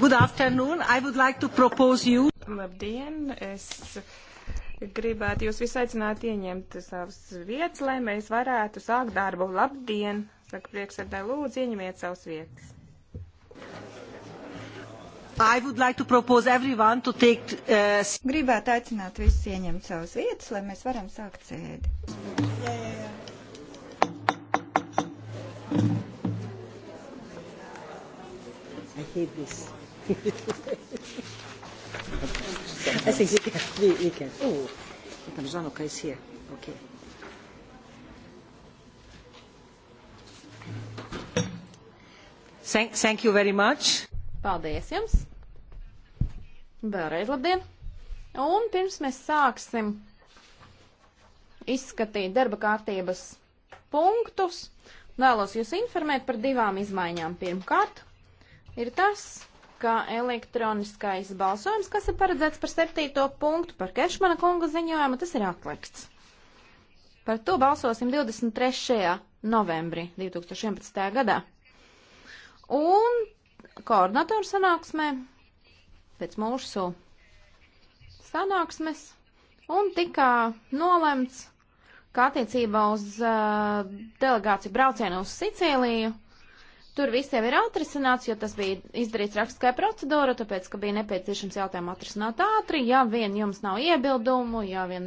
Good afternoon. I would like to propose you. Labdien, es gribētu jūs visu aicināt ieņemt savas vietas, lai mēs varētu sākt darbu. Labdien, saka priekšsēdē, lūdzu, ieņemiet savas vietas. I would like to propose everyone to take... Uh... Gribētu aicināt visus ieņemt savas vietas, lai mēs varam sākt sēdi. Yeah, yeah, yeah. I hate this. I think we can. We, we can. Oh, Matanzano is here. Okay. Thank, thank you very much. Paldies jums. Vēlreiz labdien. Un pirms mēs sāksim izskatīt darba kārtības punktus, vēlos jūs informēt par divām izmaiņām. Pirmkārt, ir tas, ka elektroniskais balsojums, kas ir paredzēts par septīto punktu par Kešmana kunga ziņojumu, tas ir atlikts. Par to balsosim 23. novembrī 2011. gadā. Un koordinatoru sanāksmē pēc mūsu sanāksmes un tika nolēmts, ka attiecībā uz uh, delegāciju braucienu uz Sicīliju Tur visiem ir atrisināts, jo tas bija izdarīts rakstiskajā procedūra, tāpēc, ka bija nepieciešams jautājumu atrisināt ātri. Ja vien jums nav iebildumu, ja vien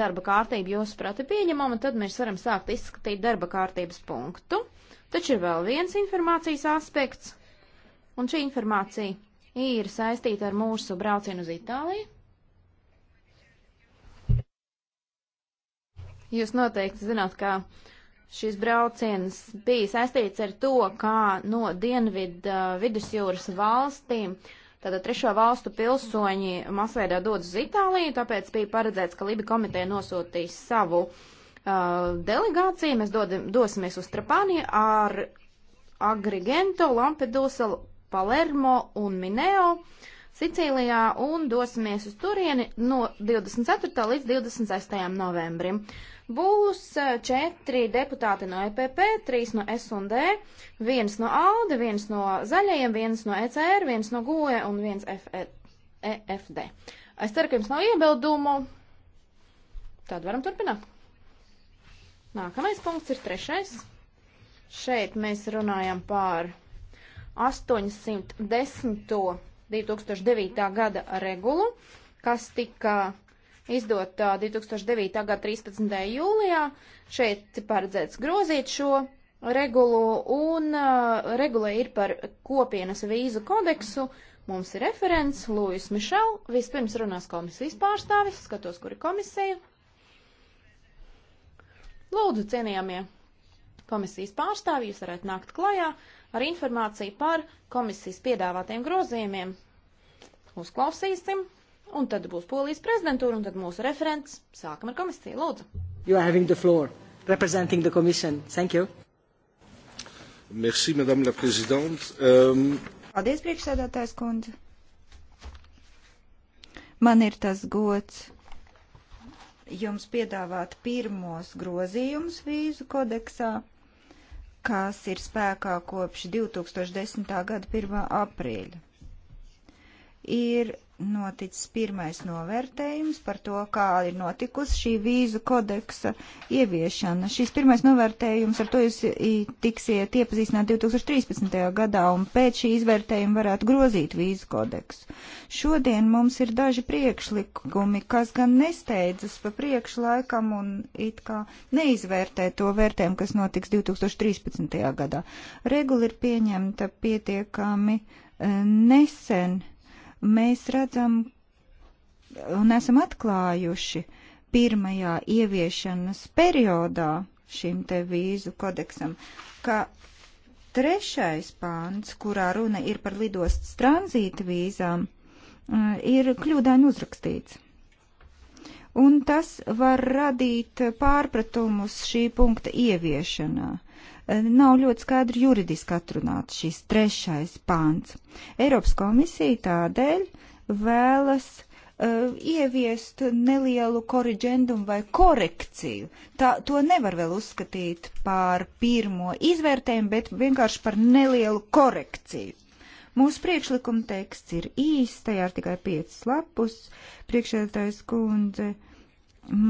darba kārtība jūs prati pieņemama, tad mēs varam sākt izskatīt darba kārtības punktu. Taču ir vēl viens informācijas aspekts, un šī informācija ir saistīta ar mūsu braucienu uz Itāliju. Jūs noteikti zināt, ka šis brauciens bija saistīts ar to, kā no dienvidu uh, vidusjūras valstīm, tātad trešo valstu pilsoņi masveidā dodas uz Itāliju, tāpēc bija paredzēts, ka Libi komiteja nosūtīs savu uh, delegāciju. Mēs dodam, dosimies uz Trapāniju ar Agrigento, Lampedusa, Palermo un Mineo. Sicīlijā un dosimies uz turieni no 24. līdz 26. novembrim. Uh, būs eh, četri deputāti no EPP, trīs no S&D, viens no ALDE, viens no Zaļajiem, viens no ECR, viens no GUE un viens EFD. E es ceru, ka jums nav iebildumu. Tad varam turpināt. Nākamais punkts ir trešais. Šeit mēs runājam par 810. 2009. gada regulu, kas tika izdota 2009. gada 13. jūlijā. Šeit paredzēts grozīt šo regulu, un uh, regula ir par kopienas vīzu kodeksu. Mums ir referents Lūis Mišel. Vispirms runās komisijas pārstāvis, skatos, kur ir komisija. Lūdzu, cienījamie komisijas pārstāvji, jūs varētu nākt klajā ar informāciju par komisijas piedāvātiem grozījumiem. Uzklausīsim, un tad būs polijas prezidentūra, un tad mūsu referents. Sākam ar komisiju, lūdzu. You are having the floor, representing the commission. Thank you. Merci, madame la présidente. Um... Paldies, priekšsēdētājs kundze. Man ir tas gods jums piedāvāt pirmos grozījumus vīzu kodeksā, kas ir spēkā kopš 2010. gada 1. aprīļa. Ir noticis pirmais novērtējums par to, kā ir notikusi šī vīzu kodeksa ieviešana. Šis pirmais novērtējums ar to jūs tiksiet iepazīstināt 2013. gadā, un pēc šī izvērtējuma varētu grozīt vīzu kodeksu. Šodien mums ir daži priekšlikumi, kas gan nesteidzas pa priekšlaikam un it kā neizvērtē to vērtējumu, kas notiks 2013. gadā. Regula ir pieņemta pietiekami e, nesen Mēs redzam un esam atklājuši pirmajā ieviešanas periodā šim te vīzu kodeksam, ka trešais pāns, kurā runa ir par lidostas tranzīta vīzām, eh, ir kļūdaini uzrakstīts. Un tas var radīt pārpratumus šī punkta ieviešanā. Eh, nav ļoti skaidri juridiski atrunāts šis trešais pāns. Eiropas komisija tādēļ vēlas uh, ieviest nelielu korriģendumu vai korekciju. Tā, to nevar vēl uzskatīt par pirmo izvērtējumu, bet vienkārši par nelielu korekciju. Mūsu priekšlikuma teksts ir īsts, tajā ir tikai piecas lapus. Priekšētājs kundze uh,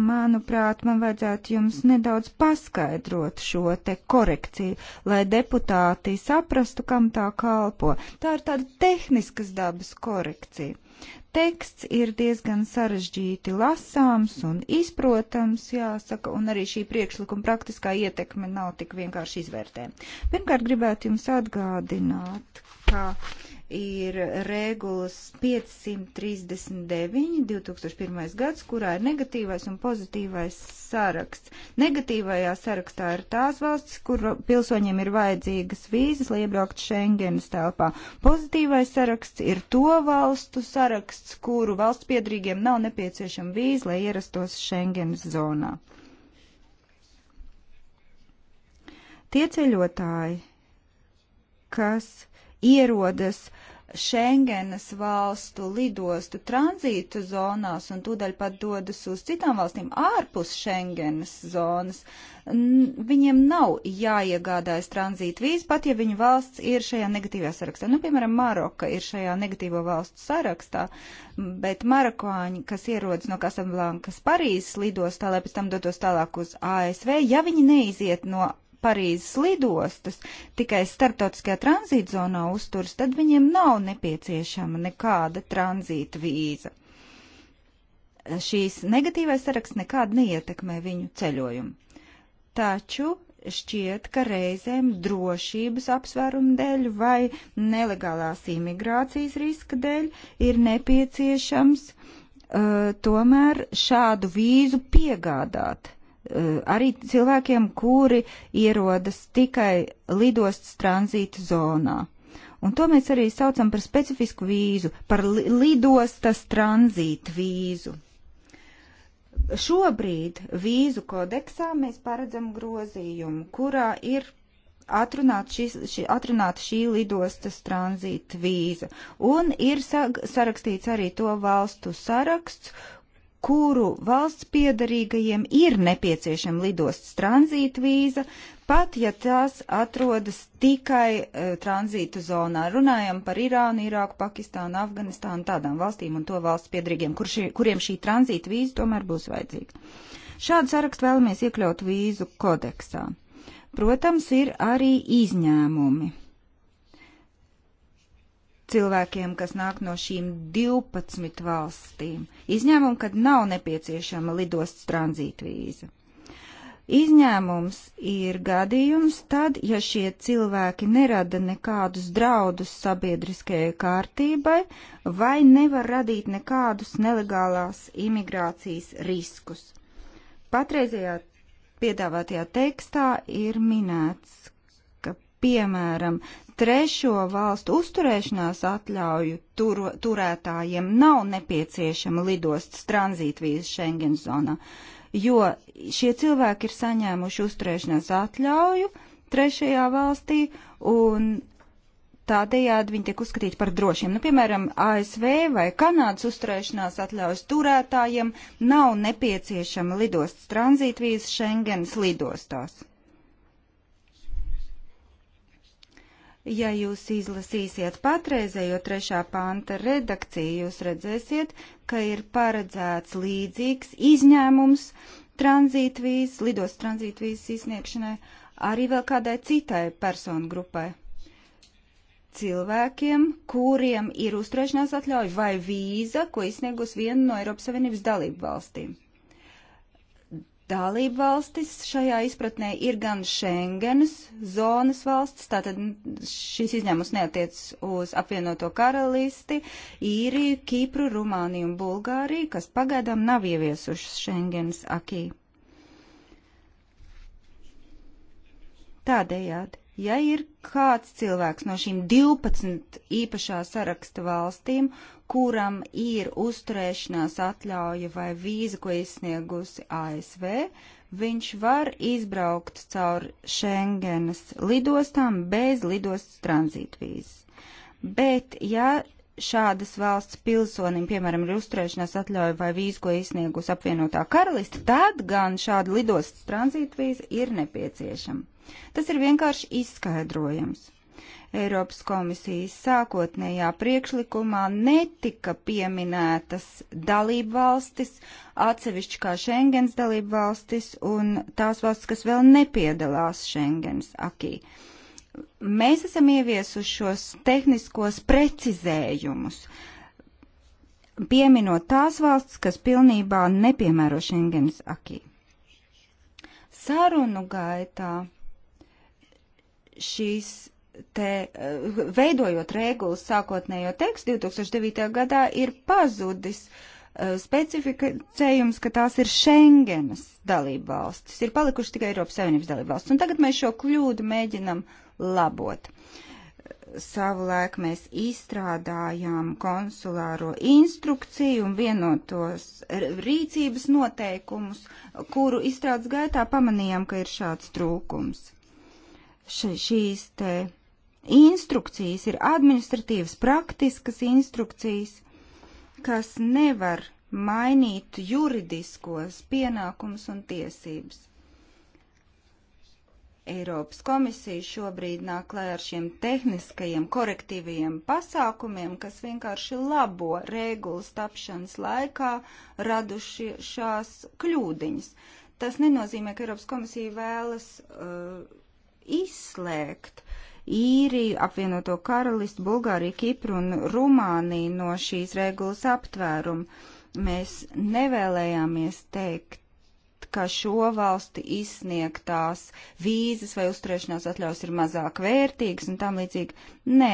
Manuprāt, man vajadzētu jums nedaudz paskaidrot šo te korekciju, lai deputāti saprastu, kam tā kalpo. Tā ir tāda tehniskas dabas korekcija. Teksts ir diezgan sarežģīti lasāms un izprotams, jāsaka, un arī šī priekšlikuma praktiskā ietekme nav tik vienkārši izvērtē. Pirmkārt, gribētu jums atgādināt, ka ir regulas 539, 2001. gads, kurā ir negatīvais un pozitīvais saraksts. Negatīvajā sarakstā ir tās valstis, kur pilsoņiem ir vajadzīgas vīzas, lai iebrauktu Schengenas telpā. Pozitīvais saraksts ir to valstu saraksts, kuru valsts piedrīgiem nav nepieciešama vīza, lai ierastos Schengenas zonā. Tie ceļotāji, kas ierodas Schengenas valstu lidostu tranzītu zonās un tūdaļ pat dodas uz citām valstīm ārpus Schengenas zonas, viņiem nav jāiegādājas tranzītu vīzu, pat ja viņu valsts ir šajā negatīvajā sarakstā. Nu, piemēram, Maroka ir šajā negatīvo valstu sarakstā, bet marokāņi, kas ierodas no Kasablankas Parīzes lidostā, lai pēc tam dotos tālāk uz ASV, ja viņi neiziet no Parīzes lidostas tikai starptautiskajā tranzītzonā uzturas, tad viņiem nav nepieciešama nekāda tranzīta vīza. Šīs negatīvais saraksts nekādi neietekmē viņu ceļojumu. Taču šķiet, ka reizēm drošības apsvērumu dēļ vai nelegālās imigrācijas riska dēļ ir nepieciešams uh, tomēr šādu vīzu piegādāt Eh, arī cilvēkiem, kuri ierodas tikai lidostas tranzīta zonā. Un to mēs arī saucam par specifisku vīzu, par li lidostas tranzītu vīzu. Šobrīd vīzu kodeksā mēs paredzam grozījumu, kurā ir atrunāta šī, šī, atrunāt šī lidostas tranzīta vīza. Un ir sag, sarakstīts arī to valstu saraksts, kuru valsts piedarīgajiem ir nepieciešama lidostas tranzīta vīza, pat ja tās atrodas tikai uh, tranzītu zonā. Runājam par Irānu, Irāku, Pakistānu, Afganistānu, tādām valstīm un to valsts piedarīgiem, kur šī, kuriem šī tranzīta vīza tomēr būs vajadzīga. Šādu sarakstu vēlamies iekļaut vīzu kodeksā. Protams, ir arī izņēmumi cilvēkiem, kas nāk no šīm 12 valstīm. Izņēmumu, kad nav nepieciešama lidosts tranzītvīza. Izņēmums ir gadījums tad, ja šie cilvēki nerada nekādus draudus sabiedriskajai kārtībai vai nevar radīt nekādus nelegālās imigrācijas riskus. Patreizajā piedāvātajā tekstā ir minēts, Piemēram, trešo valstu uzturēšanās atļauju tur, turētājiem nav nepieciešama lidostas tranzītvīza Schengen zonā, jo šie cilvēki ir saņēmuši uzturēšanās atļauju trešajā valstī un tādējādi viņi tiek uzskatīti par drošiem. Nu, piemēram, ASV vai Kanādas uzturēšanās atļaujas turētājiem nav nepieciešama lidostas tranzītvīza Schengenas lidostās. Ja jūs izlasīsiet patreizējo trešā panta redakciju, jūs redzēsiet, ka ir paredzēts līdzīgs izņēmums tranzītvīzes, lidos tranzītvīzes izsniegšanai, arī vēl kādai citai personu grupai. Cilvēkiem, kuriem ir uzturēšanās atļauja vai vīza, ko izsniegus viena no Eiropas Savienības dalību valstīm. Dalība valstis šajā izpratnē ir gan Schengenas zonas valstis, tātad šīs izņēmums neatiec uz apvienoto karalisti, īriju, Kīpru, Rumāniju un Bulgāriju, kas pagaidām nav ieviesušas Schengenas akī. Tādējādi Ja ir kāds cilvēks no šīm 12 īpašā saraksta valstīm, kuram ir uzturēšanās atļauja vai vīza, ko izsniegusi ASV, viņš var izbraukt caur Schengenas lidostām bez lidostas tranzītvīzes. Bet, ja šādas valsts pilsonim, piemēram, ir uzturēšanās atļauja vai vīzu, ko izsniegus apvienotā karaliste, tad gan šāda lidostas tranzītvīza ir nepieciešama. Tas ir vienkārši izskaidrojams. Eiropas komisijas sākotnējā priekšlikumā netika pieminētas dalību valstis, atsevišķi kā Schengens dalību valstis un tās valstis, kas vēl nepiedalās Schengens akī. Mēs esam ieviesuši šos tehniskos precizējumus, pieminot tās valstis, kas pilnībā nepiemēro Schengens akī. Sarunu gaitā šīs te eh, veidojot regulas sākotnējo tekstu 2009. gadā ir pazudis eh, specificējums, ka tās ir Schengenas dalība valstis, ir palikuši tikai Eiropas Savienības dalība valstis. Un tagad mēs šo kļūdu mēģinam labot. Savulaik mēs izstrādājām konsulāro instrukciju un vienotos rīcības noteikumus, kuru izstrādes gaitā pamanījām, ka ir šāds trūkums šīs te instrukcijas ir administratīvas, praktiskas instrukcijas, kas nevar mainīt juridiskos pienākumus un tiesības. Eiropas komisija šobrīd nāk klajā ar šiem tehniskajiem korektīviem pasākumiem, kas vienkārši labo regulas tapšanas laikā radušās kļūdiņas. Tas nenozīmē, ka Eiropas komisija vēlas uh, izslēgt īriju, apvienoto karalistu, Bulgāriju, Kipru un Rumāniju no šīs regulas aptvērumu. Mēs nevēlējāmies teikt, ka šo valsti izsniegtās vīzas vai uzturēšanās atļaus ir mazāk vērtīgas un tam līdzīgi. Nē,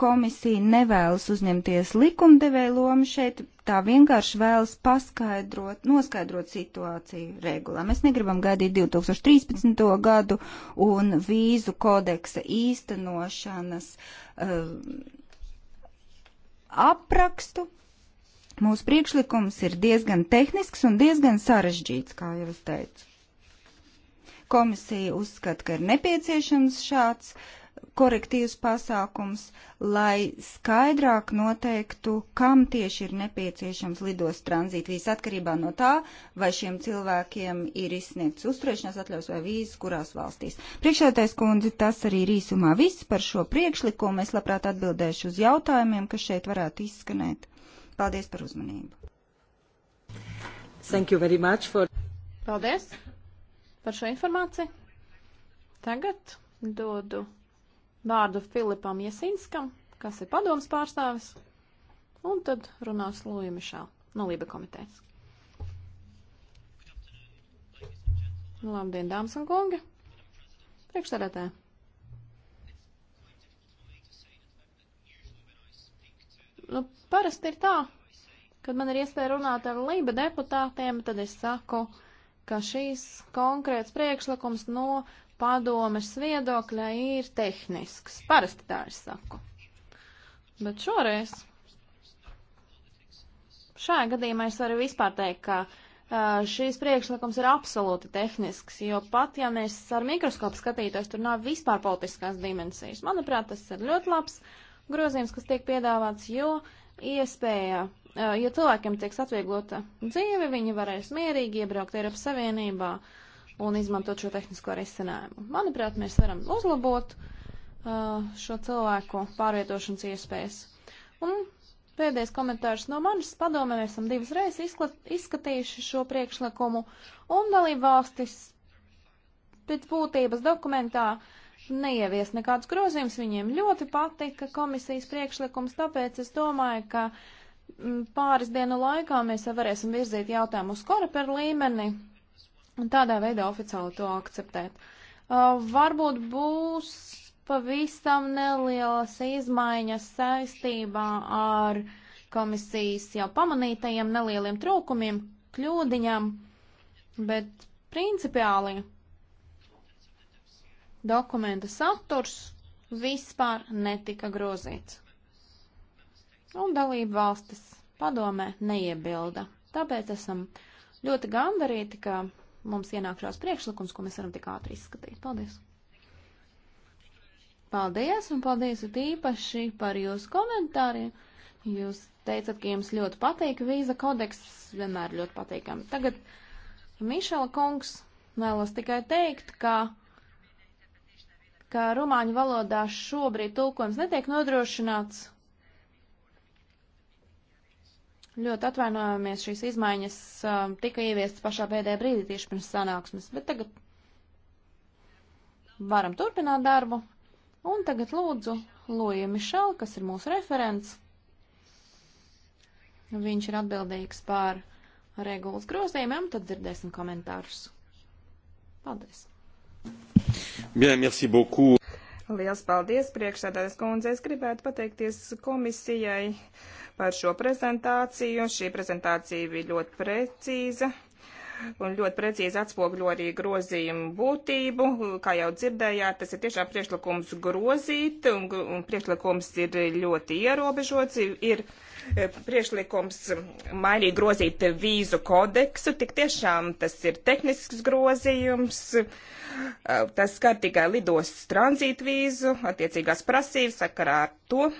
komisija nevēlas uzņemties likumdevēja lomu šeit, tā vienkārši vēlas paskaidrot, noskaidrot situāciju regulā. Mēs negribam gaidīt 2013. gadu un vīzu kodeksa īstenošanas uh, aprakstu. Mūsu priekšlikums ir diezgan tehnisks un diezgan sarežģīts, kā jau es teicu. Komisija uzskata, ka ir nepieciešams šāds uh, korektīvs pasākums, lai skaidrāk noteiktu, kam tieši ir nepieciešams lidos tranzītvīs atkarībā no tā, vai šiem cilvēkiem ir izsniegts uzturēšanās atļaus vai vīzes, kurās valstīs. Priekšētais kundze, tas arī ir īsumā viss par šo priekšlikumu. Es labprāt atbildēšu uz jautājumiem, kas šeit varētu izskanēt. Paldies par uzmanību. Thank you very much for. Paldies par šo informāciju. Tagad dodu vārdu Filipam Jasinskam, kas ir padomas pārstāvis, un tad runās Lūja Mišā no Lība komitejas. Labdien, dāmas un kungi! Priekšsēdētāji! Nu, parasti ir tā, kad man ir iespēja runāt ar Lība deputātiem, tad es saku, ka šīs konkrēts priekšlikums no padomes viedokļa ir tehnisks. Parasti tā es saku. Bet šoreiz šajā gadījumā es varu vispār teikt, ka uh, šīs priekšlikums ir absolūti tehnisks, jo pat ja mēs ar mikroskopu skatītos, tur nav vispār politiskās dimensijas. Manuprāt, tas ir ļoti labs grozījums, kas tiek piedāvāts, jo iespēja, uh, ja cilvēkiem tieks atvieglota dzīve, viņi varēs mierīgi iebraukt Eiropas Savienībā. Uh, un izmantot šo tehnisko risinājumu. Manuprāt, mēs varam uzlabot uh, šo cilvēku pārvietošanas iespējas. Un pēdējais komentārs no manas padome, mēs esam divas reizes izskatījuši šo priekšlikumu, un dalību valstis pēc būtības dokumentā neievies nekādus grozījumus, viņiem ļoti patika komisijas priekšlikums, tāpēc es domāju, ka mm, pāris dienu laikā mēs varēsim virzīt jautājumu uz koreper līmeni, un tādā veidā oficiāli to akceptēt. Uh, varbūt būs pavisam nelielas izmaiņas saistībā ar komisijas jau pamanītajiem nelieliem trūkumiem, kļūdiņām, bet principiāli dokumenta saturs vispār netika grozīts. Un dalību valstis padomē neiebilda. Tāpēc esam ļoti gandarīti, ka mums ienāk šās priekšlikums, ko mēs varam tik ātri izskatīt. Paldies! Paldies, un paldies īpaši par jūsu komentāriem. Jūs teicat, ka jums ļoti patīk vīza kodeks, vienmēr ļoti patīkami. Tagad Mišela kungs vēlas tikai teikt, ka, ka rumāņu valodā šobrīd tulkojums netiek nodrošināts, Ļoti atvainojamies, šīs izmaiņas um, tika ieviestas pašā pēdējā brīdī tieši pirms sanāksmes, bet tagad varam turpināt darbu. Un tagad lūdzu Loja Mišel, kas ir mūsu referents. Viņš ir atbildīgs par regulas grozījumiem, tad dzirdēsim komentārus. Paldies! Bien, merci beaucoup. Liels paldies, priekšsēdājas kundze. Es gribētu pateikties komisijai par šo prezentāciju. Šī prezentācija bija ļoti precīza un ļoti precīzi atspoguļo arī grozījumu būtību. Kā jau dzirdējāt, tas ir tiešām priekšlikums grozīt, un, un priekšlikums ir ļoti ierobežots. Ir e, priekšlikums mainīt grozīt vīzu kodeksu, tik tiešām tas ir tehnisks grozījums. E, tas skar tikai lidos tranzītvīzu, attiecīgās prasības sakarā ar to.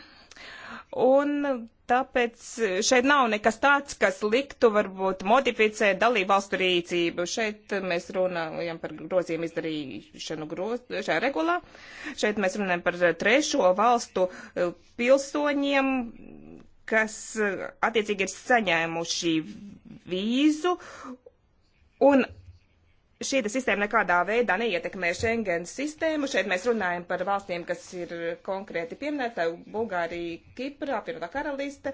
Un Tāpēc e, šeit nav nekas tāds, kas liktu varbūt modificēt dalībvalstu rīcību. Šeit mēs runājam par grozījumu izdarīšanu groz, šajā regulā. Šeit mēs runājam par trešo valstu e, pilsoņiem, kas e, attiecīgi ir saņēmuši vīzu un šī sistēma nekādā veidā neietekmē Schengens sistēmu. Šeit mēs runājam par valstīm, kas ir konkrēti pieminēta - Bulgārija, Kipra, apvienotā karaliste.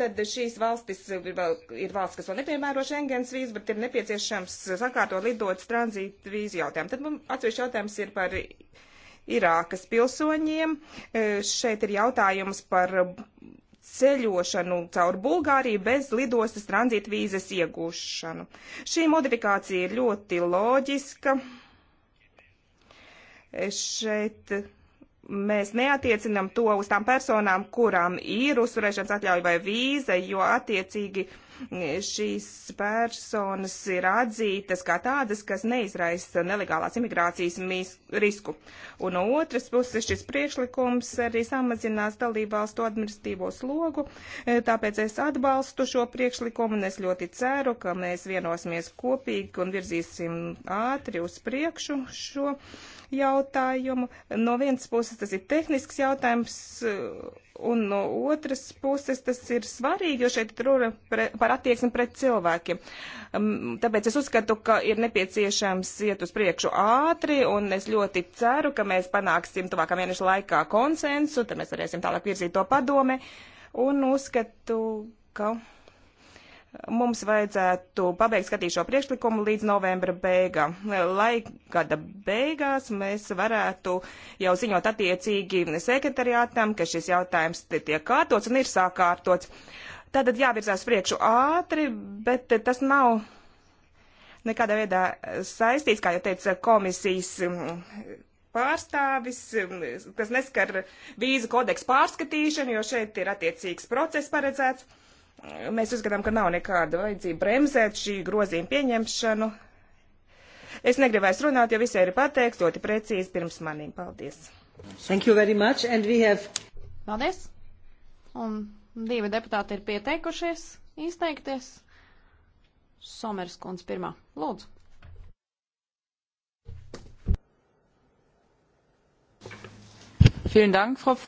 Tad šīs valstis ir, vēl, ir valsts, kas vēl nepiemēro Schengens vīzu, bet ir nepieciešams sakārtot lidotas tranzītu vīzu jautājumu. Tad mums atsevišķi jautājums ir par Irākas pilsoņiem. Šeit ir jautājums par ceļošanu caur Bulgāriju bez lidostas tranzīta vīzes iegūšanu. Šī modifikācija ir ļoti loģiska. Šeit mēs neatiecinam to uz tām personām, kurām ir uzturēšanas atļauja vai vīze, jo attiecīgi uh, šīs personas ir atzītas kā tādas, kas neizraisa nelegālās imigrācijas risku. Un no otras puses šis priekšlikums arī samazinās dalībvalstu administratīvo slogu, e, tāpēc es atbalstu šo priekšlikumu un es ļoti ceru, ka mēs vienosimies kopīgi un virzīsim ātri uz priekšu šo jautājumu. No vienas puses tas ir tehnisks jautājums, Un no otras puses tas ir svarīgi, jo šeit ir runa par attieksmi pret cilvēkiem. Um, tāpēc es uzskatu, ka ir nepieciešams iet uz priekšu ātri, un es ļoti ceru, ka mēs panāksim tuvākā mēneša laikā konsensu, tad mēs varēsim tālāk virzīt to padome, un uzskatu, ka mums vajadzētu pabeigt skatīt šo priekšlikumu līdz novembra beigām, lai gada beigās mēs varētu jau ziņot attiecīgi sekretariātam, ka šis jautājums tiek kārtots un ir sākārtots. Tātad jāvirzās priekšu ātri, bet tas nav nekādā veidā saistīts, kā jau teica komisijas pārstāvis, kas neskar vīzu kodeksu pārskatīšanu, jo šeit ir attiecīgs process paredzēts Mēs uzskatām, ka nav nekāda vajadzība bremzēt šī grozījuma pieņemšanu. Es negribu vairs runāt, jo visai ir pateikts ļoti precīzi pirms manīm. Paldies! Thank you very much and we have. Paldies! Un divi deputāti ir pieteikušies izteikties. Somers kundz pirmā. Lūdzu! Vielen Dank, Frau.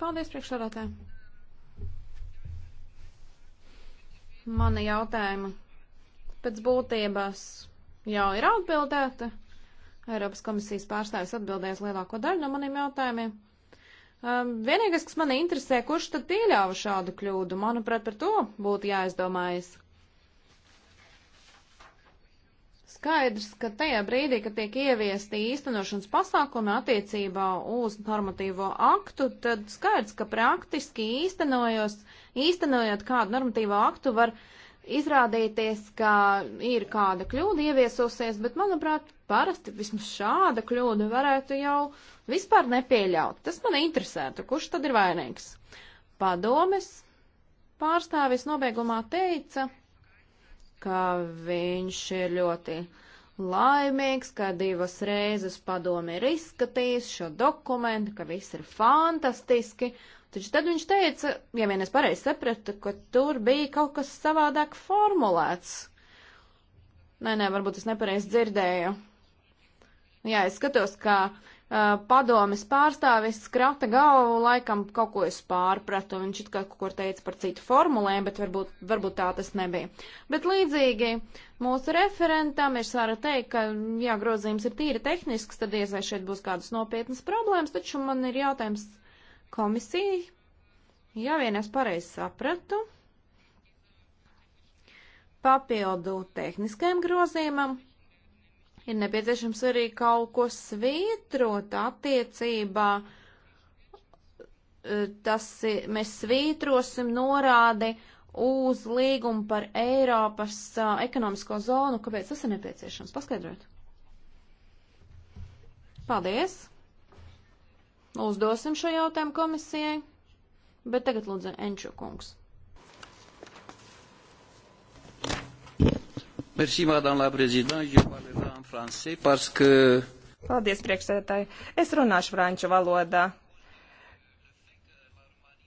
Paldies, priekšsēdētāji! Mana jautājuma pēc būtības jau ir atbildēta. Eiropas komisijas pārstāvis atbildēs lielāko daļu no maniem jautājumiem. Um, vienīgais, kas mani interesē, kurš tad pieļāva šādu kļūdu, manuprāt, par to būtu jāizdomājas. Skaidrs, ka tajā brīdī, kad tiek ieviesti īstenošanas pasākumi attiecībā uz normatīvo aktu, tad skaidrs, ka praktiski īstenojot kādu normatīvo aktu var izrādīties, ka ir kāda kļūda ieviesusies, bet, manuprāt, parasti vismaz šāda kļūda varētu jau vispār nepieļaut. Tas man interesētu, kurš tad ir vainīgs. Padomes pārstāvis nobeigumā teica, ka viņš ir ļoti laimīgs, ka divas reizes padomi ir izskatījis šo dokumentu, ka viss ir fantastiski. Taču tad viņš teica, ja vien es pareizi sapratu, ka tur bija kaut kas savādāk formulēts. Nē, nē, varbūt es nepareizi dzirdēju. Jā, es skatos, ka uh, uh, padomes pārstāvis skrata galvu, laikam kaut ko es pārpratu, viņš it kā kaut ko teica par citu formulēm, bet varbūt, varbūt tā tas nebija. Bet līdzīgi mūsu referentam es varu teikt, ka, jā, grozījums ir tīri tehnisks, tad iesai šeit būs kādas nopietnas problēmas, taču man ir jautājums komisijai, ja vien es pareizi sapratu papildu tehniskajam grozījumam, ir nepieciešams arī kaut ko svītrot attiecībā. Eh, tas mēs svītrosim norādi uz līgumu par Eiropas uh, ekonomisko zonu. Kāpēc tas ir nepieciešams? Paskaidrot. Paldies. Uzdosim šo jautājumu komisijai. Bet tagad lūdzu Enču kungs. Merci, madame la présidente. Je parlerai français parce que. Paldies, priekšsēdētāji. Es runāšu franču valodā.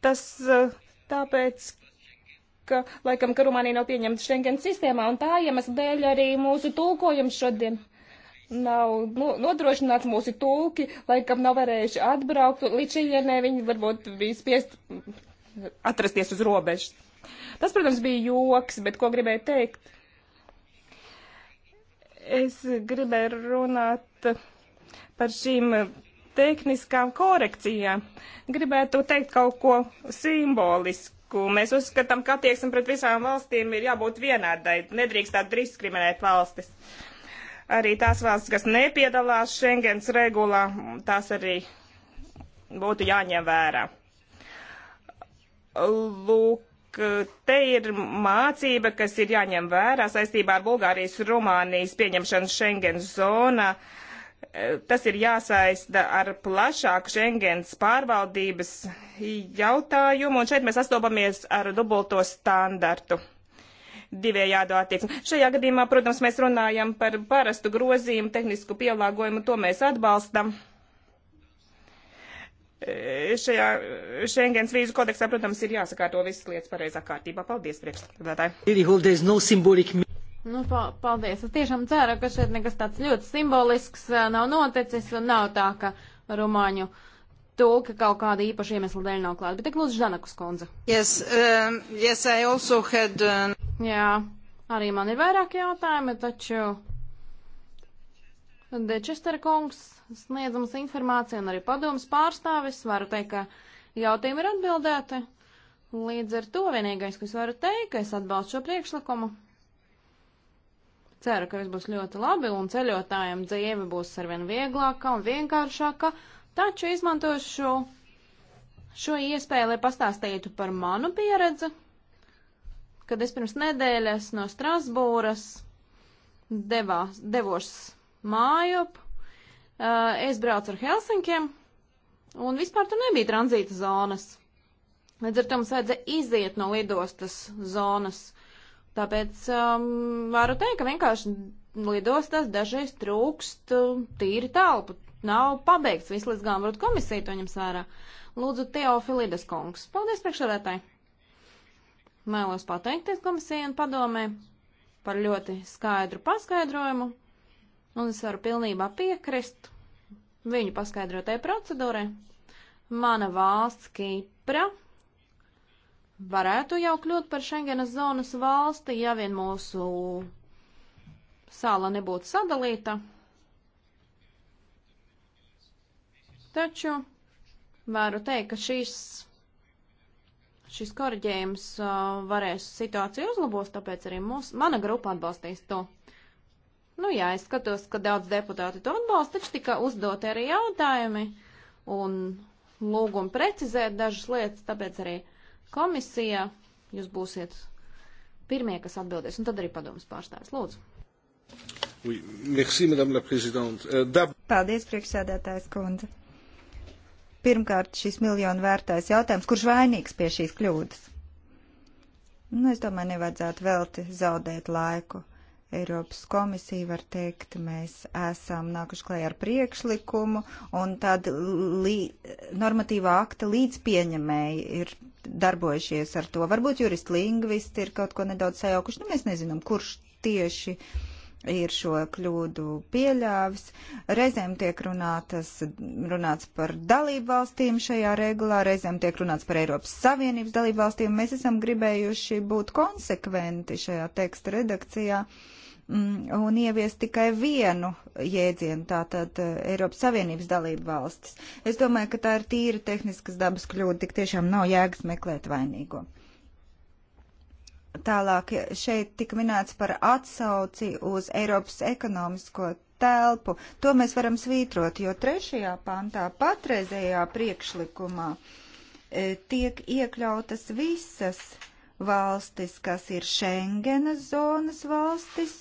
Tas eh, tāpēc, ka laikam, ka Rumānija nav pieņemta Schengen sistēmā, un tā iemesla dēļ arī mūsu tulkojums šodien nav nu, nodrošināts mūsu tulki, laikam nav varējuši atbraukt, līdz šejienē viņi varbūt bija spiest atrasties uz robežas. Tas, protams, bija joks, bet ko gribēju teikt? Es gribēju runāt par šīm tehniskām korekcijām. Gribētu teikt kaut ko simbolisku. Mēs uzskatām, ka attieksme pret visām valstīm ir jābūt vienādai. Nedrīkstāt diskriminēt valstis. Arī tās valstis, kas nepiedalās Schengens regulā, tās arī būtu jāņem vērā. Lūk, te ir mācība, kas ir jāņem vērā saistībā ar Bulgārijas Rumānijas pieņemšanu Schengen zonā. E, tas ir jāsaista ar plašāku Schengens pārvaldības jautājumu, un šeit mēs sastopamies ar dubulto standartu divējādu attieksmi. Šajā gadījumā, protams, mēs runājam par parastu grozījumu, tehnisku pielāgojumu, to mēs atbalstam šajā Schengens vīzu kodeksā, protams, ir jāsakārto visas lietas pareizā kārtībā. Paldies, priekšstādātāji! Nu, paldies. Es tiešām ceru, ka šeit nekas tāds ļoti simbolisks eh, nav noticis un nav tā, ka rumāņu tulka kaut kāda īpaša iemesla dēļ nav klāta. Bet tik eh, lūdzu, Žanakus kundze. Yes, um, yes, I also had... Um... Jā, arī man ir vairāki jautājumi, taču... Dečester kungs sniedz mums informāciju un arī padomas pārstāvis. Varu teikt, ka jautājumi ir atbildēti. Līdz ar to vienīgais, ko es varu teikt, ka es atbalstu šo priekšlikumu. Ceru, ka viss būs ļoti labi un ceļotājiem dzīve būs arvien vieglāka un vienkāršāka, taču izmantošu šo, šo iespēju, lai pastāstītu par manu pieredzi, kad es pirms nedēļas no Strasbūras devās, devos mājup Eh, es braucu ar Helsinkiem, un vispār tur nebija tranzīta zonas. Līdz ar to mums vajadzēja iziet no lidostas zonas. Tāpēc um, varu teikt, ka vienkārši lidostās dažreiz trūkst eh, tīri telpu. Nav pabeigts viss līdz galam, varbūt komisija to ņems vērā. Lūdzu, Teofilides kungs. Paldies priekšsēdētāji. Mēlos pateikties komisijai un padomē par ļoti skaidru paskaidrojumu un es varu pilnībā piekrist viņu paskaidrotai procedūrai. Mana valsts Kipra varētu jau kļūt par Schengenas zonas valsti, ja vien mūsu sāla nebūtu sadalīta. Taču varu teikt, ka šīs, šis korģējums uh, varēs situāciju uzlabos, tāpēc arī mūs, mana grupa atbalstīs to. Nu jā, es skatos, ka daudz deputāti to atbalsta, taču tika uzdot arī jautājumi un lūgumi precizēt dažas lietas, tāpēc arī komisija, jūs būsiet pirmie, kas atbildēs, un tad arī padomas pārstāvis. Lūdzu. Oui, merci, madame la présidente. Euh, dab... Paldies, priekšsēdētājs kundze. Pirmkārt, šis miljonu vērtais jautājums, kurš vainīgs pie šīs kļūdas? Nu, es domāju, nevajadzētu velti zaudēt laiku. Eiropas komisija var teikt, mēs esam nākuši klajā ar priekšlikumu, un tad lī, normatīvā akta līdzpieņemēji ir darbojušies ar to. Varbūt juristi lingvisti ir kaut ko nedaudz sajaukuši, nu mēs nezinām, kurš tieši ir šo kļūdu pieļāvis. Reizēm tiek runātas, runāts par dalību valstīm šajā regulā, reizēm tiek runāts par Eiropas Savienības dalību valstīm. Mēs esam gribējuši būt konsekventi šajā teksta redakcijā. Uh, Mm, un ieviest tikai vienu jēdzienu, tātad eh, Eiropas Savienības dalību valstis. Es domāju, ka tā ir tīra tehniskas dabas kļūda, tik tiešām nav jēgas meklēt vainīgo. Tālāk šeit tika minēts par atsauci uz Eiropas ekonomisko telpu. To mēs varam svītrot, jo trešajā pantā patreizējā priekšlikumā e, tiek iekļautas visas valstis, kas ir Schengenas zonas valstis,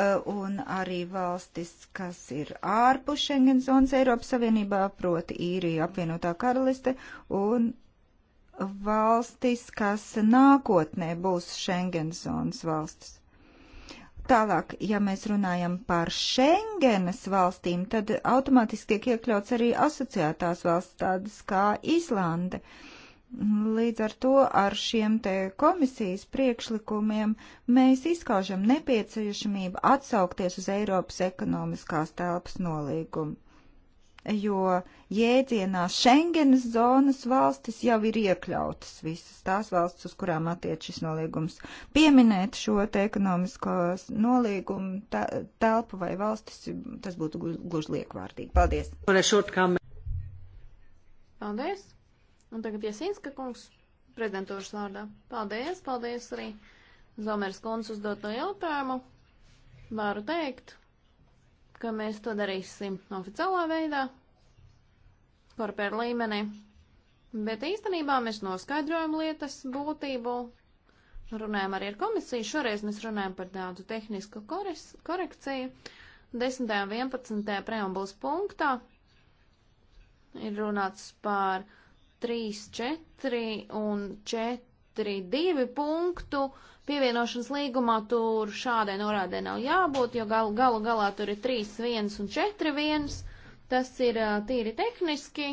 Uh, un arī valstis, kas ir ārpus Schengen zonas Eiropas Savienībā, proti īrija apvienotā karaliste un valstis, kas nākotnē būs Schengen zonas valstis. Tālāk, ja mēs runājam par Schengenas valstīm, tad automātiski tiek iekļauts arī asociētās valsts tādas kā Islande. Uh, Līdz ar to ar šiem te komisijas priekšlikumiem mēs izkaužam nepieciešamību atsaukties uz Eiropas ekonomiskās telpas nolīgumu, jo jēdzienā Schengenas zonas valstis jau ir iekļautas visas tās valstis, uz kurām attiec šis nolīgums. Pieminēt šo te ekonomiskos nolīgumu telpu vai valstis, tas būtu gluži liekvārdīgi. Paldies! Paldies! Un tagad Jasinska kungs prezidentūras vārdā. Paldies, paldies arī Zomers kundz uzdot no jautājumu. Varu teikt, ka mēs to darīsim oficiālā veidā, korpēra līmenī. Bet īstenībā mēs noskaidrojam lietas būtību, runājam arī ar komisiju. Šoreiz mēs runājam par tādu tehnisku koris, korekciju. 10. un 11. preambulas punktā ir runāts par uh, 3, 4 un 4, 2 punktu pievienošanas līgumā tur šādai norādē nav jābūt, jo gal, galu galā tur ir 3, 1 un 4, 1. Tas ir tīri tehniski,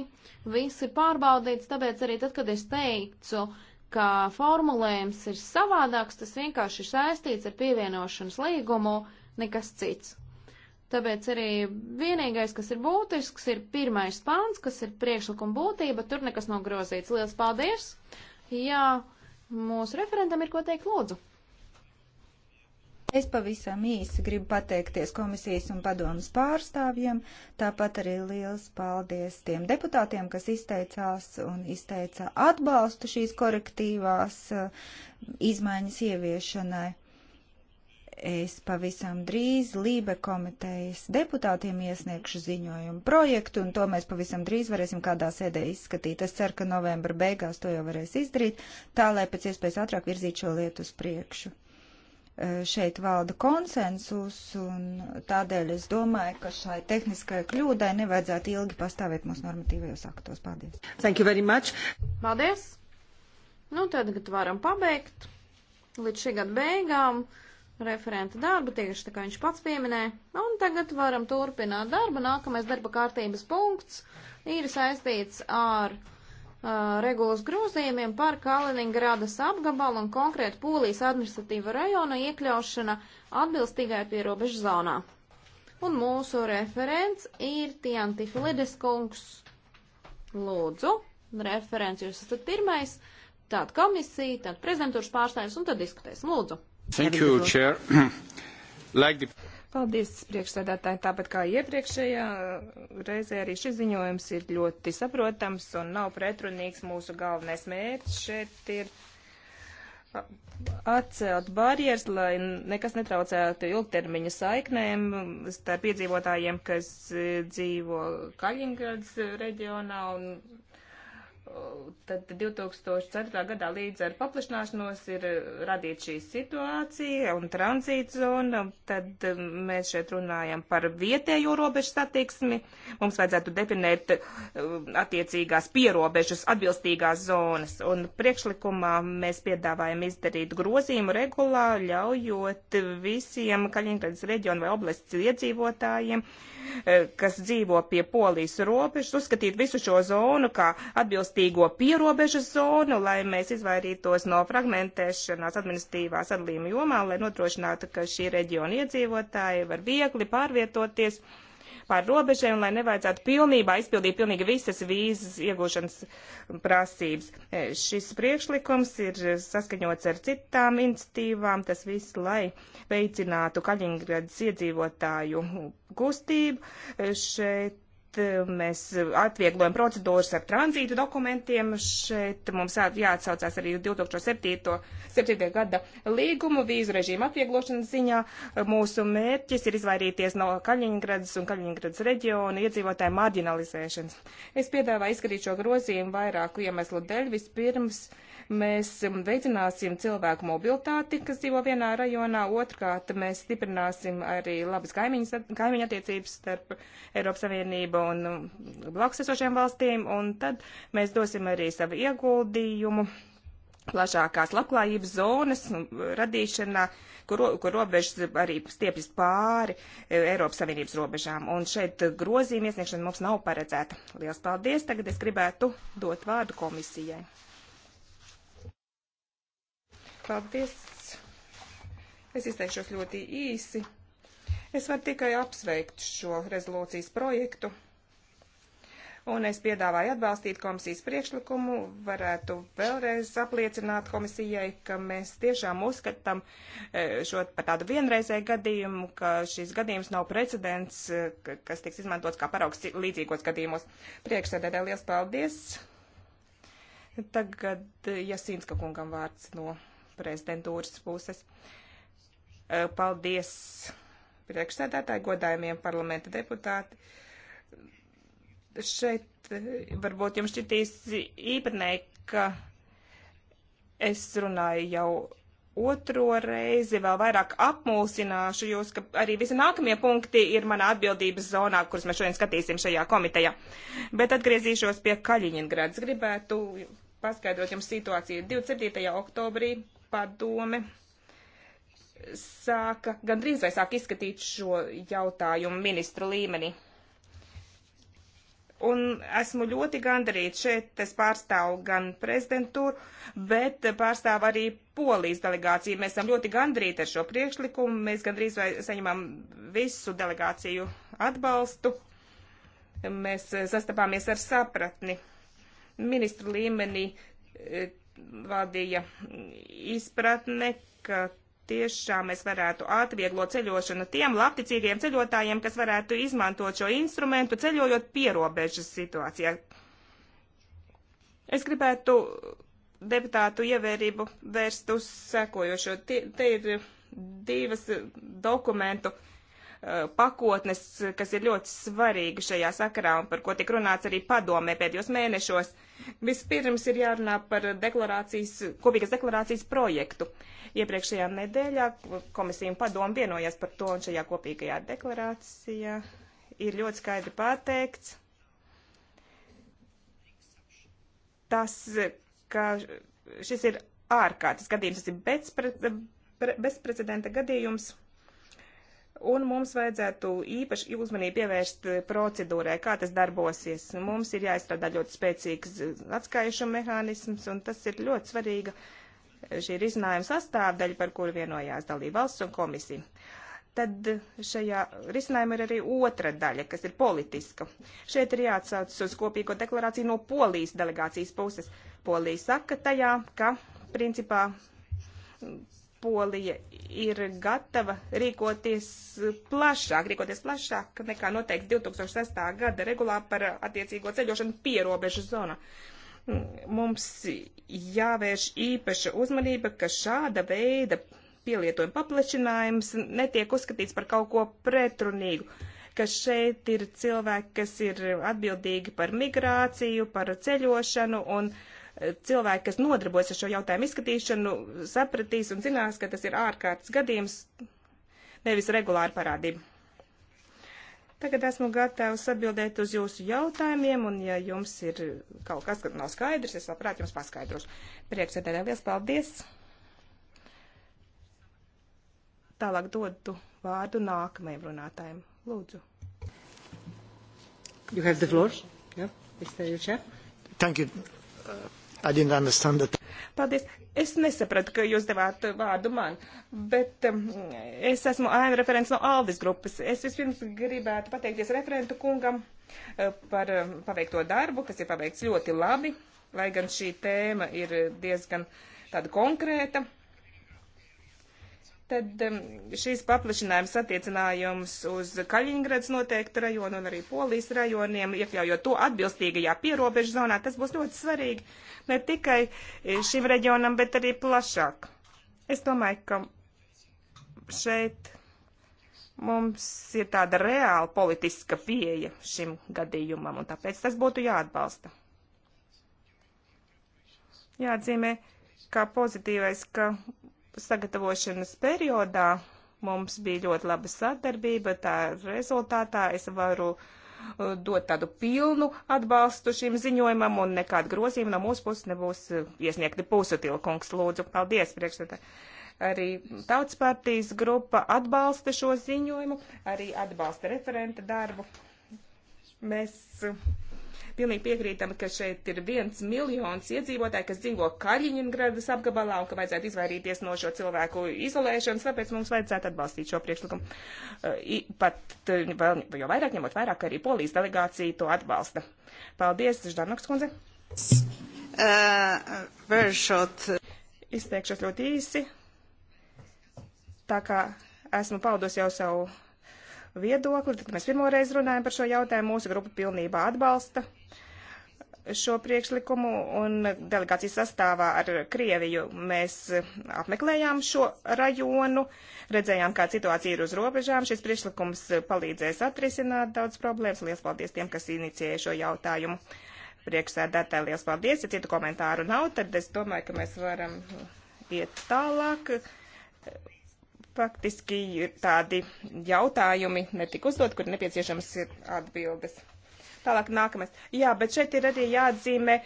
viss ir pārbaudīts, tāpēc arī tad, kad es teicu, ka formulējums ir savādāks, tas vienkārši ir saistīts ar pievienošanas līgumu, nekas cits. Tāpēc arī vienīgais, kas ir būtisks, ir pirmais pāns, kas ir priekšlikuma būtība, tur nekas nav grozīts. Lielas paldies! Jā, mūsu referentam ir ko teikt lūdzu. Es pavisam īsi gribu pateikties komisijas un padomas pārstāvjiem, tāpat arī liels paldies tiem deputātiem, kas izteicās un izteica atbalstu šīs korektīvās uh, izmaiņas ieviešanai. Es pavisam drīz Lībe komitejas deputātiem iesniegšu ziņojumu projektu, un to mēs pavisam drīz varēsim kādā sēdē izskatīt. Es ceru, ka novembra beigās to jau varēs izdarīt, tā lai pēc iespējas ātrāk virzīt šo lietu uz priekšu. E, šeit valda konsensus, un tādēļ es domāju, ka šai tehniskajai kļūdai nevajadzētu ilgi pastāvēt mūsu normatīvajos aktos. Paldies! Thank you very much! Paldies! Nu, tad, kad varam pabeigt līdz šī gada beigām referenta darbu, tieši tā kā viņš pats pieminēja. Un tagad varam turpināt darbu. Nākamais darba kārtības punkts ir saistīts ar uh, regulas grozījumiem par Kaliningradas apgabalu un konkrēti Polijas administratīva rajona iekļaušana atbilstīgai pierobežu zonā. Un mūsu referents ir Tianti Filides kungs. Lūdzu, referents jūs esat pirmais, tad komisija, tad prezidentūras pārstāvis un tad diskutēsim. Lūdzu! Thank you, Chair. like the... Paldies, priekšsēdētāji. Tāpat kā iepriekšējā uh, reizē arī šis ziņojums ir ļoti saprotams un nav pretrunīgs. Mūsu galvenais mērķis šeit ir uh, atcelt barjeras, lai nekas netraucētu ilgtermiņa saiknēm starp iedzīvotājiem, kas uh, dzīvo Kaļingrads reģionā un Tad 2004. gadā līdz ar paplašināšanos ir eh, radīta šī situācija un tranzīta zona. Tad eh, mēs šeit runājam par vietējo robežu satiksmi. Mums vajadzētu definēt eh, attiecīgās pierobežas atbilstīgās zonas. Un priekšlikumā mēs piedāvājam izdarīt grozījumu regulā, ļaujot visiem Kaļiņgradas reģionu vai oblasts iedzīvotājiem, kas dzīvo pie polijas robežas, uzskatīt visu šo zonu kā atbilstīgu elastīgo pierobežas zonu, lai mēs izvairītos no fragmentēšanās administratīvās atlīma jomā, lai nodrošinātu, ka šī reģiona iedzīvotāji var viegli pārvietoties pār robežiem, lai nevajadzētu pilnībā izpildīt pilnīgi visas vīzas iegūšanas prasības. E, šis priekšlikums ir saskaņots ar citām institīvām, tas viss, lai veicinātu Kaļingradas iedzīvotāju kustību. E, šeit Eh, mēs atvieglojam procedūras ar tranzītu dokumentiem. Šeit mums jāatsaucās arī 2007. 7. gada līgumu vīzu režīmu atvieglošanas ziņā. Mūsu mērķis ir izvairīties no Kaļiņgradas un Kaļiņgradas reģiona iedzīvotāju marginalizēšanas. Es piedāvāju izskatīt šo grozījumu vairāku iemeslu dēļ. Vispirms, uh, Mēs um, veicināsim cilvēku mobilitāti, kas dzīvo vienā rajonā. Otrkārt, mēs stiprināsim arī labas kaimiņu attiecības starp Eiropas Savienību un um, blakus esošiem valstīm. Un tad mēs dosim arī savu ieguldījumu plašākās labklājības zonas um, radīšanā, kur, kur robežas arī stiepjas pāri uh, Eiropas Savienības robežām. Un šeit grozījuma iesniegšana mums nav paredzēta. Lielas paldies! Tagad es gribētu dot vārdu komisijai. Paldies. Es izteikšos ļoti īsi. Es varu tikai apsveikt šo rezolūcijas projektu. Un es piedāvāju atbalstīt komisijas priekšlikumu, varētu vēlreiz apliecināt komisijai, ka mēs tiešām uzskatām eh, šo par tādu vienreizēju gadījumu, ka šis gadījums nav precedents, eh, kas tiks izmantots kā paraugs līdzīgos gadījumos. Priekšsēdētāji, liels paldies! Tagad eh, Jasīnska kungam vārds no prezidentūras puses. Eh, paldies priekšsēdētāji, godājumiem parlamenta deputāti. Šeit eh, varbūt jums šķitīs īpatnēji, ka es runāju jau otro reizi, vēl vairāk apmulsināšu jūs, ka arī visi nākamie punkti ir mana atbildības zonā, kurus mēs šodien skatīsim šajā komitejā. Bet atgriezīšos pie Kaļiņingrads. Gribētu paskaidrot jums situāciju. 27. oktobrī padome sāka, gandrīz vai sāk izskatīt šo jautājumu ministru līmenī. Un esmu ļoti gandarīts šeit, es pārstāvu gan prezidentūru, bet pārstāvu arī Polijas delegāciju. Mēs esam ļoti gandarīti ar šo priekšlikumu, mēs gandrīz vai saņemam visu delegāciju atbalstu. Mēs sastapāmies ar sapratni ministru līmenī valdīja izpratne, ka tiešām mēs varētu atvieglot ceļošanu tiem labticīgiem ceļotājiem, kas varētu izmantot šo instrumentu ceļojot pierobežas situācijā. Es gribētu deputātu ievērību vērst uz sekojošo. Te, te ir divas dokumentu uh, Eh, pakotnes, kas ir ļoti svarīga šajā sakarā un par ko tik runāts arī padomē pēdējos mēnešos. Vispirms ir jārunā par deklarācijas, kopīgas deklarācijas projektu. Iepriekšējā nedēļā komisija un padomu vienojās par to, un šajā kopīgajā deklarācijā ir ļoti skaidri pateikts tas, ka šis ir ārkārtas gadījums, tas ir bezpre, bezprecedenta gadījums. Un mums vajadzētu īpaši uzmanību pievērst procedūrai, kā tas darbosies. Mums ir jāizstrādā ļoti spēcīgs atskaišu mehānisms, un tas ir ļoti svarīga šī risinājuma sastāvdaļa, par kuru vienojās dalība valsts un komisija. Tad šajā risinājumā ir arī otra daļa, kas ir politiska. Šeit ir jāatsaucas uz kopīgo deklarāciju no polijas delegācijas puses. Polija saka tajā, ka principā Polija ir gatava rīkoties plašāk, rīkoties plašāk nekā noteikti 2006. gada regulā par attiecīgo ceļošanu pierobežu zonā. Mums jāvērš īpaša uzmanība, ka šāda veida pielietojuma paplašinājums netiek uzskatīts par kaut ko pretrunīgu, ka šeit ir cilvēki, kas ir atbildīgi par migrāciju, par ceļošanu un uh, cilvēki, kas nodarbojas ar šo jautājumu izskatīšanu, sapratīs un zinās, ka tas ir ārkārtas gadījums, nevis regulāra parādība. Tagad esmu gatavs atbildēt uz jūsu jautājumiem, un ja jums ir kaut kas, kas nav skaidrs, es labprāt jums paskaidrošu. Priekšsēdētāji, liels paldies! Tālāk dodu vārdu nākamajam runātājiem. Lūdzu. You have the floor. Yeah, Mr. Chair. Thank you. Uh, I didn't understand that. Paldies. Es nesapratu, ka jūs devāt vārdu man, bet um, es esmu ēna referents no Aldis grupas. Es vispirms gribētu pateikties referentu kungam uh, par um, paveikto darbu, kas ir paveikts ļoti labi, lai gan šī tēma ir diezgan tāda konkrēta. Uh, Tad šīs paplašinājums attiecinājums uz Kaļiņgrads noteiktu rajonu un arī Polijas rajoniem, iekļaujot to atbilstīgajā pierobežu zonā, tas būs ļoti svarīgi ne tikai e, šim reģionam, bet arī plašāk. Es domāju, ka šeit mums ir tāda reāla politiska pieeja šim gadījumam, un tāpēc tas būtu jāatbalsta. Jāatzīmē, kā pozitīvais, ka sagatavošanas periodā mums bija ļoti laba sadarbība, tā rezultātā es varu uh, dot tādu pilnu atbalstu šim ziņojumam un nekādu grozījumu no mūsu puses nebūs uh, iesniegti pusatilkungs. Lūdzu, paldies priekšsēdē. Arī Tautas partijas grupa atbalsta šo ziņojumu, arī atbalsta referenta darbu. Mēs uh, pilnīgi piekrītam, ka šeit ir viens miljons iedzīvotāji, kas dzīvo Kaļiņingradas apgabalā un ka vajadzētu izvairīties no šo cilvēku izolēšanas, tāpēc mums vajadzētu atbalstīt šo priekšlikumu. Uh, pat uh, vēl, jo vairāk ņemot vairāk, arī polijas delegācija to atbalsta. Paldies, Ždanoks kundze. Uh, very short. Izteikšos ļoti īsi. Tā kā esmu paudusi jau savu viedokli. Tad, kad mēs pirmoreiz runājam par šo jautājumu, mūsu grupa pilnībā atbalsta šo priekšlikumu un delegācijas sastāvā ar Krieviju mēs apmeklējām šo rajonu, redzējām, kā situācija ir uz robežām. Šis priekšlikums palīdzēs atrisināt daudz problēmas. Lielas paldies tiem, kas inicijēja šo jautājumu. Priekšsēdētāji, liels paldies. Ja citu komentāru nav, tad es domāju, ka mēs varam iet tālāk faktiski ir tādi jautājumi netika uzdot, kur nepieciešams ir atbildes. Tālāk nākamais. Jā, bet šeit ir arī jāatzīmē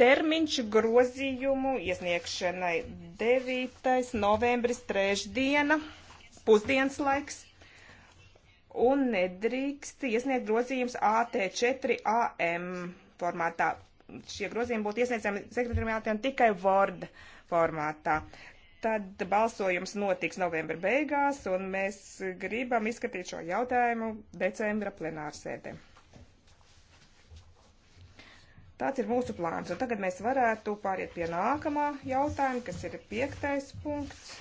termiņš grozījumu iesniegšanai 9. novembris trešdiena, pusdienas laiks. Un nedrīkst iesniegt grozījums AT4AM formātā. Šie grozījumi būtu iesniedzami sekretariātiem tikai Word formātā tad balsojums notiks novembra beigās, un mēs gribam izskatīt šo jautājumu decembra plenārsēdē. Tāds ir mūsu plāns, un tagad mēs varētu pāriet pie nākamā jautājuma, kas ir piektais punkts.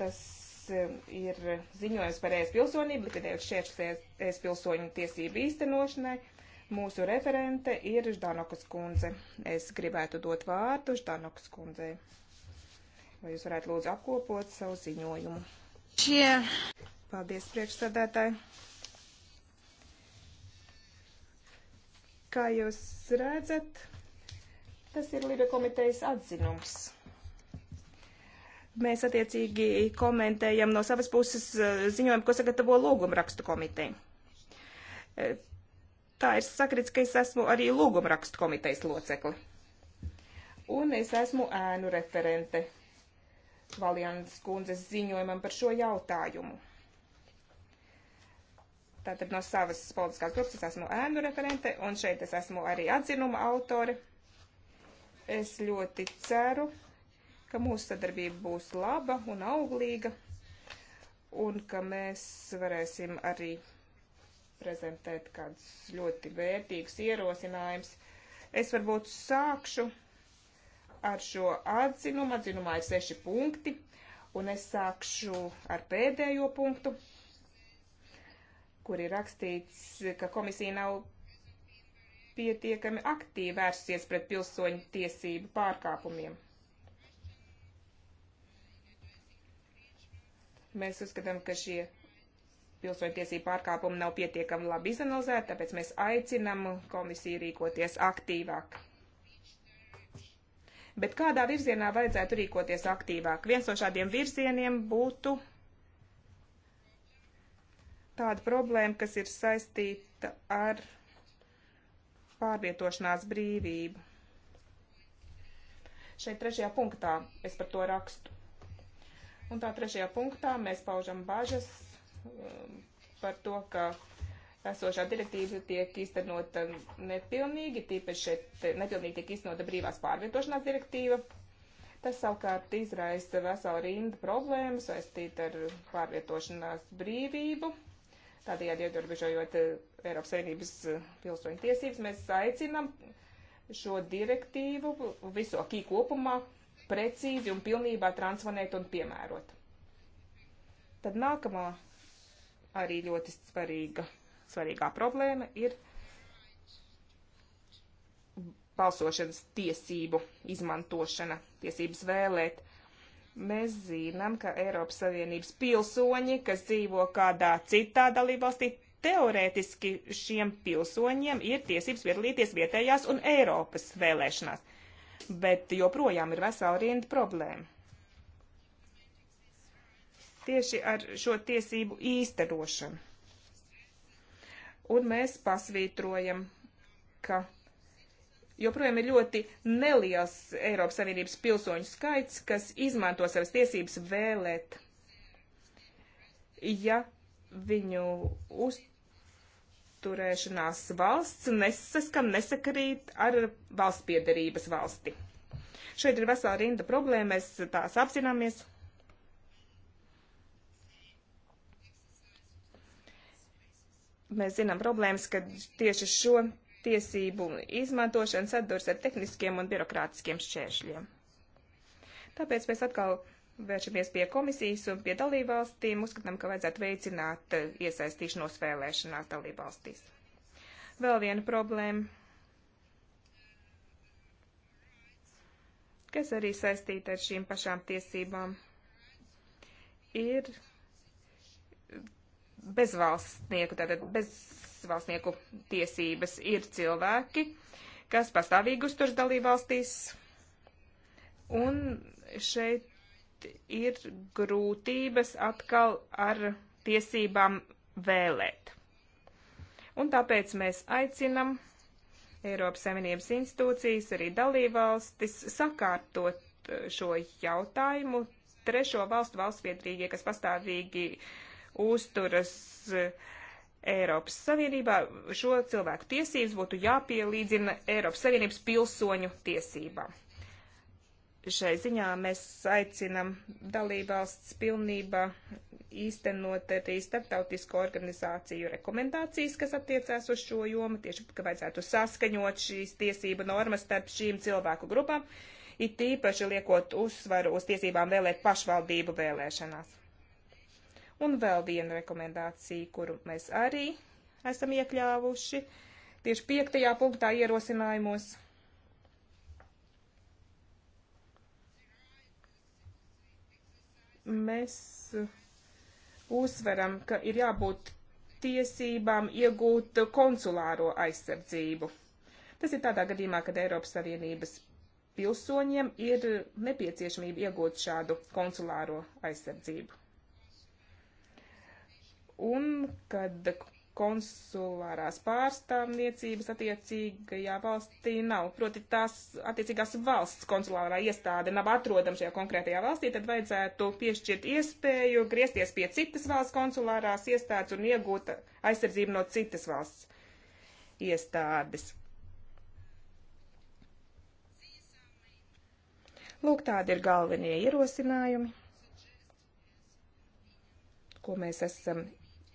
Tas um, ir ziņojums par ēst pilsonību, likvidējot šķēršus ēst pilsoņu tiesību īstenošanai. Mūsu referente ir Ždanokas kundze. Es gribētu dot vārdu Ždanokas kundzei. Vai jūs varētu lūdzu apkopot savu ziņojumu? Čie. Paldies, priekšsēdētāji. Kā jūs redzat, tas ir Libe komitejas atzinums. Mēs attiecīgi komentējam no savas puses eh, ziņojumu, ko sagatavo lūgumrakstu komiteja eh, tā ir sakrits, ka es esmu arī lūgumrakstu komitejas locekli. Un es esmu ēnu referente Valjans kundzes ziņojumam par šo jautājumu. Tātad no savas politiskās grupas es esmu ēnu referente, un šeit es esmu arī atzinuma autore. Es ļoti ceru, ka mūsu sadarbība būs laba un auglīga, un ka mēs varēsim arī prezentēt kādus ļoti vērtīgus ierosinājumus. Es varbūt sākšu ar šo atzinumu. Atzinumā ir seši punkti, un es sākšu ar pēdējo punktu, kur ir rakstīts, ka komisija nav pietiekami aktīvi vērsties pret pilsoņu tiesību pārkāpumiem. Mēs uzskatām, ka šie pilsoņu tiesību pārkāpumi nav pietiekami labi izanalizēti, tāpēc mēs aicinam komisiju rīkoties aktīvāk. Bet kādā virzienā vajadzētu rīkoties aktīvāk? Viens no šādiem virzieniem būtu tāda problēma, kas ir saistīta ar pārvietošanās brīvību. Šeit trešajā punktā es par to rakstu. Un tā trešajā punktā mēs paužam bažas um, par to, ka esošā direktīva tiek īstenota nepilnīgi, tīpaši šeit eh, nepilnīgi tiek īstenota brīvās pārvietošanās direktīva. Tas savukārt izraisa veselu rindu problēmu saistīt ar pārvietošanās brīvību. Tādējādi iedarbežojot eh, Eiropas Savienības eh, pilsoņu tiesības, mēs aicinam šo direktīvu visu akī kopumā precīzi un pilnībā transponēt un piemērot. Tad nākamā arī ļoti svarīga svarīgā problēma ir balsošanas tiesību izmantošana, tiesības vēlēt. Mēs zinām, ka Eiropas Savienības pilsoņi, kas dzīvo kādā citā dalībvalstī, teorētiski šiem pilsoņiem ir tiesības piedalīties vietējās un Eiropas vēlēšanās, bet joprojām ir vesela rinda problēma. Tieši ar šo tiesību īstenošanu un mēs pasvītrojam, ka joprojām ir ļoti neliels Eiropas Savienības pilsoņu skaits, kas izmanto savas tiesības vēlēt. Ja viņu uzturēšanās valsts nesaskam, nesakarīt ar valsts piedarības valsti. Šeit ir vesela rinda problēma, mēs tās apzināmies. Mēs zinām problēmas, ka tieši šo tiesību izmantošana sadurs ar tehniskiem un birokrātiskiem šķēršļiem. Tāpēc mēs atkal vēršamies pie komisijas un pie dalībvalstīm, uzskatām, ka vajadzētu veicināt eh, iesaistīšanos vēlēšanās dalībvalstīs. Vēl viena problēma, kas arī saistīta ar šīm pašām tiesībām, ir bezvalstnieku, tātad bezvalstnieku tiesības ir cilvēki, kas pastāvīgi uzturs dalībvalstīs, un šeit ir grūtības atkal ar tiesībām vēlēt. Un tāpēc mēs aicinam Eiropas Savienības institūcijas, arī dalībvalstis sakārtot eh, šo jautājumu trešo valstu valstsviedrīgie, kas pastāvīgi uh, uzturas eh, Eiropas Savienībā, šo cilvēku tiesības būtu jāpielīdzina Eiropas Savienības pilsoņu tiesībām. Šai ziņā mēs aicinam dalībvalsts pilnībā īstenot arī starptautisko organizāciju rekomendācijas, kas attiecās uz šo jomu, tieši, ka vajadzētu saskaņot šīs tiesība normas starp šīm cilvēku grupām, it īpaši liekot uzsvaru uz tiesībām vēlēt pašvaldību vēlēšanās Un vēl viena rekomendācija, kuru mēs arī esam iekļāvuši tieši piektajā punktā ierosinājumos. Mēs uh, uzsveram, ka ir jābūt tiesībām iegūt konsulāro aizsardzību. Tas ir tādā gadījumā, kad Eiropas Savienības pilsoņiem ir nepieciešamība iegūt šādu konsulāro aizsardzību un kad konsulārās pārstāvniecības attiecīgajā valstī nav. Proti tās attiecīgās valsts konsulārā iestāde nav atrodama šajā konkrētajā valstī, tad vajadzētu piešķirt iespēju griezties pie citas valsts konsulārās iestādes un iegūt aizsardzību no citas valsts iestādes. Lūk, tādi ir galvenie ierosinājumi, ko mēs esam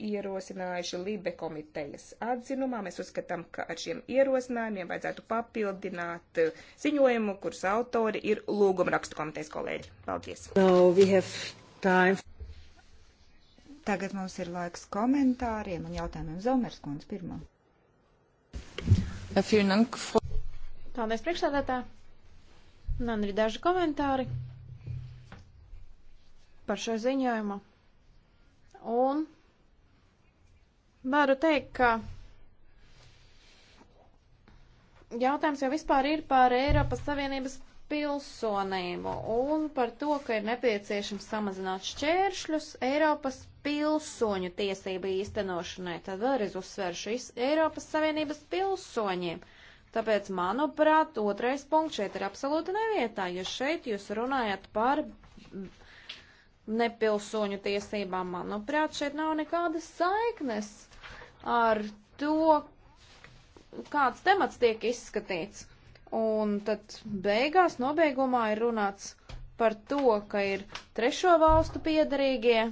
ierosinājuši Libe komitejas atzinumā. Mēs uzskatām, ka ar šiem ierosinājumiem vajadzētu papildināt eh, ziņojumu, kuras autori ir lūgumrakstu komitejas kolēģi. Paldies! No, Tagad mums ir laiks komentāriem un jautājumiem Zomers kundz pirmā. Paldies priekšsādātā. Man ir daži komentāri par šo ziņojumu. Un Varu teikt, ka jautājums jau vispār ir par Eiropas Savienības pilsonību un par to, ka ir nepieciešams samazināt šķēršļus Eiropas pilsoņu tiesību īstenošanai. Tad vēlreiz uzsveršu Eiropas Savienības pilsoņiem. Tāpēc, manuprāt, otrais punkts šeit ir absolūti nevietā, jo šeit jūs runājat par nepilsoņu tiesībām. Manuprāt, šeit nav nekādas saiknes ar to, kāds temats tiek izskatīts. Un tad beigās, nobeigumā ir runāts par to, ka ir trešo valstu piedarīgie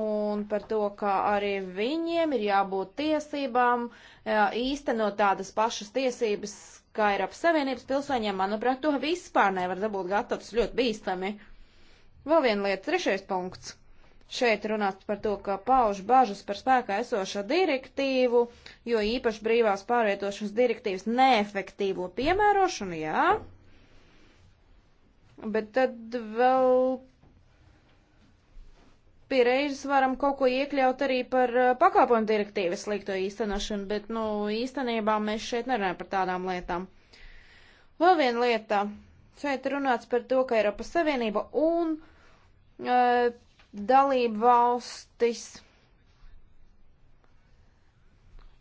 un par to, ka arī viņiem ir jābūt tiesībām īstenot tādas pašas tiesības, kā ir ap savienības pilsoņiem. Manuprāt, to vispār nevar dabūt gatavs ļoti bīstami. Vēl viena lieta, trešais punkts šeit runāt par to, ka pauž bažas par spēkā esošo direktīvu, jo īpaši brīvās pārvietošanas direktīvas neefektīvo piemērošanu, jā. Bet tad vēl pie reizes varam kaut ko iekļaut arī par uh, pakāpojumu direktīvas slikto īstenošanu, bet, nu, īstenībā mēs šeit nerunājam par tādām lietām. Vēl viena lieta. Šeit runāts par to, ka Eiropas Savienība un e, dalību valstis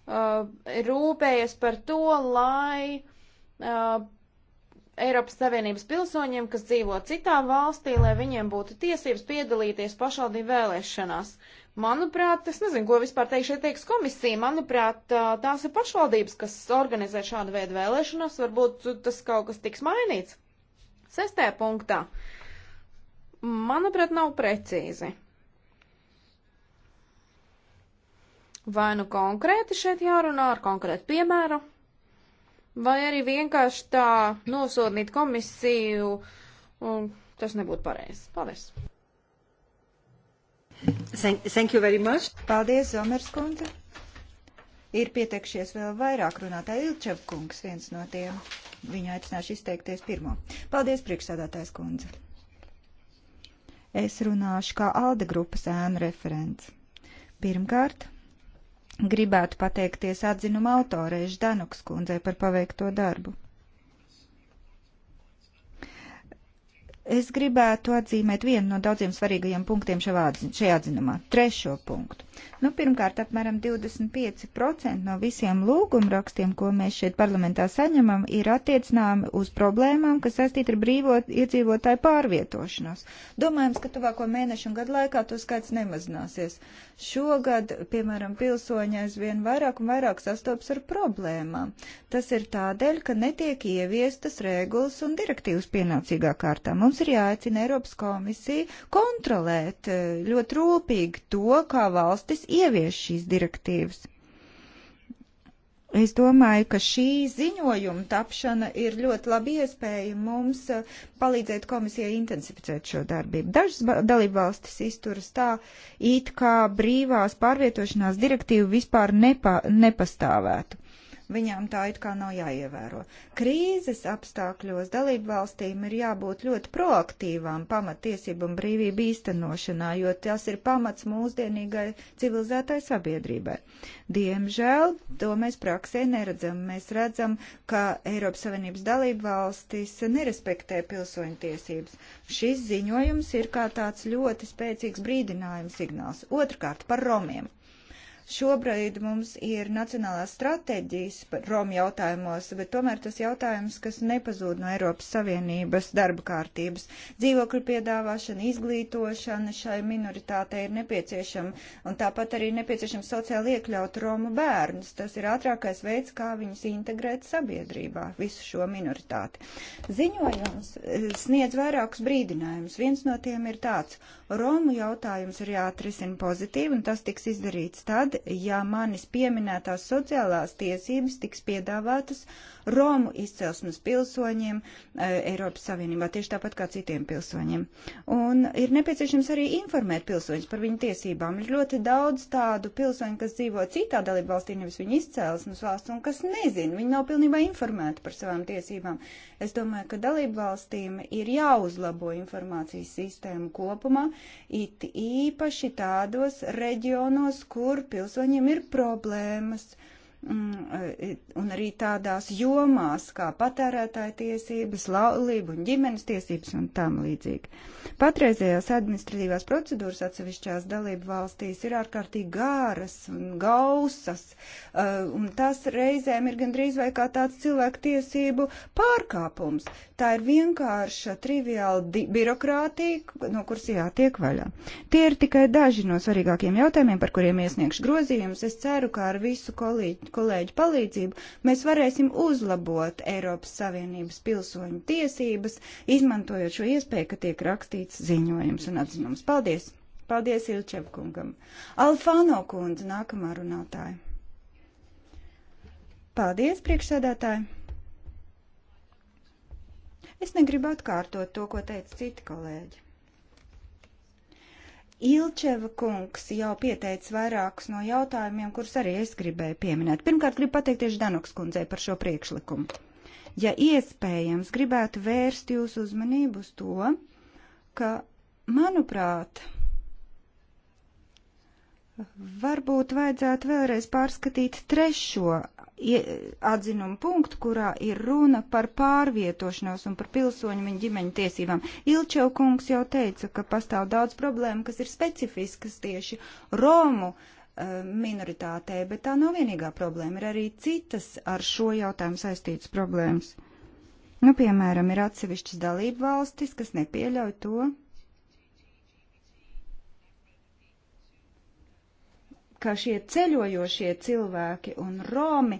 uh, rūpējas par to, lai uh, Eiropas Savienības pilsoņiem, kas dzīvo citā valstī, lai viņiem būtu tiesības piedalīties pašvaldību vēlēšanās. Manuprāt, es nezinu, ko vispār teikšu, ja teiks komisija. Manuprāt, tās ir pašvaldības, kas organizē šādu veidu vēlēšanas. Varbūt tas kaut kas tiks mainīts. Sestajā punktā. Uh, manuprāt, nav precīzi. Vai nu konkrēti šeit jārunā ar konkrētu piemēru, vai arī vienkārši tā nosodīt komisiju, un tas nebūtu pareizi. Paldies! Thank, thank you very much. Paldies, Zomers kundze. Ir pieteikšies vēl vairāk runātāji Ilčev kungs, viens no tiem. Viņu aicināšu izteikties pirmo. Paldies, priekšsādātājs kundze. Es runāšu kā Alde grupas ēnu referents. Pirmkārt, gribētu pateikties atzinuma autorei Ždanuks kundzei par paveikto darbu. Es gribētu atzīmēt vienu no daudziem svarīgajiem punktiem šajā atzinumā - trešo punktu. Nu, pirmkārt, apmēram 25% no visiem lūgumrakstiem, ko mēs šeit parlamentā saņemam, ir attiecināmi uz problēmām, kas saistīti ar brīvo iedzīvotāju pārvietošanos. Domājams, ka tuvāko mēnešu un gadu laikā to skaits nemazināsies. Šogad, piemēram, pilsoņi aizvien vairāk un vairāk sastopas ar problēmām. Tas ir tādēļ, ka netiek ieviestas regulas un direktīvas pienācīgā kārtā. Mums Mums ir jāaicina Eiropas komisija kontrolēt eh, ļoti rūpīgi to, kā valstis ievieš šīs direktīvas. Es domāju, ka šī ziņojuma tapšana ir ļoti labi iespēja mums eh, palīdzēt komisijai intensificēt šo darbību. Dažas dalībvalstis izturas tā, it kā brīvās pārvietošanās direktīva vispār nepa nepastāvētu viņām tā it kā nav jāievēro. Krīzes apstākļos dalību valstīm ir jābūt ļoti proaktīvām pamatiesību un brīvību īstenošanā, jo tas ir pamats mūsdienīgai civilizētai sabiedrībai. Diemžēl to mēs praksē neredzam. Mēs redzam, ka Eiropas Savienības dalību valstis nerespektē pilsoņu tiesības. Šis ziņojums ir kā tāds ļoti spēcīgs brīdinājums signāls. Otrkārt par romiem. Šobrīd mums ir nacionālās stratēģijas par Romu jautājumos, bet tomēr tas jautājums, kas nepazūd no Eiropas Savienības darba kārtības. Dzīvokļu piedāvāšana, izglītošana šai minoritātei ir nepieciešama, un tāpat arī nepieciešams sociāli iekļaut Romu bērnus. Tas ir ātrākais veids, kā viņus integrēt sabiedrībā, visu šo minoritāti. Ziņojums eh, sniedz vairākus brīdinājumus. Viens no tiem ir tāds. Romu jautājums ir jāatrisina pozitīvi, un tas tiks izdarīts tad, ja manis pieminētās sociālās tiesības tiks piedāvātas Romu izcelsmes pilsoņiem eh, Eiropas Savienībā, tieši tāpat kā citiem pilsoņiem. Un ir nepieciešams arī informēt pilsoņus par viņu tiesībām. Ir ļoti daudz tādu pilsoņu, kas dzīvo citā dalību valstī, nevis viņu izcelsmes valsts, un kas nezin, viņi nav pilnībā informēti par savām tiesībām. Es domāju, ka dalību valstīm ir jāuzlabo informācijas sistēmu kopumā, it īpaši tādos reģionos, kur pilsoņi pilsoņiem ir problēmas. Uh, Mm, e, e, un arī tādās jomās kā patērētāja tiesības, laulība un ģimenes tiesības un tam līdzīgi. Patreizējās administratīvās procedūras atsevišķās dalību valstīs ir ārkārtīgi gāras un gausas, e, un tas reizēm ir gandrīz vai kā tāds cilvēku tiesību pārkāpums. Tā ir vienkārša, triviāla birokrātija, no kuras jātiek vaļā. Tie ir tikai daži no svarīgākiem jautājumiem, par kuriem iesniegšu grozījumus. Es ceru, ka ar visu kolīķi kolēģu palīdzību mēs varēsim uzlabot Eiropas Savienības pilsoņu tiesības, izmantojot šo iespēju, ka tiek rakstīts ziņojums un atzinums. Paldies! Paldies Ilčevkungam! Alfāno kundze nākamā runātāja. Paldies, priekšsēdētāji! Es negribu atkārtot to, ko teica citi kolēģi. Ilčeva kungs jau pieteicis vairākus no jautājumiem, kurus arī es gribēju pieminēt. Pirmkārt, gribu pateikties Danoks kundzei par šo priekšlikumu. Ja iespējams, gribētu vērst jūsu uzmanību uz to, ka, manuprāt, Varbūt vajadzētu vēlreiz pārskatīt trešo atzinumu punktu, kurā ir runa par pārvietošanos un par pilsoņu viņa ģimeņu tiesībām. Ilčev kungs jau teica, ka pastāv daudz problēmu, kas ir specifiskas tieši Romu eh, minoritātē, bet tā nav vienīgā problēma. Ir arī citas ar šo jautājumu saistītas problēmas. Nu, piemēram, ir atsevišķas dalību valstis, kas nepieļauj to, ka šie ceļojošie cilvēki un Romi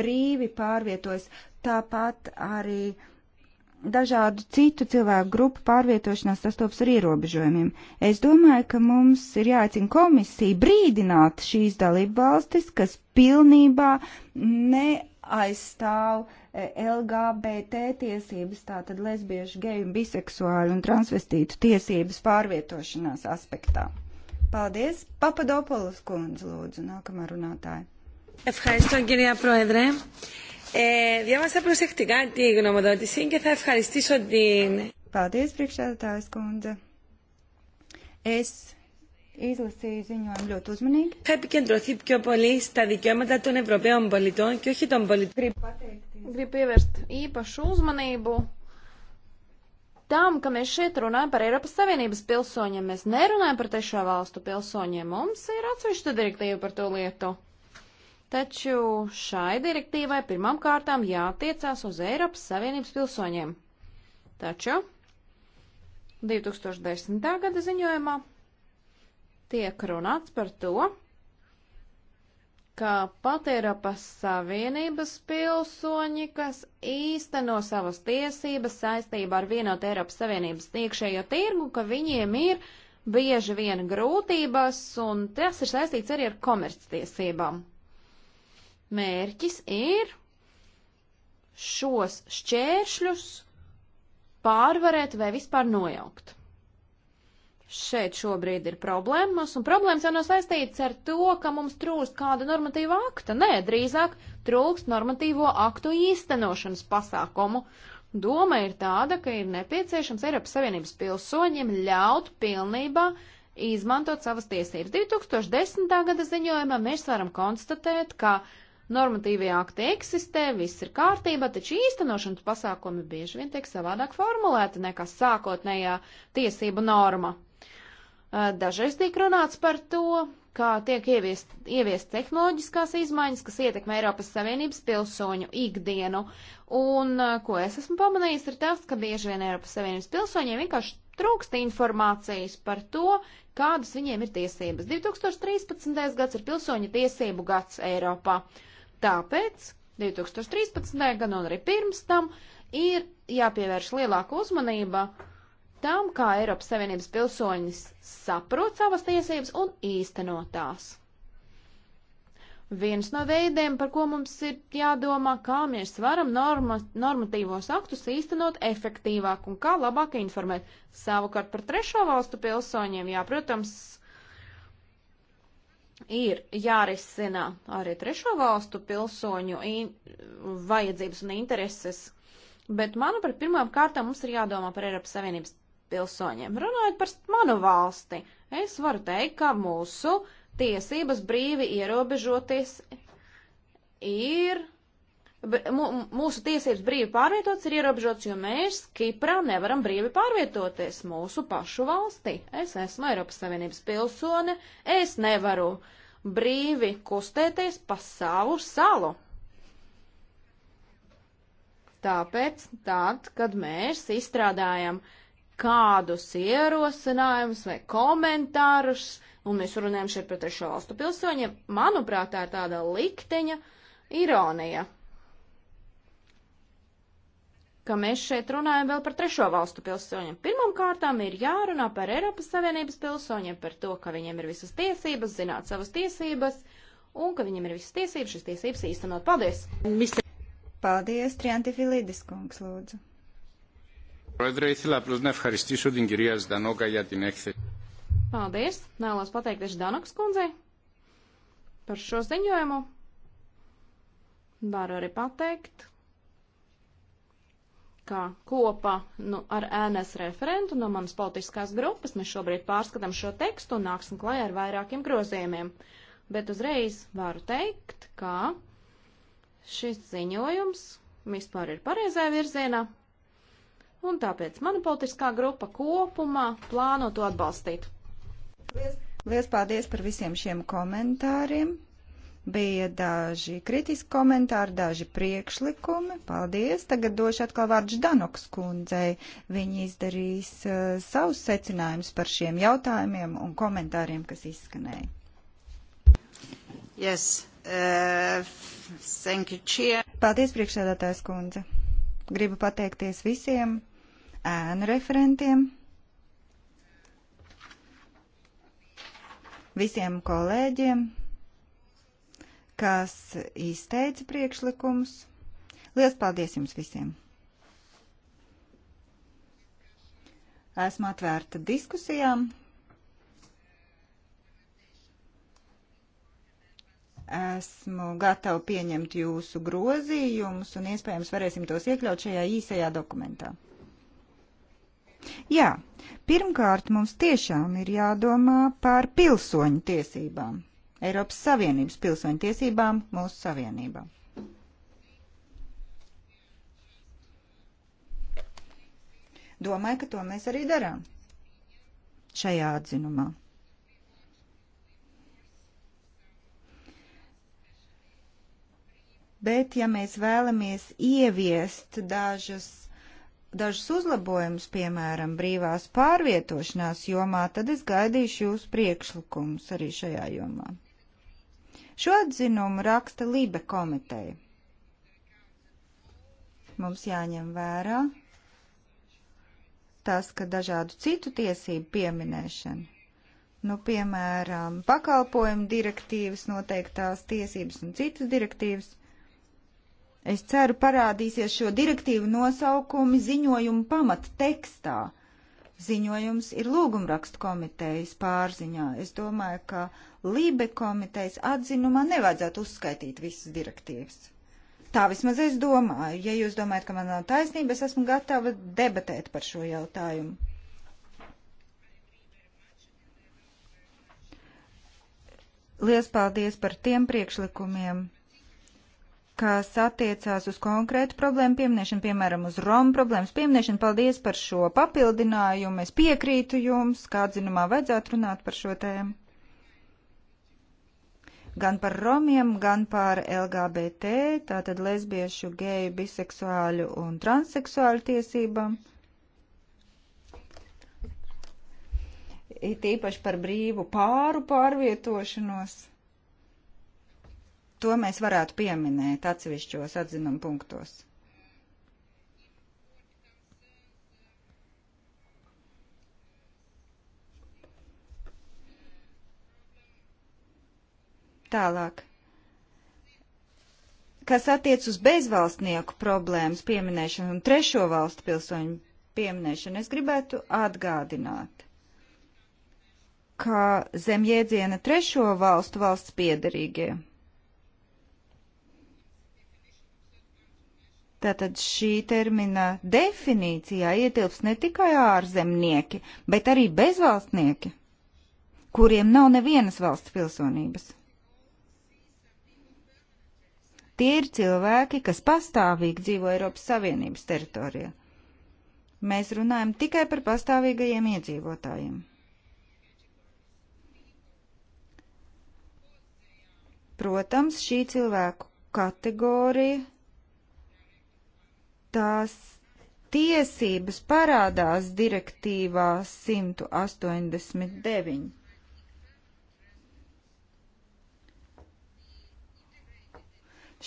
brīvi pārvietojas, tāpat arī dažādu citu cilvēku grupu pārvietošanās sastopas ar ierobežojumiem. Es domāju, ka mums ir jāicina komisija brīdināt šīs dalību valstis, kas pilnībā neaizstāv e, LGBT tiesības, tātad lesbiešu, geju, biseksuāļu un transvestītu tiesības pārvietošanās aspektā. Paldies. Papadopoulos kundze, lūdzu, nākamā runātāja. Ευχαριστώ κυρία Πρόεδρε. Ε, διάβασα προσεκτικά τη γνωμοδότηση και θα ευχαριστήσω την... Paldies, priekšsēdētājas kundze. Es izlasīju ziņojumu ļoti uzmanīgi. Θα επικεντρωθεί πιο πολύ στα δικαιώματα των Ευρωπαίων πολιτών και όχι των πολιτών. Gribu pievērst īpašu uzmanību tam, ka mēs šeit runājam par Eiropas Savienības pilsoņiem. Mēs nerunājam par trešā valstu pilsoņiem. Mums ir atsevišķa direktīva par to lietu. Taču šai direktīvai pirmām kārtām jātiecās uz Eiropas Savienības pilsoņiem. Taču 2010. gada ziņojumā tiek runāts par to, ka pat Eiropas Savienības pilsoņi, kas īsteno savas tiesības saistībā ar vienotu Eiropas Savienības iekšējo tirgu, ka viņiem ir bieži vien grūtības, un tas ir saistīts arī ar komerctiesībām. Mērķis ir šos šķēršļus pārvarēt vai vispār nojaukt šeit šobrīd ir problēmas, un problēmas jau nav saistītas ar to, ka mums trūkst kāda normatīva akta. Nē, drīzāk trūkst normatīvo aktu īstenošanas pasākumu. Doma ir tāda, ka ir nepieciešams Eiropas Savienības pilsoņiem ļaut pilnībā izmantot savas tiesības. 2010. gada ziņojumā mēs varam konstatēt, ka normatīvie akti eksistē, viss ir kārtībā, taču īstenošanas pasākumi bieži vien tiek savādāk formulēti nekā sākotnējā tiesību norma. Dažreiz tiek runāts par to, kā tiek ieviest, ieviest tehnoloģiskās izmaiņas, kas ietekmē Eiropas Savienības pilsoņu ikdienu. Un ko es esmu pamanījis, ir tas, ka bieži vien Eiropas Savienības pilsoņiem vienkārši trūkst informācijas par to, kādas viņiem ir tiesības. 2013. gads ir pilsoņu tiesību gads Eiropā. Tāpēc 2013. gan un arī pirms tam ir jāpievērš lielāka uzmanība uh, tam, kā Eiropas Savienības pilsoņis saprot savas tiesības un īsteno tās. Viens no veidiem, par ko mums ir jādomā, kā mēs varam norma, normatīvos aktus īstenot efektīvāk un kā labāk informēt. Savukārt par trešo valstu pilsoņiem, jā, protams, ir jārisina arī trešo valstu pilsoņu vajadzības un intereses, bet, manuprāt, pirmām kārtām mums ir jādomā par Eiropas Savienības pilsoņiem. Runājot par manu valsti, es varu teikt, ka mūsu tiesības brīvi ierobežoties ir. Mūsu tiesības brīvi pārvietoties ir ierobežots, jo mēs Kiprā nevaram brīvi pārvietoties mūsu pašu valstī. Es esmu Eiropas Savienības pilsone, es nevaru brīvi kustēties pa savu salu. Tāpēc tad, kad mēs izstrādājam uh, kādus ierosinājumus vai komentārus, un mēs runājam šeit par trešo valstu pilsoņiem, manuprāt, tā ir tāda likteņa ironija, ka mēs šeit runājam vēl par trešo valstu pilsoņiem. Pirmkārtām ir jārunā par Eiropas Savienības pilsoņiem, par to, ka viņiem ir visas tiesības, zināt savas tiesības, un ka viņiem ir visas tiesības šīs tiesības īstenot. Paldies! Paldies, Trianti Filidis kungs, lūdzu! Πρόεδρε, ήθελα απλώς να ευχαριστήσω την κυρία Ζδανόκα για την έκθεση. Paldies! Vēlos pateikties Danokas kundzei par šo ziņojumu. Varu arī pateikt, ka kopā nu, ar ēnes referentu no manas politiskās grupas mēs šobrīd pārskatām šo tekstu un nāksim klajā ar vairākiem grozījumiem. Bet uzreiz varu teikt, ka šis ziņojums vispār ir pareizajā virzienā un tāpēc mana politiskā grupa kopumā plāno to atbalstīt. Lies, lies paldies par visiem šiem komentāriem. Bija daži kritiski komentāri, daži priekšlikumi. Paldies. Tagad došu atkal vārdu Ždanoks kundzei. Viņa izdarīs uh, savus secinājumus par šiem jautājumiem un komentāriem, kas izskanēja. Yes. Uh, thank you, Chia. Paldies, priekšsēdētājs kundze. Gribu pateikties visiem ēnu referentiem, visiem kolēģiem, kas izteica priekšlikumus. Lielas paldies jums visiem! Esmu atvērta diskusijām, Esmu gatava pieņemt jūsu grozījumus un iespējams varēsim tos iekļaut šajā īsajā dokumentā. Jā, pirmkārt mums tiešām ir jādomā par pilsoņu tiesībām, Eiropas Savienības pilsoņu tiesībām mūsu savienībā. Domāju, ka to mēs arī darām šajā atzinumā. bet ja mēs vēlamies ieviest dažas dažus uzlabojumus, piemēram, brīvās pārvietošanās jomā, tad es gaidīšu jūsu priekšlikumus arī šajā jomā. Šo atzinumu raksta Lībe komiteja. Mums jāņem vērā tas, ka dažādu citu tiesību pieminēšana, nu, piemēram, pakalpojumu direktīvas noteiktās tiesības un citas direktīvas – Es ceru, parādīsies šo direktīvu nosaukumi ziņojumu pamat tekstā. Ziņojums ir lūgumrakstu komitejas pārziņā. Es domāju, ka Lībe komitejas atzinumā nevajadzētu uzskaitīt visas direktīvas. Tā vismaz es domāju. Ja jūs domājat, ka man nav taisnība, es esmu gatava debatēt par šo jautājumu. Lielas paldies par tiem priekšlikumiem, kas attiecās uz konkrētu problēmu pieminēšanu, piemēram, uz Romu problēmas pieminēšanu. Paldies par šo papildinājumu. Es piekrītu jums, kā atzinumā vajadzētu runāt par šo tēmu. Gan par Romiem, gan par LGBT, tātad lesbiešu, geju, biseksuāļu un transseksuāļu tiesībām. It īpaši par brīvu pāru pārvietošanos. To mēs varētu pieminēt atsevišķos atzinuma punktos. Tālāk. Kas attiec uz bezvalstnieku problēmas pieminēšanu un trešo valstu pilsoņu pieminēšanu, es gribētu atgādināt, ka zem jēdziena trešo valstu valsts piederīgie Tātad šī termina definīcijā ietilps ne tikai ārzemnieki, bet arī bezvalstnieki, kuriem nav nevienas valsts pilsonības. Tie ir cilvēki, kas pastāvīgi dzīvo Eiropas Savienības teritorijā. Mēs runājam tikai par pastāvīgajiem iedzīvotājiem. Protams, šī cilvēku kategorija tās tiesības parādās direktīvā 189.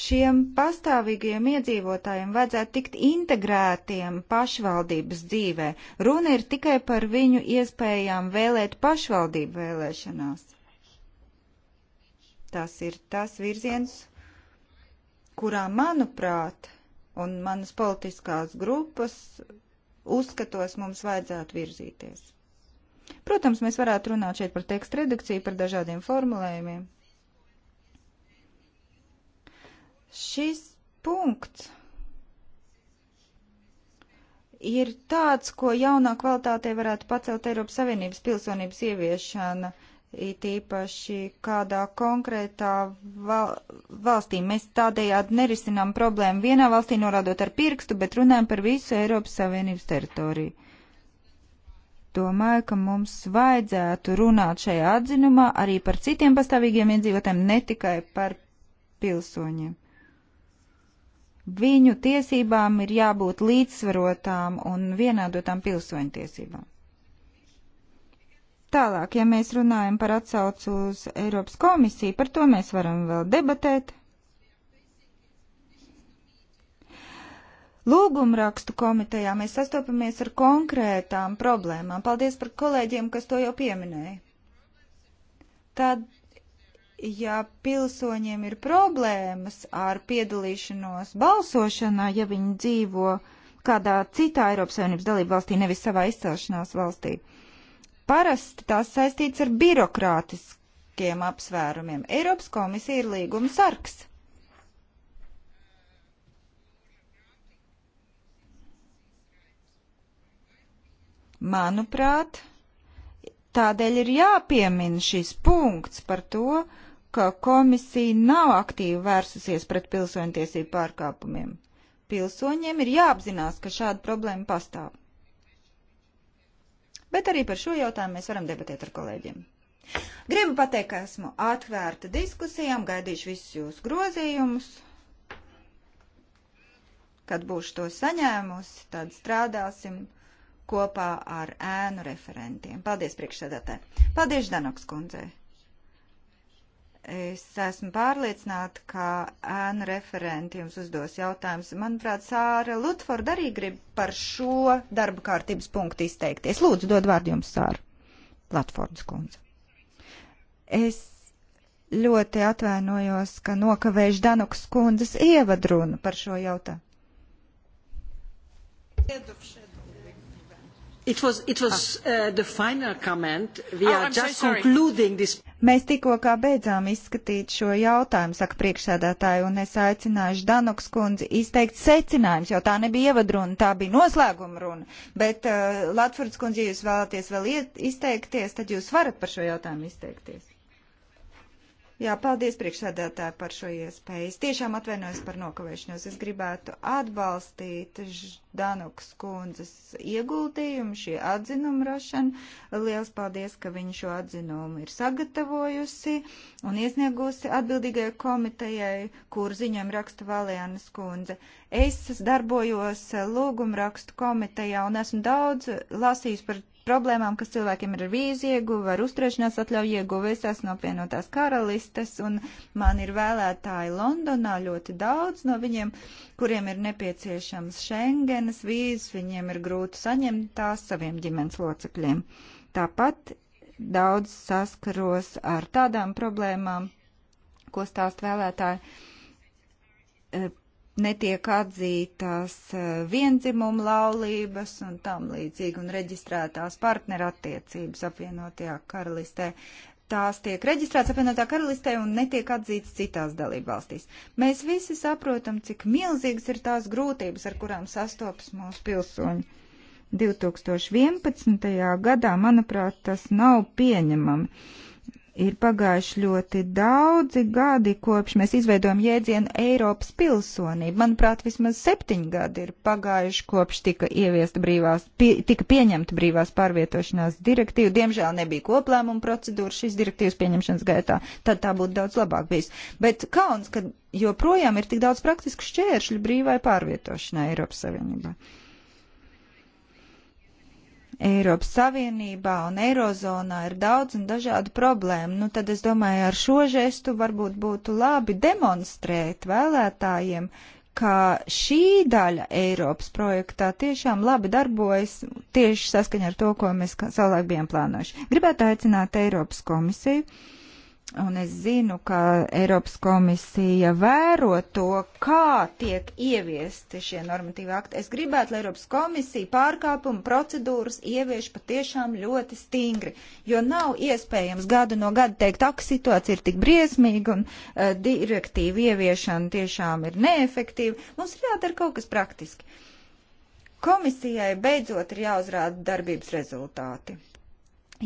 Šiem pastāvīgajiem iedzīvotājiem vajadzētu tikt integrētiem pašvaldības dzīvē. Runa ir tikai par viņu iespējām vēlēt pašvaldību vēlēšanās. Tas ir tas virziens, kurā, manuprāt, un manas politiskās grupas uzskatos mums vajadzētu virzīties. Protams, mēs varētu runāt šeit par tekstu redakciju, par dažādiem formulējumiem. Šis punkts ir tāds, ko jaunā kvalitātē varētu pacelt Eiropas Savienības pilsonības ieviešana uh, it īpaši kādā konkrētā val valstī. Mēs tādējādi nerisinām problēmu vienā valstī, norādot ar pirkstu, bet runājam par visu Eiropas Savienības teritoriju. Domāju, ka mums vajadzētu runāt šajā atzinumā arī par citiem pastāvīgiem iedzīvotājiem, ne tikai par pilsoņiem. Viņu tiesībām ir jābūt līdzsvarotām un vienādotām pilsoņu tiesībām. Tālāk, ja mēs runājam par atsaucu uz Eiropas komisiju, par to mēs varam vēl debatēt. Lūgumrakstu komitejā mēs sastopamies ar konkrētām problēmām. Paldies par kolēģiem, kas to jau pieminēja. Tad, ja pilsoņiem ir problēmas ar piedalīšanos balsošanā, ja viņi dzīvo kādā citā Eiropas Savienības dalību valstī, nevis savā izcelšanās valstī, uh, Parasti tās saistīts ar birokrātiskiem apsvērumiem. Eiropas komisija ir līguma sargs. Manuprāt, tādēļ ir jāpiemina šis punkts par to, ka komisija nav aktīvi vērsusies pret pilsoņtiesību pārkāpumiem. Pilsoņiem ir jāapzinās, ka šāda problēma pastāv. Bet arī par šo jautājumu mēs varam debatēt ar kolēģiem. Gribu pateikt, ka esmu atvērta diskusijām, gaidīšu visus jūsu grozījumus. Kad būšu to saņēmusi, tad strādāsim kopā ar ēnu referentiem. Paldies priekšsēdētāji. Paldies Danoks kundzei. Es esmu pārliecināta, ka ēnu referenti jums uzdos jautājumus. Manuprāt, Sāra Lutforda arī grib par šo darba kārtības punktu izteikties. Lūdzu, dod vārdu jums, Sāra Latfordas kundze. Es ļoti atvainojos, ka nokavējuši Danukas kundzes ievadrunu par šo jautājumu. Ieduši. It was, it was ah. uh, the final comment. We oh, are I'm just so concluding this. Mēs tikko kā beidzām izskatīt šo jautājumu, saka priekšsēdētāju, un es aicināšu Danuks kundzi izteikt secinājums, jo tā nebija ievadruna, tā bija noslēguma runa. Bet, uh, Latvijas kundze, ja jūs vēlaties vēl iet, izteikties, tad jūs varat par šo jautājumu izteikties. Jā, paldies priekšsēdētāji par šo iespēju. Es tiešām atvainojos par nokavēšanos. Es gribētu atbalstīt Danukas kundzes ieguldījumu, šī atzinuma rašana. Liels paldies, ka viņa šo atzinumu ir sagatavojusi un iesniegusi atbildīgajai komitejai, kur ziņām raksta Valēnas kundze. Es darbojos lūgumrakstu komitejā un esmu daudz lasījis par problēmām, kas cilvēkiem ir ar vīzu ieguvu, ar uzturēšanās atļauju ieguvu. Es esmu apvienotās karalistes un man ir vēlētāji Londonā ļoti daudz no viņiem, kuriem ir nepieciešams Schengenas vīzes, viņiem ir grūti saņemt tās saviem ģimenes locekļiem. Tāpat daudz saskaros ar tādām problēmām, ko stāst vēlētāji eh, netiek atzītās eh, viendzimuma laulības un tam līdzīgi un reģistrētās partnerattiecības apvienotajā karalistē. Tās tiek reģistrētas apvienotā karalistē un netiek atzītas citās dalībvalstīs. Mēs visi saprotam, cik milzīgas ir tās grūtības, ar kurām sastopas mūsu pilsoņi. 2011. gadā, manuprāt, tas nav pieņemami Ir pagājuši ļoti daudzi gadi, kopš mēs izveidojam jēdzienu Eiropas pilsonība. Manuprāt, vismaz septiņi gadi ir pagājuši, kopš tika ieviesta brīvās, pie, tika pieņemta brīvās pārvietošanās direktīva. Diemžēl nebija koplēmuma procedūra šīs direktīvas pieņemšanas gaitā, tad tā būtu daudz labāk bijis. Bet kauns, ka joprojām ir tik daudz praktisku šķēršļu brīvai pārvietošanai Eiropas Savienībā. Eiropas Savienībā un Eirozonā ir daudz un dažādu problēmu. Nu, tad es domāju, ar šo žestu varbūt būtu labi demonstrēt vēlētājiem, ka šī daļa Eiropas projektā tiešām labi darbojas tieši saskaņā ar to, ko mēs savulaik bijām plānojuši. Gribētu aicināt Eiropas komisiju Un es zinu, ka Eiropas komisija vēro to, kā tiek ieviesti šie normatīvi akti. Es gribētu, lai Eiropas komisija pārkāpumu procedūras ievieš patiešām ļoti stingri, jo nav iespējams gadu no gada teikt, ak, situācija ir tik briesmīga un uh, direktīva ieviešana tiešām ir neefektīva. Mums ir jādara kaut kas praktiski. Komisijai beidzot ir jāuzrāda darbības rezultāti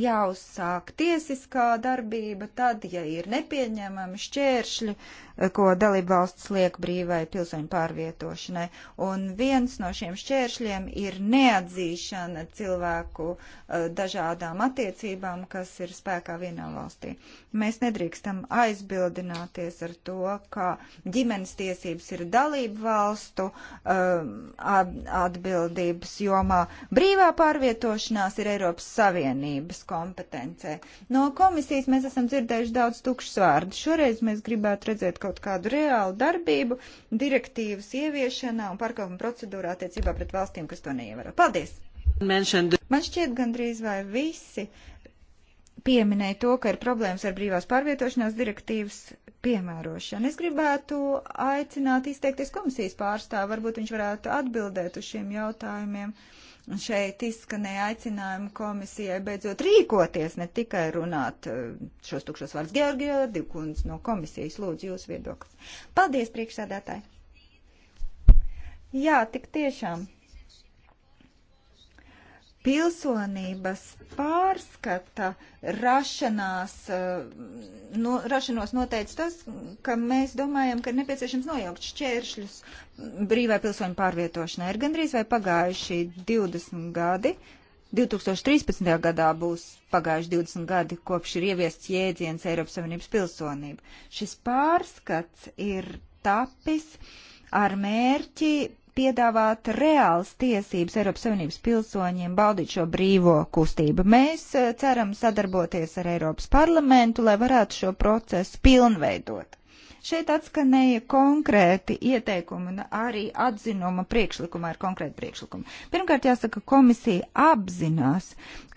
jāuzsāk tiesiskā darbība, tad, ja ir nepieņemami šķēršļi, ko dalībvalsts liek brīvai pilsoņu pārvietošanai. Un viens no šiem šķēršļiem ir neatzīšana cilvēku eh, dažādām attiecībām, kas ir spēkā vienā valstī. Mēs nedrīkstam aizbildināties ar to, ka ģimenes tiesības ir dalību valstu eh, atbildības jomā. Brīvā pārvietošanās ir Eiropas Savienības Savienības kompetencē. No komisijas mēs esam dzirdējuši daudz tukšs vārdu. Šoreiz mēs gribētu redzēt kaut kādu reālu darbību direktīvas ieviešanā un parkavuma procedūrā attiecībā pret valstīm, kas to neievēro. Paldies! Man šķiet gandrīz vai visi pieminēja to, ka ir problēmas ar brīvās pārvietošanās direktīvas piemērošanu. Es gribētu aicināt izteikties komisijas pārstāvu, varbūt viņš varētu atbildēt uz šiem jautājumiem. Uh, Šeit izskanēja aicinājumi komisijai beidzot rīkoties, ne tikai runāt eh, šos tukšos vārdus Georgijā, eh, divkundz no komisijas lūdzu jūs viedoklis. Paldies, priekšsādātāji! Jā, tik tiešām pilsonības pārskata rašanās, eh, no, rašanos noteica tas, ka mēs domājam, ka nepieciešams nojaukt šķēršļus brīvai pilsoņu pārvietošanai. Ir gandrīz vai pagājuši 20 gadi. 2013. gadā būs pagājuši 20 gadi, kopš ir ieviests jēdziens Eiropas Savienības pilsonība. Šis pārskats ir tapis ar mērķi piedāvāt reāls tiesības Eiropas Savienības pilsoņiem baudīt šo brīvo kustību. Mēs eh, ceram sadarboties ar Eiropas parlamentu, lai varētu šo procesu pilnveidot. Šeit atskanēja konkrēti ieteikumi un arī atzinuma priekšlikuma ar konkrētu priekšlikumu. Pirmkārt, jāsaka, komisija apzinās,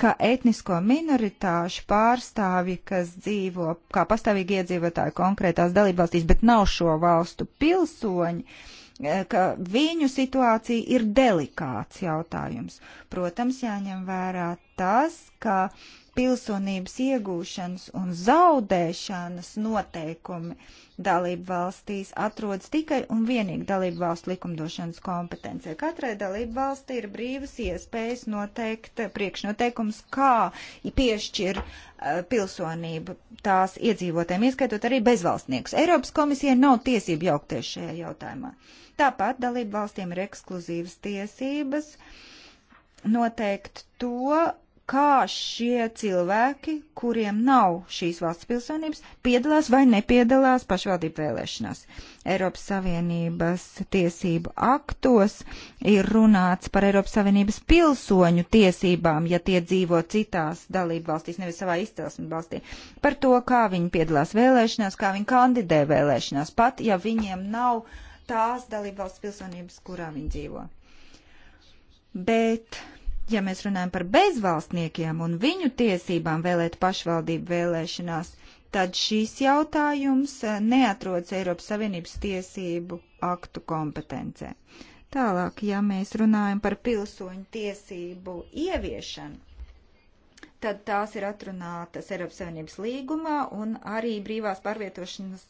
ka etnisko minoritāšu pārstāvi, kas dzīvo kā pastāvīgi iedzīvotāji konkrētās dalībvalstīs, bet nav šo valstu pilsoņi, uh, ka viņu situācija ir delikāts jautājums. Protams, jāņem vērā tas, ka pilsonības iegūšanas un zaudēšanas noteikumi dalību valstīs atrodas tikai un vienīgi dalību valstu likumdošanas kompetencija. Katrai dalību valstī ir brīvas iespējas noteikt priekšnoteikums, kā piešķir uh, pilsonību tās iedzīvotēm, ieskaitot arī bezvalstniekus. Eiropas komisija nav tiesība jaukties šajā jautājumā. Tāpat dalību valstiem ir ekskluzīvas tiesības noteikt to, kā šie cilvēki, kuriem nav šīs valsts pilsonības, piedalās vai nepiedalās pašvaldību vēlēšanās. Eiropas Savienības tiesību aktos ir runāts par Eiropas Savienības pilsoņu tiesībām, ja tie dzīvo citās dalību valstīs, nevis savā izcelsmes valstī, par to, kā viņi piedalās vēlēšanās, kā viņi kandidē vēlēšanās, pat ja viņiem nav tās dalību valsts pilsonības, kurā viņi dzīvo. Bet Ja mēs runājam par bezvalstniekiem un viņu tiesībām vēlēt pašvaldību vēlēšanās, tad šīs jautājums eh, neatrodas Eiropas Savienības tiesību aktu kompetencē. Tālāk, ja mēs runājam par pilsoņu tiesību ieviešanu, tad tās ir atrunātas Eiropas Savienības līgumā un arī brīvās pārvietošanas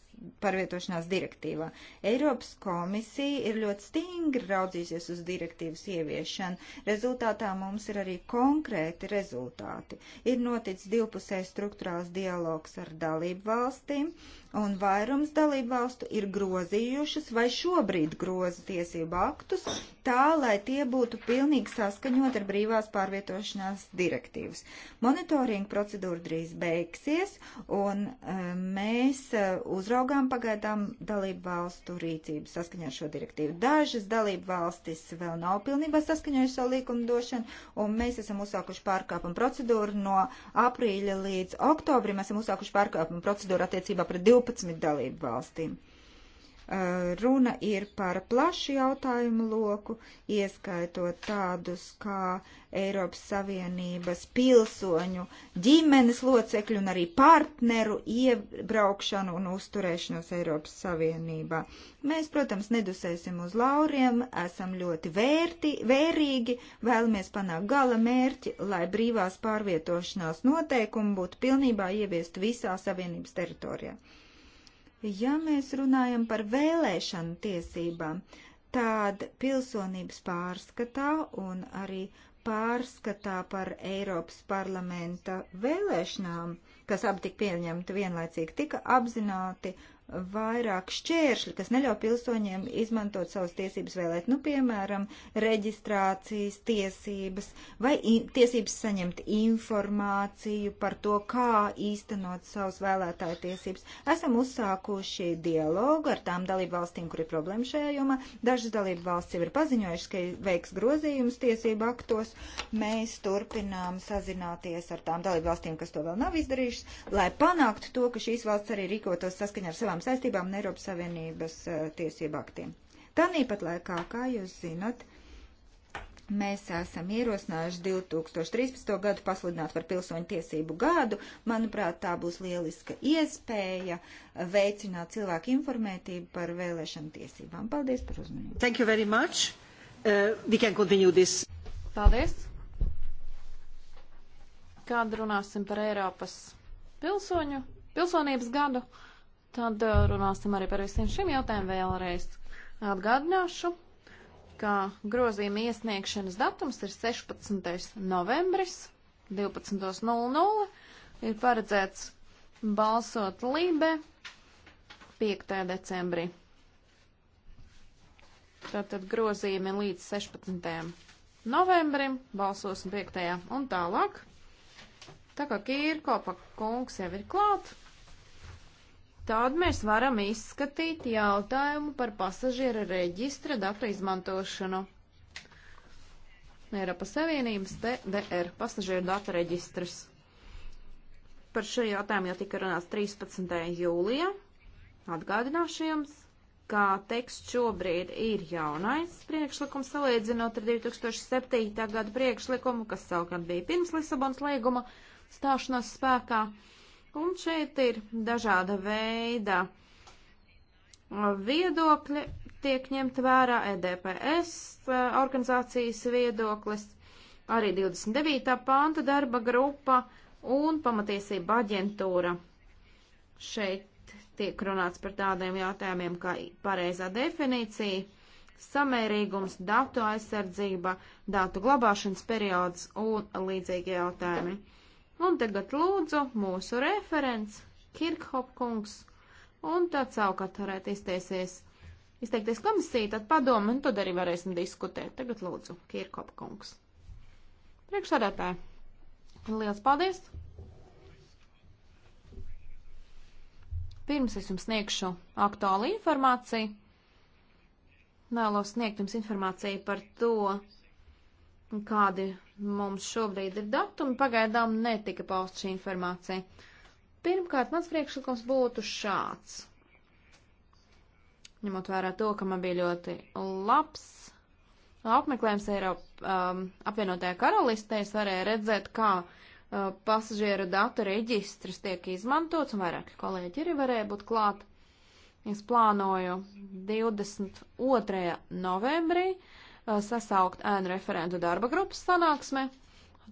pārvietošanās direktīvā. Eiropas komisija ir ļoti stingri raudzījusies uz direktīvas ieviešanu. Rezultātā mums ir arī konkrēti rezultāti. Ir noticis divpusējs struktūrāls dialogs ar dalību valstīm, un vairums dalībvalstu ir grozījušas vai šobrīd groza tiesību aktus tā, lai tie būtu pilnīgi saskaņot ar brīvās pārvietošanās direktīvas. Monitoringa procedūra drīz beigsies, un eh, mēs eh, uzraugām pagaidām dalībvalstu rīcību saskaņā ar šo direktīvu. Dažas dalībvalstis vēl nav pilnībā saskaņojuši savu likumdošanu, un mēs esam uzsākuši pārkāpumu procedūru no aprīļa līdz oktobrim. Mēs esam uzsākuši pārkāpumu procedūru attiecībā pret 20. 12 dalību valstīm. Eh, runa ir par plašu jautājumu loku, ieskaitot tādus kā Eiropas Savienības pilsoņu, ģimenes locekļu un arī partneru iebraukšanu un uzturēšanos Eiropas Savienībā. Mēs, protams, nedusēsim uz lauriem, esam ļoti vērti, vērīgi, vēlamies panākt gala mērķi, lai brīvās pārvietošanās noteikumi būtu pilnībā ieviest visā Savienības teritorijā. Ja mēs runājam par vēlēšanu tiesībām, tad pilsonības pārskatā un arī pārskatā par Eiropas parlamenta vēlēšanām, kas abi tika pieņemti vienlaicīgi, tika apzināti vairāk šķēršļi, kas neļauj pilsoņiem izmantot savas tiesības vēlēt, nu, piemēram, reģistrācijas tiesības vai in, tiesības saņemt informāciju par to, kā īstenot savas vēlētāju tiesības. Esam uzsākuši dialogu ar tām dalību valstīm, kur ir problēma šajā jomā. Dažas dalību valsts jau ir paziņojušas, ka veiks grozījumus tiesību aktos. Mēs turpinām sazināties ar tām dalību valstīm, kas to vēl nav izdarījušas, lai panāktu to, ka šīs valsts arī rīkotos saskaņā ar savām savām saistībām un Eiropas Savienības eh, tiesību aktiem. Tāpat laikā, kā jūs zinat, Mēs esam ierosinājuši 2013. gadu pasludināt par pilsoņu tiesību gadu. Manuprāt, tā būs lieliska iespēja eh, veicināt cilvēku informētību par vēlēšanu tiesībām. Paldies par uzmanību. Thank you very much. Uh, we can continue this. Paldies. Kad runāsim par Eiropas pilsoņu, pilsonības gadu, Tad uh, runāsim arī par visiem šiem jautājumiem vēlreiz. Atgādināšu, ka grozījuma iesniegšanas datums ir 16. novembris 12.00. Ir paredzēts balsot Lībe 5. decembrī. Tātad grozījumi līdz 16. novembrim, balsosim 5. un tālāk. Tā kā Kīrkopa kungs jau ir klāts. Tad mēs varam izskatīt jautājumu par pasažiera reģistra datu izmantošanu. Eiropas Savienības TDR pasažieru datu reģistrs. Par šo jautājumu jau tika runāts 13. jūlijā. Atgādināšu jums, kā teksts šobrīd ir jaunais priekšlikums salīdzinot ar 2007. gada priekšlikumu, kas savukārt bija pirms Lisabonas līguma stāšanās spēkā. Un šeit ir dažāda veida viedokļi, tiek ņemt vērā EDPS eh, organizācijas viedoklis, arī 29. panta darba grupa un pamatiesība aģentūra. Šeit tiek runāts par tādiem jautājumiem kā pareizā definīcija, samērīgums, datu aizsardzība, datu glabāšanas periods un līdzīgi jautājumi. Un tagad lūdzu mūsu referents Kirkhop kungs, un tad savukārt varētu izteikties, izteikties komisija, tad padomu, un tad arī varēsim diskutēt. Tagad lūdzu Kirkhop kungs. Priekšsādātāji, liels paldies! Pirms es jums sniegšu aktuālu informāciju, vēlos sniegt jums informāciju par to, kādi mums šobrīd ir datumi, pagaidām netika paust šī informācija. Pirmkārt, mans priekšlikums būtu šāds. Ņemot vērā to, ka man bija ļoti labs apmeklējums Eiropā um, apvienotajā karalistē, es varēju redzēt, kā uh, pasažieru datu reģistrs tiek izmantots, un vairāki kolēģi arī varēja būt klāt. Es plānoju 22. novembrī uh, Uh, sasaukt ēnu referentu darba grupas sanāksme.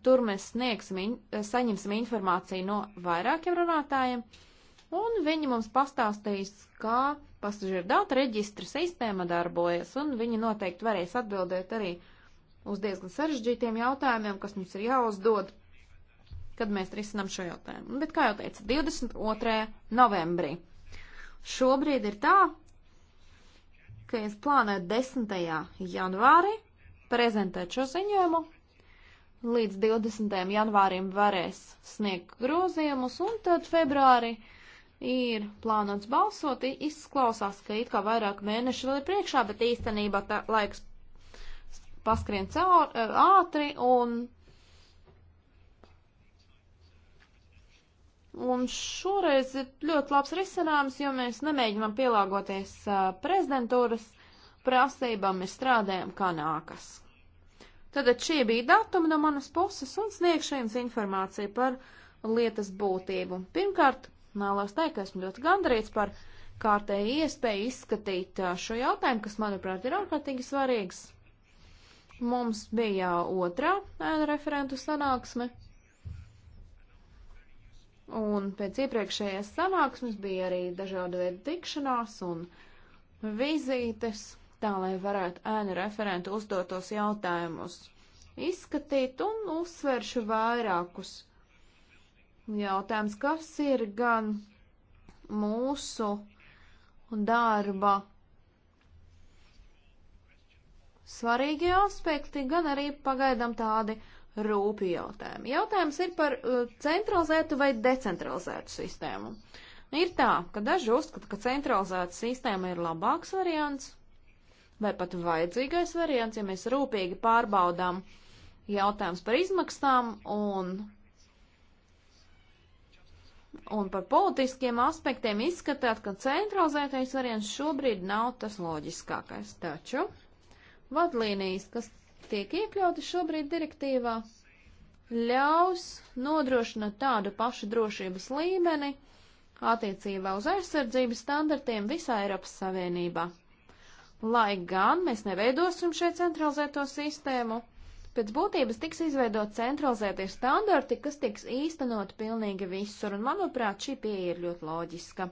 Tur mēs sniegsim, in, uh, saņemsim informāciju no vairākiem runātājiem, un viņi mums pastāstīs, kā pasažieru datu reģistra sistēma darbojas, un viņi noteikti varēs atbildēt arī uz diezgan sarežģītiem jautājumiem, kas mums ir jāuzdod, kad mēs risinām šo jautājumu. Bet, kā jau teicu, 22. novembrī. Šobrīd ir tā, ka es plānoju 10. janvāri prezentēt šo ziņojumu. Līdz 20. janvārim varēs sniegt grozījumus, un tad februāri ir plānots balsot. Izklausās, ka it kā vairāk mēneši vēl ir priekšā, bet īstenībā tā laiks paskrien caur, ātri, un Un šoreiz ir ļoti labs risinājums, jo mēs nemēģinām pielāgoties uh, prezidentūras prasībām, mēs strādājam kā nākas. Tad šie bija datumi no manas puses un sniegšu jums informāciju par lietas būtību. Pirmkārt, vēlos teikt, ka esmu ļoti gandarīts par kārtēju iespēju izskatīt šo jautājumu, kas, manuprāt, ir ārkārtīgi svarīgs. Mums bija otrā referentu sanāksme Un pēc iepriekšējās sanāksmes bija arī dažādi veidi tikšanās un vizītes, tā lai varētu ēnu referentu uzdotos jautājumus izskatīt un uzsveršu vairākus jautājumus, kas ir gan mūsu darba svarīgie aspekti, gan arī pagaidām tādi rūpi jautājumi. Jautājums ir par uh, centralizētu vai decentralizētu sistēmu. Nu, ir tā, ka daži uzskata, ka centralizēta sistēma ir labāks variants vai pat vajadzīgais variants, ja mēs rūpīgi pārbaudām jautājums par izmaksām un, un par politiskiem aspektiem izskatāt, ka centralizētais variants šobrīd nav tas loģiskākais. Taču vadlīnijas, kas tiek iekļauti šobrīd direktīvā, ļaus nodrošināt tādu pašu drošības līmeni attiecībā uz aizsardzības standartiem visā Eiropas Savienībā. Lai gan mēs neveidosim šeit centralizēto sistēmu, pēc būtības tiks izveidot centralizētie standarti, kas tiks īstenot pilnīgi visur, un manuprāt, šī pieeja ir ļoti loģiska.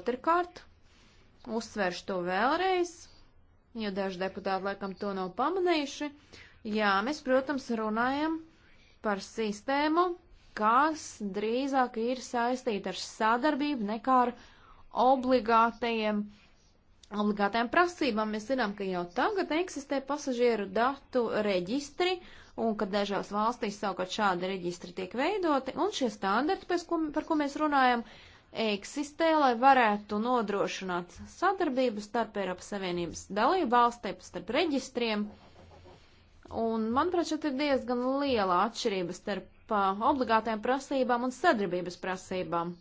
Otrkārt, uzsveršu to vēlreiz, jo daži deputāti laikam to nav pamanījuši. Jā, mēs, protams, runājam par sistēmu, kas drīzāk ir saistīta ar sadarbību nekā ar obligātajiem, obligātajām prasībām. Mēs zinām, ka jau tagad eksistē pasažieru datu reģistri, un ka dažās valstīs savukārt šādi reģistri tiek veidoti, un šie standarti, ko, par ko mēs runājam, uh, eksistē, lai varētu nodrošināt sadarbību starp Eiropas Savienības dalību valstīm, starp reģistriem. Un, manuprāt, šeit ir diezgan liela atšķirība starp uh, obligātajām prasībām un sadarbības prasībām.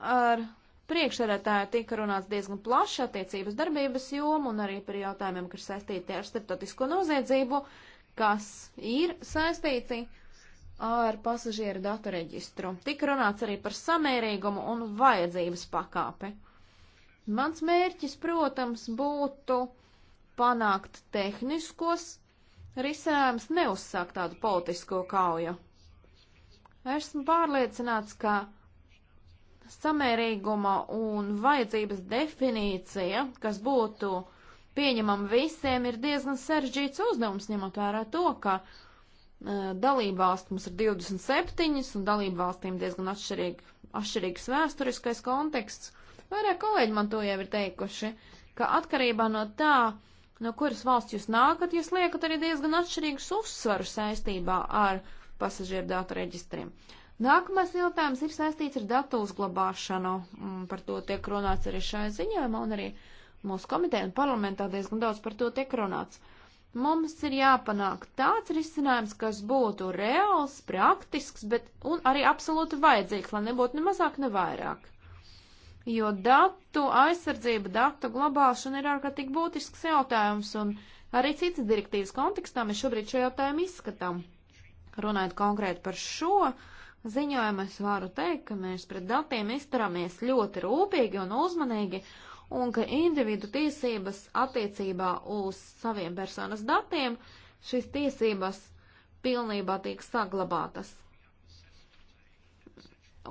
Ar priekšsēdētāju tika runāts diezgan plaši attiecības darbības jomu un arī par jautājumiem, kas saistīti ar starptautisko noziedzību, kas ir saistīti ar pasažieru datu reģistru. Tik runāts arī par samērīgumu un vajadzības pakāpi. Mans mērķis, protams, būtu panākt tehniskos risinājums neuzsākt tādu politisko kauju. Esmu pārliecināts, ka samērīguma un vajadzības definīcija, kas būtu pieņemama visiem, ir diezgan sarežģīts uzdevums, ņemot vērā to, ka uh, dalību valstu mums ir 27, un dalību valstīm diezgan atšķirīgi, atšķirīgs vēsturiskais konteksts. Vairāk kolēģi man to jau ir teikuši, ka atkarībā no tā, no kuras valsts jūs nākat, jūs liekat arī diezgan atšķirīgus uzsvaru saistībā ar pasažieru datu reģistriem. Nākamais jautājums ir saistīts ar datu uzglabāšanu. Mm, par to tiek runāts arī šajā ziņojumā, un arī mūsu komiteja un parlamentā diezgan daudz par to tiek runāts. Uh, Mums ir jāpanāk tāds risinājums, kas būtu reāls, praktisks, bet arī absolūti vajadzīgs, lai nebūtu ne mazāk, ne vairāk. Jo datu aizsardzība, datu glabāšana ir ārkārtīgi būtisks jautājums, un arī citas direktīvas kontekstā mēs šobrīd šo jautājumu izskatām. Runājot konkrēti par šo ziņojumu, es varu teikt, ka mēs pret datiem izturamies ļoti rūpīgi un uzmanīgi, un ka individu tiesības attiecībā uz saviem personas datiem šīs tiesības pilnībā tiek saglabātas.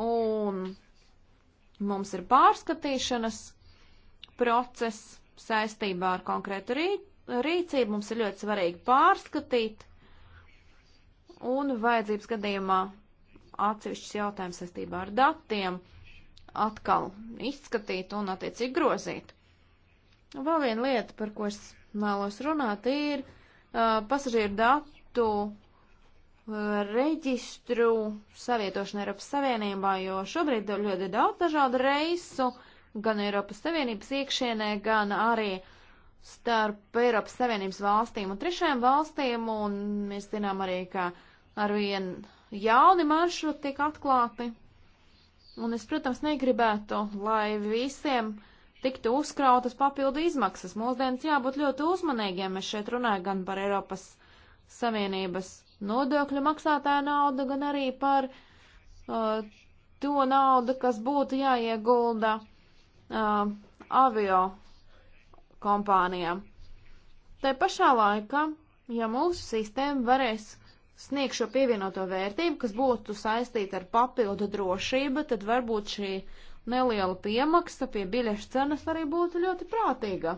Un mums ir pārskatīšanas process saistībā ar konkrētu rī, rīcību. Mums ir ļoti svarīgi pārskatīt un vajadzības gadījumā atsevišķs jautājums saistībā ar datiem atkal izskatīt un attiecīgi grozīt. Vēl viena lieta, par ko es vēlos runāt, ir uh, pasažieru datu uh, reģistru savietošana Eiropas Savienībā, jo šobrīd ļoti daudz dažādu reisu gan Eiropas Savienības iekšienē, gan arī starp Eiropas Savienības valstīm un trešajām valstīm, un mēs zinām arī, ka arvien jauni maršruti tiek atklāti, Un es, protams, negribētu, lai visiem tiktu uzkrautas papildu izmaksas. Mūsdienas jābūt ļoti uzmanīgiem. Mēs šeit runājam gan par Eiropas Savienības nodokļu maksātāju naudu, gan arī par uh, to naudu, kas būtu jāiegulda uh, avio kompānijām. Te pašā laikā, ja mūsu sistēma varēs sniegt šo pievienoto vērtību, kas būtu saistīta ar papildu drošību, tad varbūt šī neliela piemaksa pie biļešu cenas arī būtu ļoti prātīga.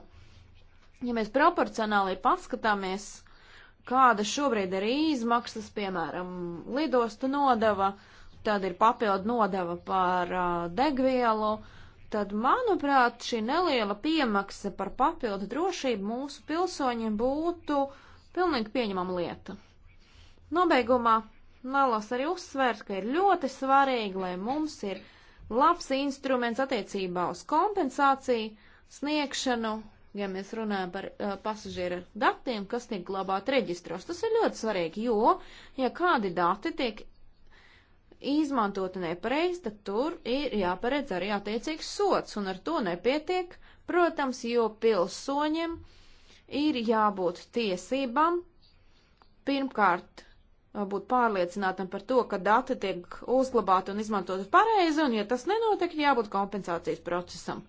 Ja mēs proporcionāli paskatāmies, kāda šobrīd ir izmaksas, piemēram, lidostu nodeva, tad ir papildu nodeva par uh, degvielu, tad, manuprāt, šī neliela piemaksa par papildu drošību mūsu pilsoņiem būtu pilnīgi pieņemama lieta. Nobeigumā vēlos arī uzsvērt, ka ir ļoti svarīgi, lai mums ir labs instruments attiecībā uz kompensāciju sniegšanu, ja mēs runājam par uh, pasažieru datiem, kas tiek glabāti reģistros. Tas ir ļoti svarīgi, jo, ja kādi dati tiek izmantoti nepareizi, tad tur ir jāparedz arī attiecīgs sots, un ar to nepietiek, protams, jo pilsoņiem ir jābūt tiesībām pirmkārt būt pārliecinātam par to, ka dati tiek uzglabāti un izmantoti pareizi, un ja tas nenotiek, jābūt kompensācijas procesam.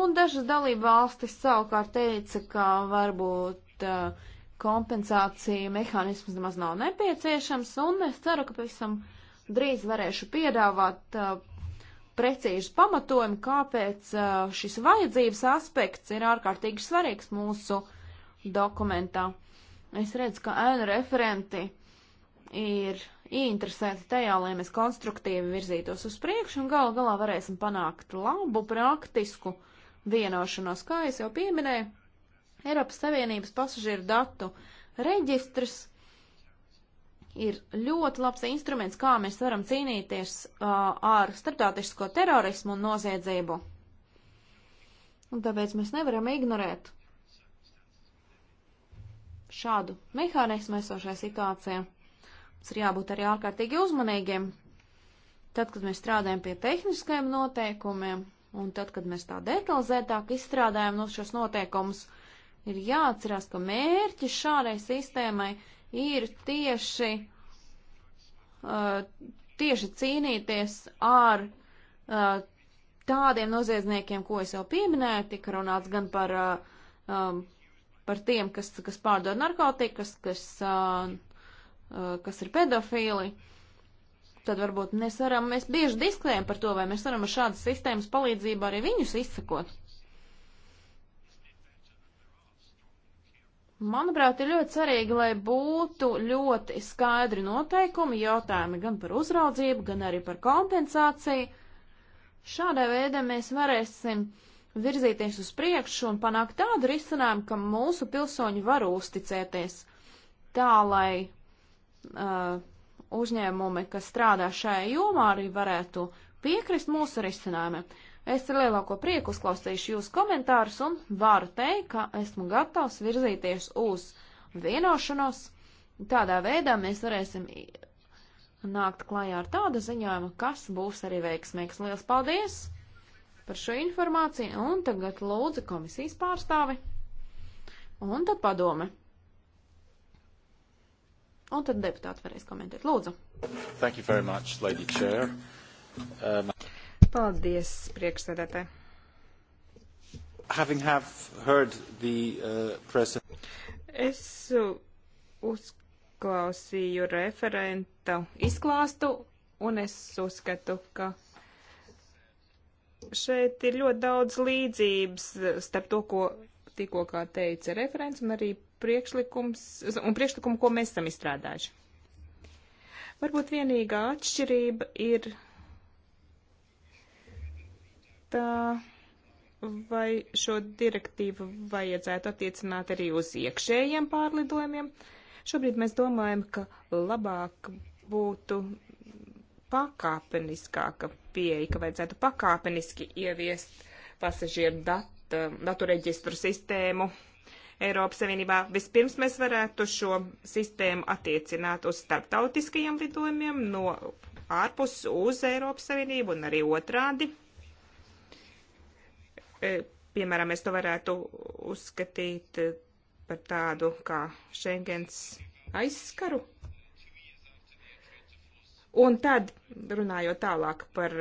Un dažas dalība valstis savukārt teica, ka varbūt uh, kompensācija mehānisms nemaz nav nepieciešams, un es ceru, ka pavisam drīz varēšu piedāvāt uh, precīzi pamatojumu, kāpēc uh, šis vajadzības aspekts ir ārkārtīgi svarīgs mūsu dokumentā. Es redzu, ka ēnu referenti ir ieinteresēti tajā, lai mēs konstruktīvi virzītos uz priekšu un galu galā varēsim panākt labu, praktisku vienošanos, kā es jau pieminēju, Eiropas Savienības pasažieru datu reģistrs ir ļoti labs instruments, kā mēs varam cīnīties uh, ar starptautisko terorismu un noziedzību. Un tāpēc mēs nevaram ignorēt šādu mehānismu esošajā situācijā. Mums ir jābūt arī ārkārtīgi uzmanīgiem. Tad, kad mēs strādājam pie tehniskajiem noteikumiem, un tad, kad mēs tā detalizētāk izstrādājam no nu, šos noteikumus, ir jāatcerās, ka mērķis šādai sistēmai ir tieši, uh, tieši cīnīties ar uh, tādiem noziedzniekiem, ko es jau pieminēju, tika runāts gan par, uh, um, par tiem, kas, kas pārdod narkotikas, kas uh, Uh, kas ir pedofīli, tad varbūt mēs varam, mēs bieži diskutējam par to, vai mēs varam ar šādas sistēmas palīdzību arī viņus izsakot. Manuprāt, ir ļoti svarīgi, lai būtu ļoti skaidri noteikumi, jautājumi gan par uzraudzību, gan arī par kompensāciju. Šādā veidā mēs varēsim virzīties uz priekšu un panākt tādu risinājumu, ka mūsu pilsoņi var uzticēties tā, lai uh, uzņēmumi, kas strādā šajā jomā, arī varētu piekrist mūsu risinājumiem. Es ar lielāko prieku uzklausīšu jūsu komentārus un varu teikt, ka esmu gatavs virzīties uz vienošanos. Tādā veidā mēs varēsim nākt klajā ar tādu ziņojumu, kas būs arī veiksmīgs. Lielas paldies par šo informāciju un tagad lūdzu komisijas pārstāvi un tad padome. Un tad deputāti varēs komentēt. Lūdzu. Thank you very much, Lady Chair. Um, Paldies, priekšsēdētāji. Having have heard the uh, president. Es uzklausīju referenta izklāstu un es uzskatu, ka šeit ir ļoti daudz līdzības starp to, ko tikko kā teica referents un arī priekšlikums, un priekšlikumu, ko mēs esam izstrādājuši. Varbūt vienīgā atšķirība ir tā, vai šo direktīvu vajadzētu attiecināt arī uz iekšējiem pārlidojumiem. Šobrīd mēs domājam, ka labāk būtu pakāpeniskāka pieeja, ka vajadzētu pakāpeniski ieviest pasažieru datu, datu reģistru sistēmu Eiropas Savienībā. Vispirms mēs varētu šo sistēmu attiecināt uz starptautiskajiem lidojumiem no ārpus uz Eiropas Savienību un arī otrādi. E, piemēram, mēs to varētu uzskatīt e, par tādu kā Schengens aizskaru. Un tad, runājot tālāk par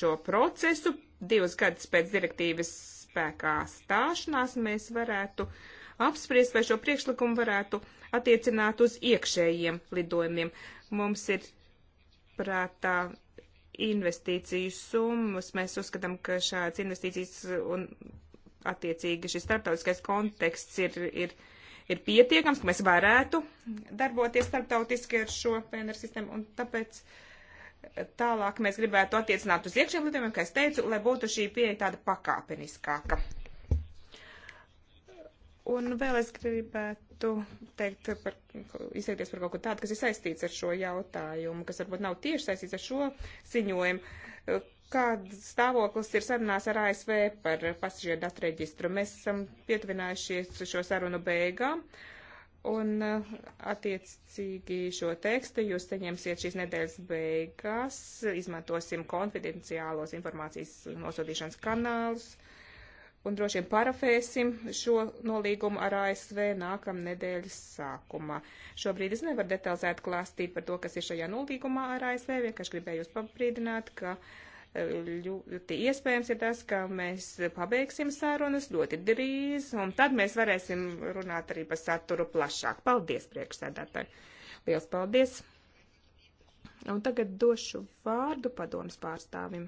šo procesu, divus gadus pēc direktīvas spēkā stāšanās mēs varētu uh, apspriest, vai šo priekšlikumu varētu attiecināt uz iekšējiem lidojumiem. Mums ir prātā investīciju summas. Mēs uzskatām, ka šāds investīcijas un attiecīgi šis starptautiskais konteksts ir, ir, ir pietiekams, ka mēs varētu darboties starptautiski ar šo PNR sistēmu. Un tāpēc eh, tālāk mēs gribētu attiecināt uz iekšējiem lidojumiem, kā es teicu, lai būtu šī pieeja tāda pakāpeniskāka. Un vēl es gribētu teikt par, izteikties par kaut ko tādu, kas ir saistīts ar šo jautājumu, kas varbūt nav tieši saistīts ar šo ziņojumu. Kāds stāvoklis ir sarunās ar ASV par pasažieru datu reģistru? Mēs esam pietuvinājušies šo sarunu beigām. Un attiecīgi šo tekstu jūs saņemsiet šīs nedēļas beigās. Izmantosim konfidenciālos informācijas nosodīšanas kanālus. Uh, un droši vien parafēsim šo nolīgumu ar ASV nākamnedēļas sākumā. Šobrīd es nevaru detalizēt klāstīt par to, kas ir šajā nolīgumā ar ASV, vienkārši gribēju jūs paprīdināt, ka e, ļoti iespējams ir tas, ka mēs pabeigsim sarunas ļoti drīz, un tad mēs varēsim runāt arī par saturu plašāk. Paldies, priekšsēdētāji! Liels paldies! Un tagad došu vārdu padomas pārstāvim.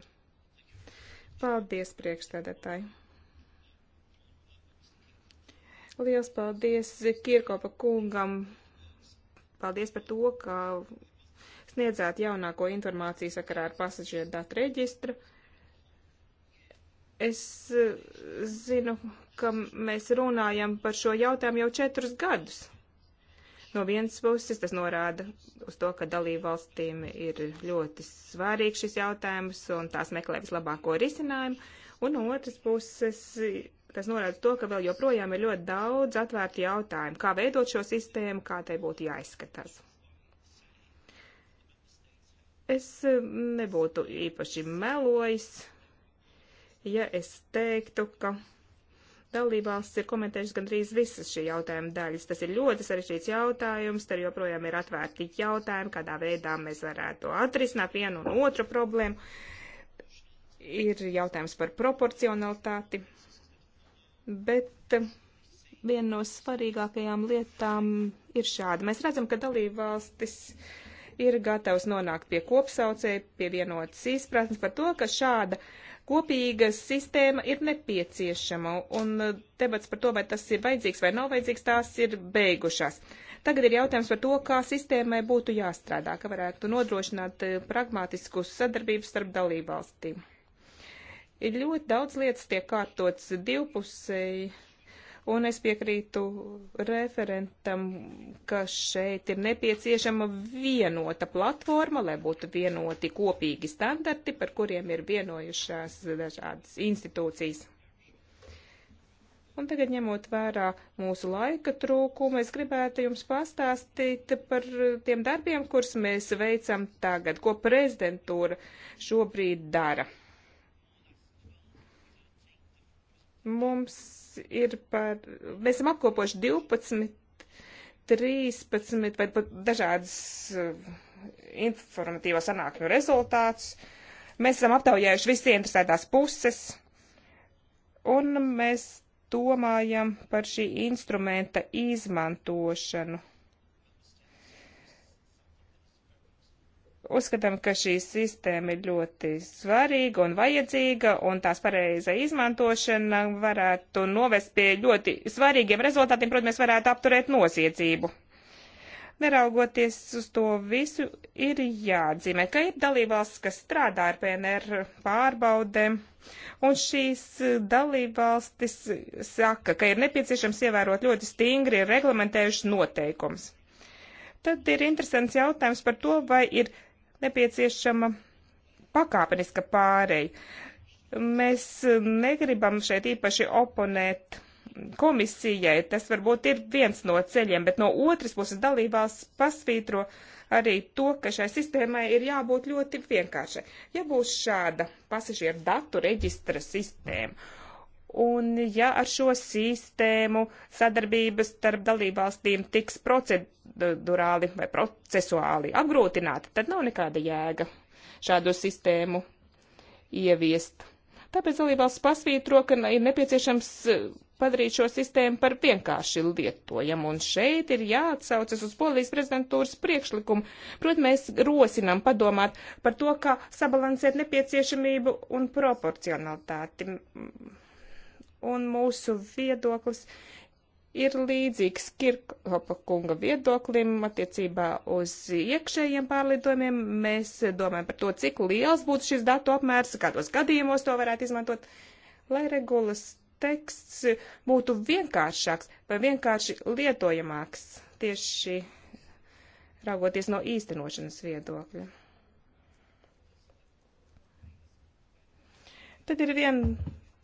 Paldies, priekšsēdētāji! Liels paldies Kirkopa kungam. Paldies par to, ka sniedzāt jaunāko informāciju sakarā ar pasažieru datu reģistru. Es eh, zinu, ka mēs runājam par šo jautājumu jau četrus gadus. No vienas puses tas norāda uz to, ka dalību valstīm ir ļoti svarīgs šis jautājums un tās meklē vislabāko risinājumu, un no otras puses tas norāda to, ka vēl joprojām ir ļoti daudz atvērtu jautājumu, kā veidot šo sistēmu, kā tai būtu jāizskatās. Es eh, nebūtu īpaši melojis, ja es teiktu, ka dalībvalsts ir komentējuši gandrīz visas šī jautājuma daļas. Tas ir ļoti sarežģīts jautājums, tur joprojām ir atvērti jautājumi, kādā veidā mēs varētu atrisināt vienu un otru problēmu. Ir jautājums par proporcionalitāti bet viena no svarīgākajām lietām ir šāda. Mēs redzam, ka dalībvalstis ir gatavs nonākt pie kopsaucēja, pie vienotas izpratnes par to, ka šāda kopīga sistēma ir nepieciešama, un uh, debats par to, vai tas ir vajadzīgs vai nav vajadzīgs, tās ir beigušās. Tagad ir jautājums par to, kā sistēmai būtu jāstrādā, ka varētu nodrošināt uh, pragmātisku sadarbību starp dalībvalstīm. Ir ļoti daudz lietas tiek kārtots divpusēji. Un es piekrītu referentam, ka šeit ir nepieciešama vienota platforma, lai būtu vienoti kopīgi standarti, par kuriem ir vienojušās dažādas institūcijas. Un tagad ņemot vērā mūsu laika trūkumu, es gribētu jums pastāstīt par tiem darbiem, kurus mēs veicam tagad, ko prezidentūra šobrīd dara. mums ir par, mēs esam apkopoši 12, 13 vai pat dažādas eh, informatīvo sanākļu rezultātus. Mēs esam aptaujājuši visi interesētās puses, un mēs domājam par šī instrumenta izmantošanu. uzskatām, ka šī sistēma ir ļoti svarīga un vajadzīga, un tās pareiza izmantošana varētu novest pie ļoti svarīgiem rezultātiem, protams, mēs varētu apturēt nosiecību. Neraugoties uz to visu, ir jāatzīmē, ka ir dalībvalsts, kas strādā ar PNR pārbaudēm, un šīs dalībvalstis saka, ka ir nepieciešams ievērot ļoti stingri reglamentējuši noteikums. Tad ir interesants jautājums par to, vai ir nepieciešama pakāpeniska pāreja. Mēs negribam šeit īpaši oponēt komisijai, tas varbūt ir viens no ceļiem, bet no otras puses dalībās pasvītro arī to, ka šai sistēmai ir jābūt ļoti vienkāršai. Ja būs šāda pasažieru datu reģistra sistēma Un ja ar šo sistēmu sadarbības starp dalībvalstīm tiks procedurāli vai procesuāli apgrūtināta, tad nav nekāda jēga šādu sistēmu ieviest. Tāpēc dalībvalsts pasvītro, ka ir nepieciešams e, padarīt šo sistēmu par vienkārši lietojamu, un šeit ir jāatsaucas uz polijas prezidentūras priekšlikumu. Protams, mēs rosinām padomāt par to, kā sabalansēt nepieciešamību un proporcionalitāti un mūsu viedoklis ir līdzīgs Kirkhopa kunga viedoklim attiecībā uz iekšējiem pārlidojumiem. Mēs domājam par to, cik liels būtu šis datu apmērs, kādos gadījumos to varētu izmantot, lai regulas teksts būtu vienkāršāks vai vienkārši lietojamāks tieši raugoties no īstenošanas viedokļa. Tad ir viena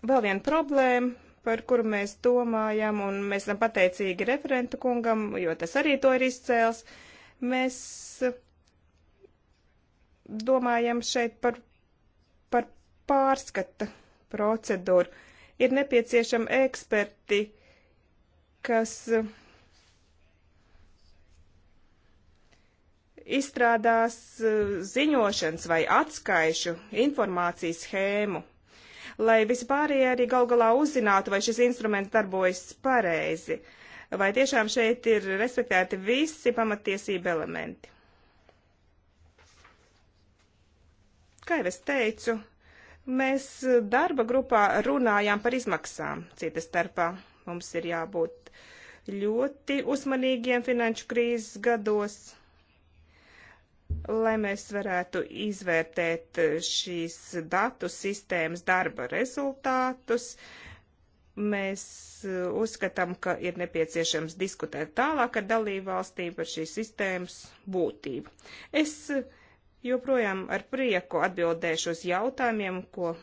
Vēl viena problēma, par kuru mēs domājam, un mēs esam pateicīgi referentu kungam, jo tas arī to ir izcēls. Mēs domājam šeit par, par pārskata procedūru. Ir nepieciešami eksperti, kas izstrādās ziņošanas vai atskaišu informācijas schēmu lai vispārējie arī gal galā uzzinātu, vai šis instruments darbojas pareizi, vai tiešām šeit ir respektēti visi pamatiesība elementi. Kā jau es teicu, mēs darba grupā runājām par izmaksām, cita starpā mums ir jābūt ļoti uzmanīgiem finanšu krīzes gados lai mēs varētu izvērtēt šīs datu sistēmas darba rezultātus. Mēs uh, uzskatām, ka ir nepieciešams diskutēt tālāk ar dalībvalstīm par šīs sistēmas būtību. Es uh, joprojām ar prieku atbildēšu uz jautājumiem, ko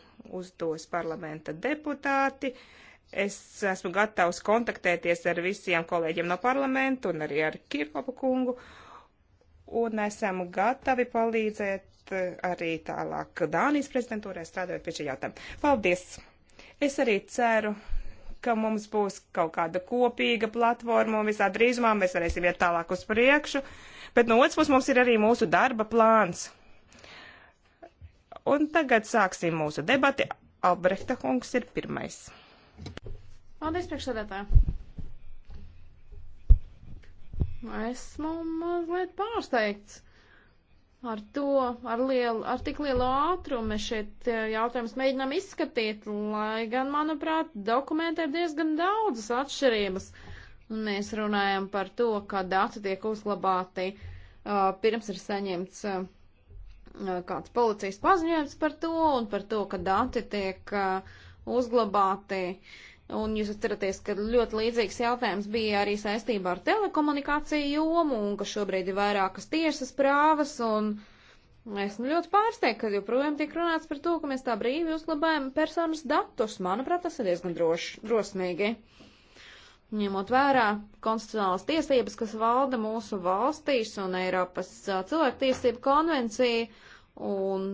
uzdos parlamenta deputāti. Es esmu gatavs kontaktēties ar visiem kolēģiem no parlamentu un arī ar Kirkopu kungu. Uh, un esam gatavi palīdzēt eh, arī tālāk Dānijas prezidentūrē strādājot pie šī jautājuma. Paldies! Es arī ceru, ka mums būs kaut kāda kopīga platforma un visā drīzumā mēs varēsim iet tālāk uz priekšu, bet no otras puses mums ir arī mūsu darba plāns. Un tagad sāksim mūsu debati. Albrehta kungs ir pirmais. Paldies, priekšsēdētāji! Esmu mazliet pārsteigts ar to, ar, lielu, ar tik lielu ātrumu mēs šeit eh, jautājumus mēģinām izskatīt, lai gan, manuprāt, dokumentē diezgan daudzas atšķirības. Un mēs runājam par to, ka dati tiek uzglabāti uh, eh, pirms ir saņemts uh, kāds policijas paziņojums par to un par to, ka dati tiek uh, uzglabāti uh, Un jūs atceraties, ka ļoti līdzīgs jautājums bija arī saistībā ar telekomunikāciju jomu un ka šobrīd ir vairākas tiesas prāvas un esmu nu ļoti pārsteigta, ka joprojām tiek runāts par to, ka mēs tā brīvi uzglabājam personas datus. Manuprāt, tas ir diezgan droši, drosmīgi. Ņemot vērā konstitucionālas tiesības, kas valda mūsu valstīs un Eiropas cilvēktiesību konvenciju, un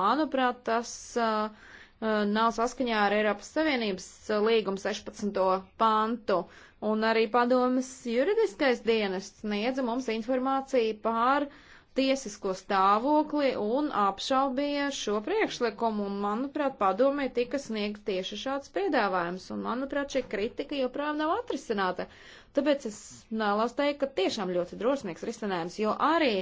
manuprāt, tas uh, Uh, nav saskaņā ar Eiropas Savienības uh, līgumu 16. pantu, un arī padomas juridiskais dienests sniedza mums informāciju pār tiesisko stāvokli un apšaubīja šo priekšlikumu, un, manuprāt, padomē tika sniegts tieši šāds piedāvājums, un, manuprāt, šī kritika joprojām nav atrisināta. Tāpēc es vēlos teikt, ka tiešām ļoti drosmīgs risinājums, jo arī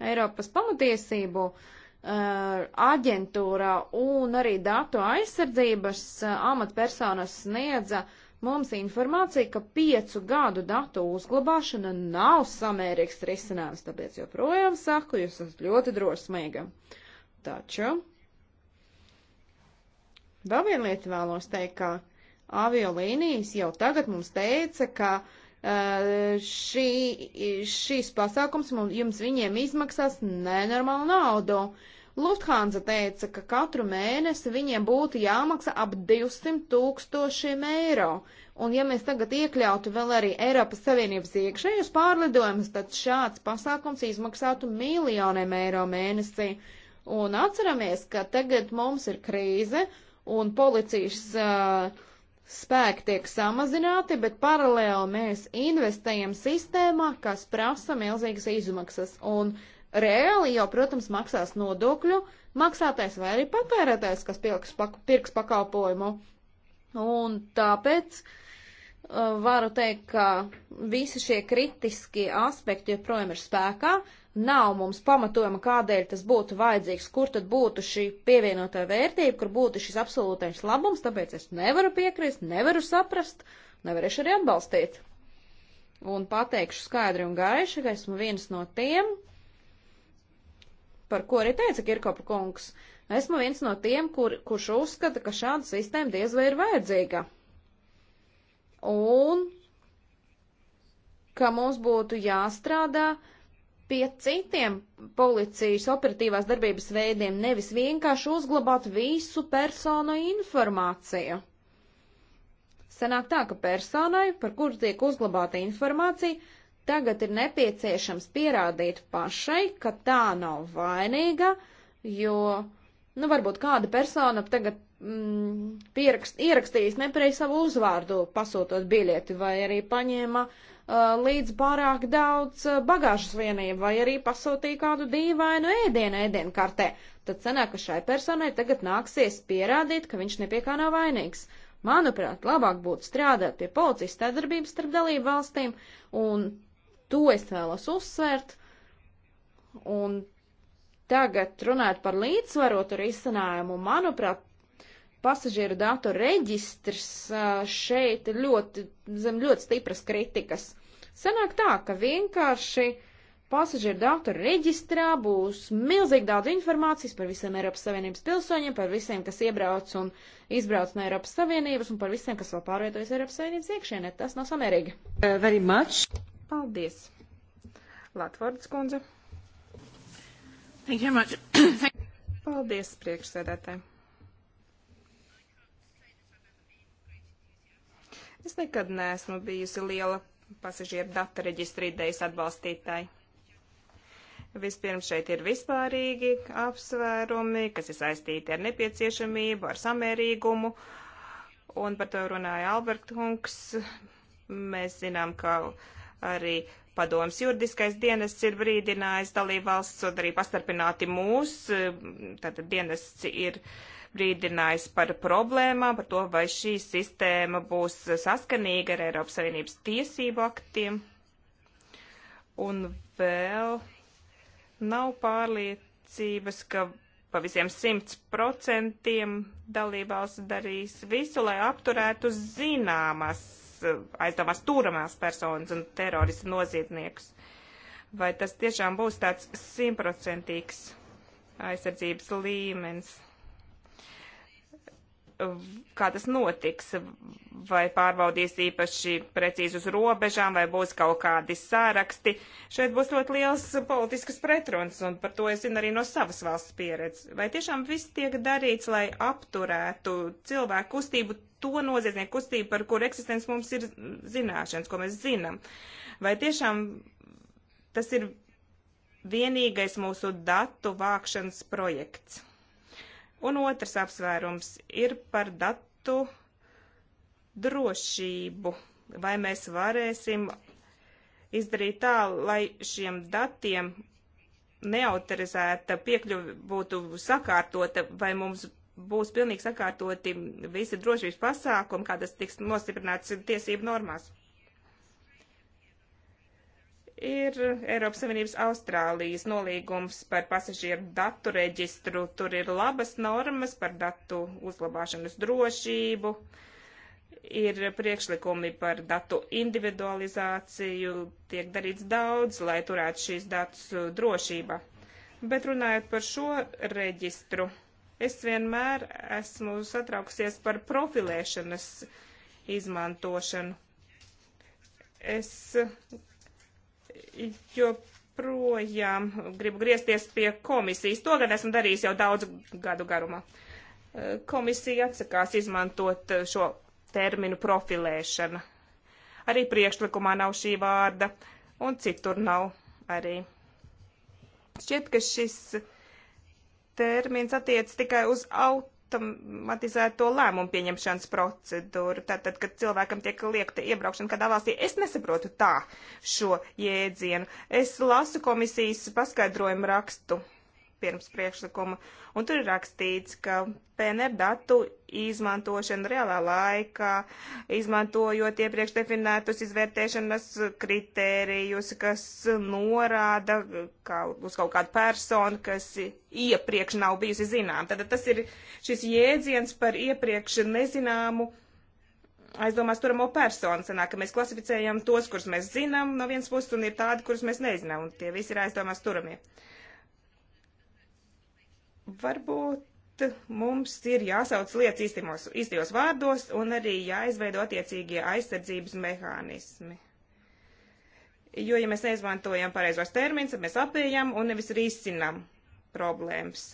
Eiropas pamatiesību uh, Uh, aģentūrā un arī datu aizsardzības uh, amatpersonas sniedza mums informāciju, ka piecu gadu datu uzglabāšana nav samērīgs risinājums, tāpēc joprojām saku, jūs esat ļoti drosmīga. Taču vēl viena lieta vēlos teikt, ka aviolīnijas jau tagad mums teica, ka uh, Eh, šī, šīs pasākums jums viņiem izmaksās nenormālu naudu. Lufthansa teica, ka katru mēnesi viņiem būtu jāmaksā ap 200 tūkstošiem eiro. Un ja mēs tagad iekļautu vēl arī Eiropas Savienības iekšējos pārlidojumus, tad šāds pasākums izmaksātu miljoniem eiro mēnesī. Un atceramies, ka tagad mums ir krīze un policijas uh, spēki tiek samazināti, bet paralēli mēs investējam sistēmā, kas prasa milzīgas izmaksas. Un reāli jau, protams, maksās nodokļu maksātais vai arī patērētājs, kas pirks, pak pirks pakalpojumu. Un tāpēc uh, varu teikt, ka visi šie kritiskie aspekti joprojām ir spēkā. Nav mums pamatojuma, kādēļ tas būtu vajadzīgs, kur tad būtu šī pievienotā vērtība, kur būtu šis absolūtais labums, tāpēc es nevaru piekrist, nevaru saprast, nevarēšu arī atbalstīt. Un pateikšu skaidri un gaiši, ka esmu viens no tiem, par ko arī teica Kirkopa kungs. Esmu viens no tiem, kur, kurš uzskata, ka šāda sistēma diez vai ir vajadzīga un ka mums būtu jāstrādā pie citiem policijas operatīvās darbības veidiem, nevis vienkārši uzglabāt visu personu informāciju. Sanāk tā, ka personai, par kuru tiek uzglabāta informācija, tagad ir nepieciešams pierādīt pašai, ka tā nav vainīga, jo uh, nu, varbūt kāda persona tagad mm, pierakst, ierakstījis nepareizi savu uzvārdu, pasūtot biļeti, vai arī paņēma uh, līdz pārāk daudz uh, bagāžas vienību, vai arī pasūtīja kādu dīvainu ēdienu ēdienkartē. Tad sanāk, ka šai personai tagad nāksies pierādīt, ka viņš nepiekā nav vainīgs. Manuprāt, labāk būtu strādāt pie policijas sadarbības starp dalību valstīm, un to es vēlos uzsvērt. Un Tagad runājot par līdzsvarotu risinājumu, manuprāt, pasažieru datu reģistrs šeit ļoti, zem ļoti stipras kritikas. Sanāk tā, ka vienkārši pasažieru datu reģistrā būs milzīgi daudz informācijas par visiem Eiropas Savienības pilsoņiem, par visiem, kas iebrauc un izbrauc no Eiropas Savienības un par visiem, kas vēl pārvietojas Eiropas Savienības iekšienē. Tas nav samērīgi. Very much. Paldies. Latvārds kundze. Thank you very much. Paldies priekšsēdētāji. Es nekad neesmu bijusi liela pasažieru data reģistra idejas atbalstītāji. Vispirms šeit ir vispārīgi apsvērumi, kas ir saistīti ar nepieciešamību, ar samērīgumu, un par to runāja Albertungs. Mēs zinām, ka arī uh, Padoms juridiskais dienests ir brīdinājis dalībvalsts un arī pastarpināti mūs. Tātad dienests ir brīdinājis par problēmām, par to, vai šī sistēma būs saskanīga ar Eiropas Savienības tiesību aktiem. Un vēl nav pārliecības, ka pa visiem simts procentiem dalībvalsts darīs visu, lai apturētu zināmas aizdevās turamās personas un teroristu noziedzniekus. Vai tas tiešām būs tāds simtprocentīgs aizsardzības līmenis? kā tas notiks, vai pārbaudīs īpaši precīzi uz robežām, vai būs kaut kādi sāraksti. Šeit būs ļoti liels politisks pretruns, un par to es zinu arī no savas valsts pieredzes. Vai tiešām viss tiek darīts, lai apturētu cilvēku kustību, to noziedznieku kustību, par kur eksistence mums ir zināšanas, ko mēs zinām? Vai tiešām tas ir vienīgais mūsu datu vākšanas projekts? Un otrs apsvērums ir par datu drošību. Vai mēs varēsim izdarīt tā, lai šiem datiem neautorizēta piekļuve būtu sakārtota, vai mums būs pilnīgi sakārtoti visi drošības pasākumi, kā tas tiks nostiprināts tiesību normās? ir Eiropas Savienības Austrālijas nolīgums par pasažieru datu reģistru. Tur ir labas normas par datu uzlabāšanas drošību, ir priekšlikumi par datu individualizāciju, tiek darīts daudz, lai turētu šīs datus uh, drošībā. Bet runājot par šo reģistru, es vienmēr esmu satraukusies par profilēšanas izmantošanu. Es joprojām gribu griezties pie komisijas. To gan esmu darījis jau daudzu gadu garumā. Eh, komisija atsakās izmantot eh, šo terminu profilēšana. Arī priekšlikumā nav šī vārda, un citur nav arī. Šķiet, ka šis termins attiec tikai uz automašīnu automatizēto lēmumu pieņemšanas procedūru. Tātad, kad cilvēkam tiek liekta iebraukšana kādā valstī, es nesaprotu tā šo jēdzienu. Es lasu komisijas paskaidrojumu rakstu pirms priekšlikuma, un tur ir rakstīts, ka PNR datu izmantošana reālā laikā, izmantojot iepriekš definētus izvērtēšanas kritērijus, kas norāda kā uz kaut kādu personu, kas iepriekš nav bijusi zinām. Tad tas ir šis jēdziens par iepriekš nezināmu aizdomās turamo personu. Sanāk, ka mēs klasificējam tos, kurus mēs zinām no vienas puses, un ir tādi, kurus mēs nezinām, un tie visi ir aizdomās turamie. Ja. Varbūt mums ir jāsauc lietas īstimos, īstajos vārdos un arī jāizveido attiecīgie aizsardzības mehānismi. Jo, ja mēs neizmantojam pareizos termins, tad mēs apējam un nevis risinam problēmas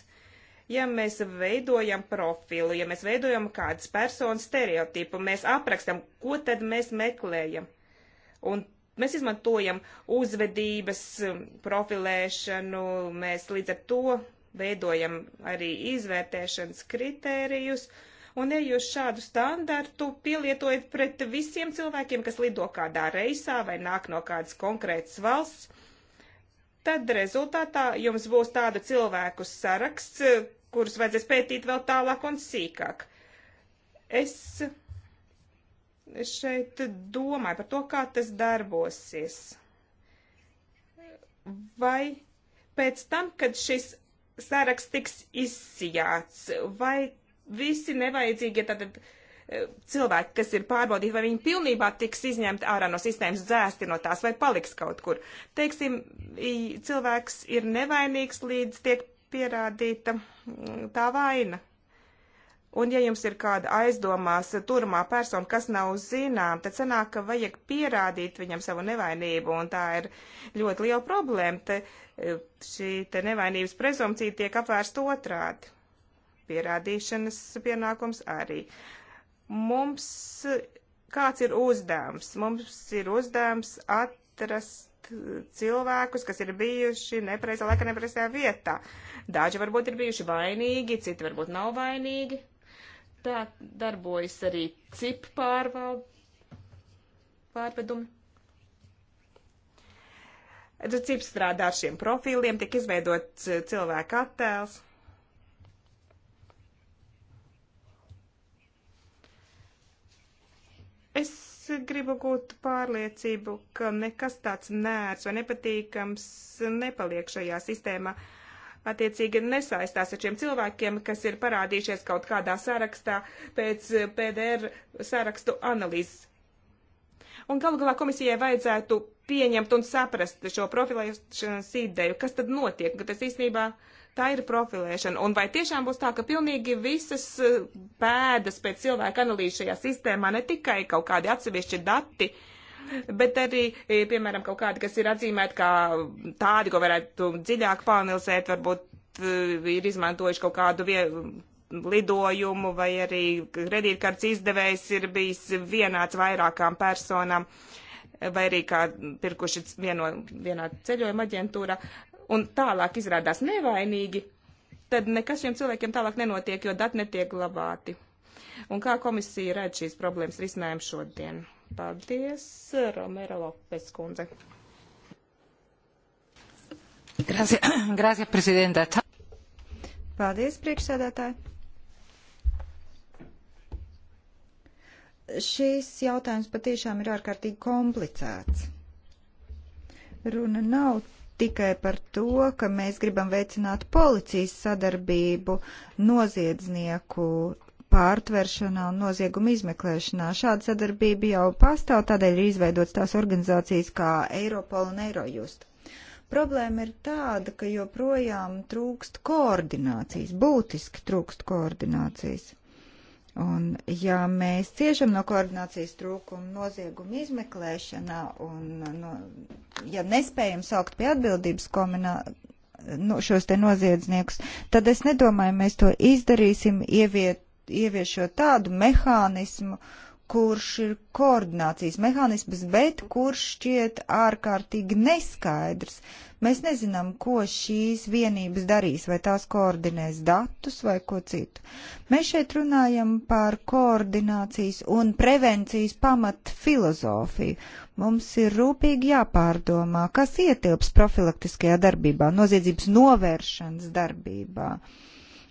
ja mēs veidojam profilu, ja mēs veidojam kādas personas stereotipu, mēs aprakstam, ko tad mēs meklējam. Un mēs izmantojam uzvedības um, profilēšanu, mēs līdz ar to veidojam arī izvērtēšanas kritērijus. Un ja jūs šādu standartu pielietojat pret visiem cilvēkiem, kas lido kādā reisā vai nāk no kādas konkrētas valsts, tad rezultātā jums būs tādu cilvēku saraksts, kurus vajadzēs pētīt vēl tālāk un sīkāk. Es šeit domāju par to, kā tas darbosies. Vai pēc tam, kad šis saraksts tiks izsijāts, vai visi nevajadzīgie tātad e, cilvēki, kas ir pārbaudīti, vai viņi pilnībā tiks izņemti ārā no sistēmas, dzēsti no tās, vai paliks kaut kur. Teiksim, cilvēks ir nevainīgs, līdz tiek pierādīta tā vaina. Un, ja jums ir kāda aizdomās turmā persona, kas nav zinām, tad sanāk, ka vajag pierādīt viņam savu nevainību, un tā ir ļoti liela problēma. Te, eh, šī te nevainības prezumcija tiek apvērsta otrādi. Pierādīšanas pienākums arī. Mums kāds ir uzdevums? Mums ir uzdevums atrast cilvēkus, kas ir bijuši nepreizā laika, nepreizajā vietā. Daži varbūt ir bijuši vainīgi, citi varbūt nav vainīgi. Tā darbojas arī cip pārvalde, pārvedumi. Cips strādā ar šiem profiliem, tiek izveidots eh, cilvēka attēls. Es gribu gūt pārliecību, ka nekas tāds nērts vai nepatīkams nepaliek šajā sistēmā. Uh, attiecīgi nesaistās ar šiem cilvēkiem, kas ir parādījušies kaut kādā sarakstā pēc PDR sarakstu analīzes. Un galu galā komisijai vajadzētu pieņemt un saprast šo profilēšanas ideju, kas tad notiek, ka nu, tas īstenībā tā ir profilēšana. Un vai tiešām būs tā, ka pilnīgi visas eh, pēdas pēc cilvēka analīzes šajā sistēmā, ne tikai kaut kādi atsevišķi dati, uh, bet arī, e, piemēram, kaut kādi, kas ir atzīmēti kā tādi, ko varētu dziļāk pānilsēt, varbūt e, ir izmantojuši kaut kādu vie lidojumu vai arī kredītkarts izdevējs ir bijis vienāds vairākām personām vai arī kā pirkuši vieno, vienā ceļojuma aģentūrā un tālāk izrādās nevainīgi, tad nekas šiem cilvēkiem tālāk nenotiek, jo dati netiek glabāti. Un kā komisija redz šīs problēmas risinājumu šodien? Paldies, Romero Lopes kundze. Grazie, grazie, prezidenta. Paldies, priekšsēdētāji. Šis jautājums patiešām ir ārkārtīgi komplicēts. Runa nav tikai par to, ka mēs gribam veicināt policijas sadarbību noziedznieku pārtveršanā un nozieguma izmeklēšanā. Šāda sadarbība jau pastāv, tādēļ ir izveidots tās organizācijas kā Eiropol un Eirojust. Problēma ir tāda, ka joprojām trūkst koordinācijas, būtiski trūkst koordinācijas. Un, ja mēs ciešam no koordinācijas trūkuma nozieguma izmeklēšanā un, no, ja nespējam saukt pie atbildības kominā, no, šos te noziedzniekus, tad es nedomāju, mēs to izdarīsim, ieviet, ieviešot tādu mehānismu, kurš ir koordinācijas mehānisms, bet kurš šķiet ārkārtīgi neskaidrs. Mēs nezinām, ko šīs vienības darīs, vai tās koordinēs datus vai ko citu. Mēs šeit runājam par koordinācijas un prevencijas pamat filozofiju. Mums ir rūpīgi jāpārdomā, kas ietilps profilaktiskajā darbībā, noziedzības novēršanas darbībā. Uh,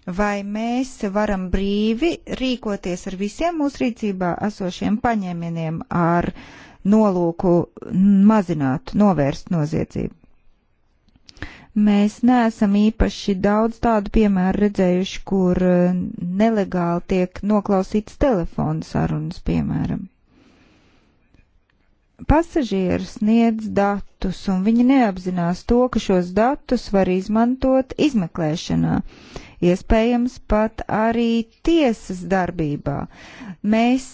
vai mēs varam brīvi rīkoties ar visiem mūsu rīcībā esošiem paņēmieniem ar nolūku mazināt, novērst noziedzību. Mēs neesam īpaši daudz tādu piemēru redzējuši, kur eh, nelegāli tiek noklausīts telefona sarunas, piemēram. Pasažieris sniedz datus datus, un viņi neapzinās to, ka šos datus var izmantot izmeklēšanā, iespējams pat arī tiesas darbībā. Mēs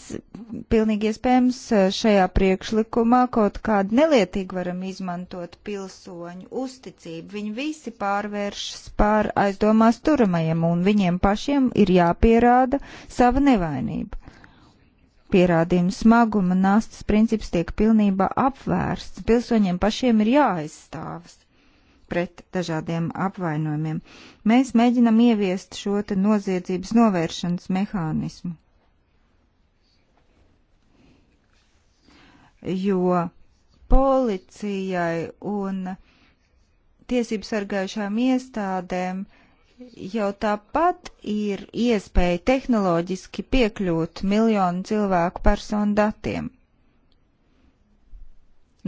pilnīgi iespējams šajā priekšlikumā kaut kādu nelietīgi varam izmantot pilsoņu uzticību. Viņi visi pārvēršas pār aizdomās turamajiem, un viņiem pašiem ir jāpierāda sava nevainība pierādījumu smaguma nastas princips tiek pilnībā apvērsts. Pilsoņiem pašiem ir jāaizstāvas pret dažādiem apvainojumiem. Mēs mēģinam ieviest šo te noziedzības novēršanas mehānismu. Jo policijai un tiesību sargājušām iestādēm uh, jau tāpat ir iespēja tehnoloģiski piekļūt miljonu cilvēku personu datiem.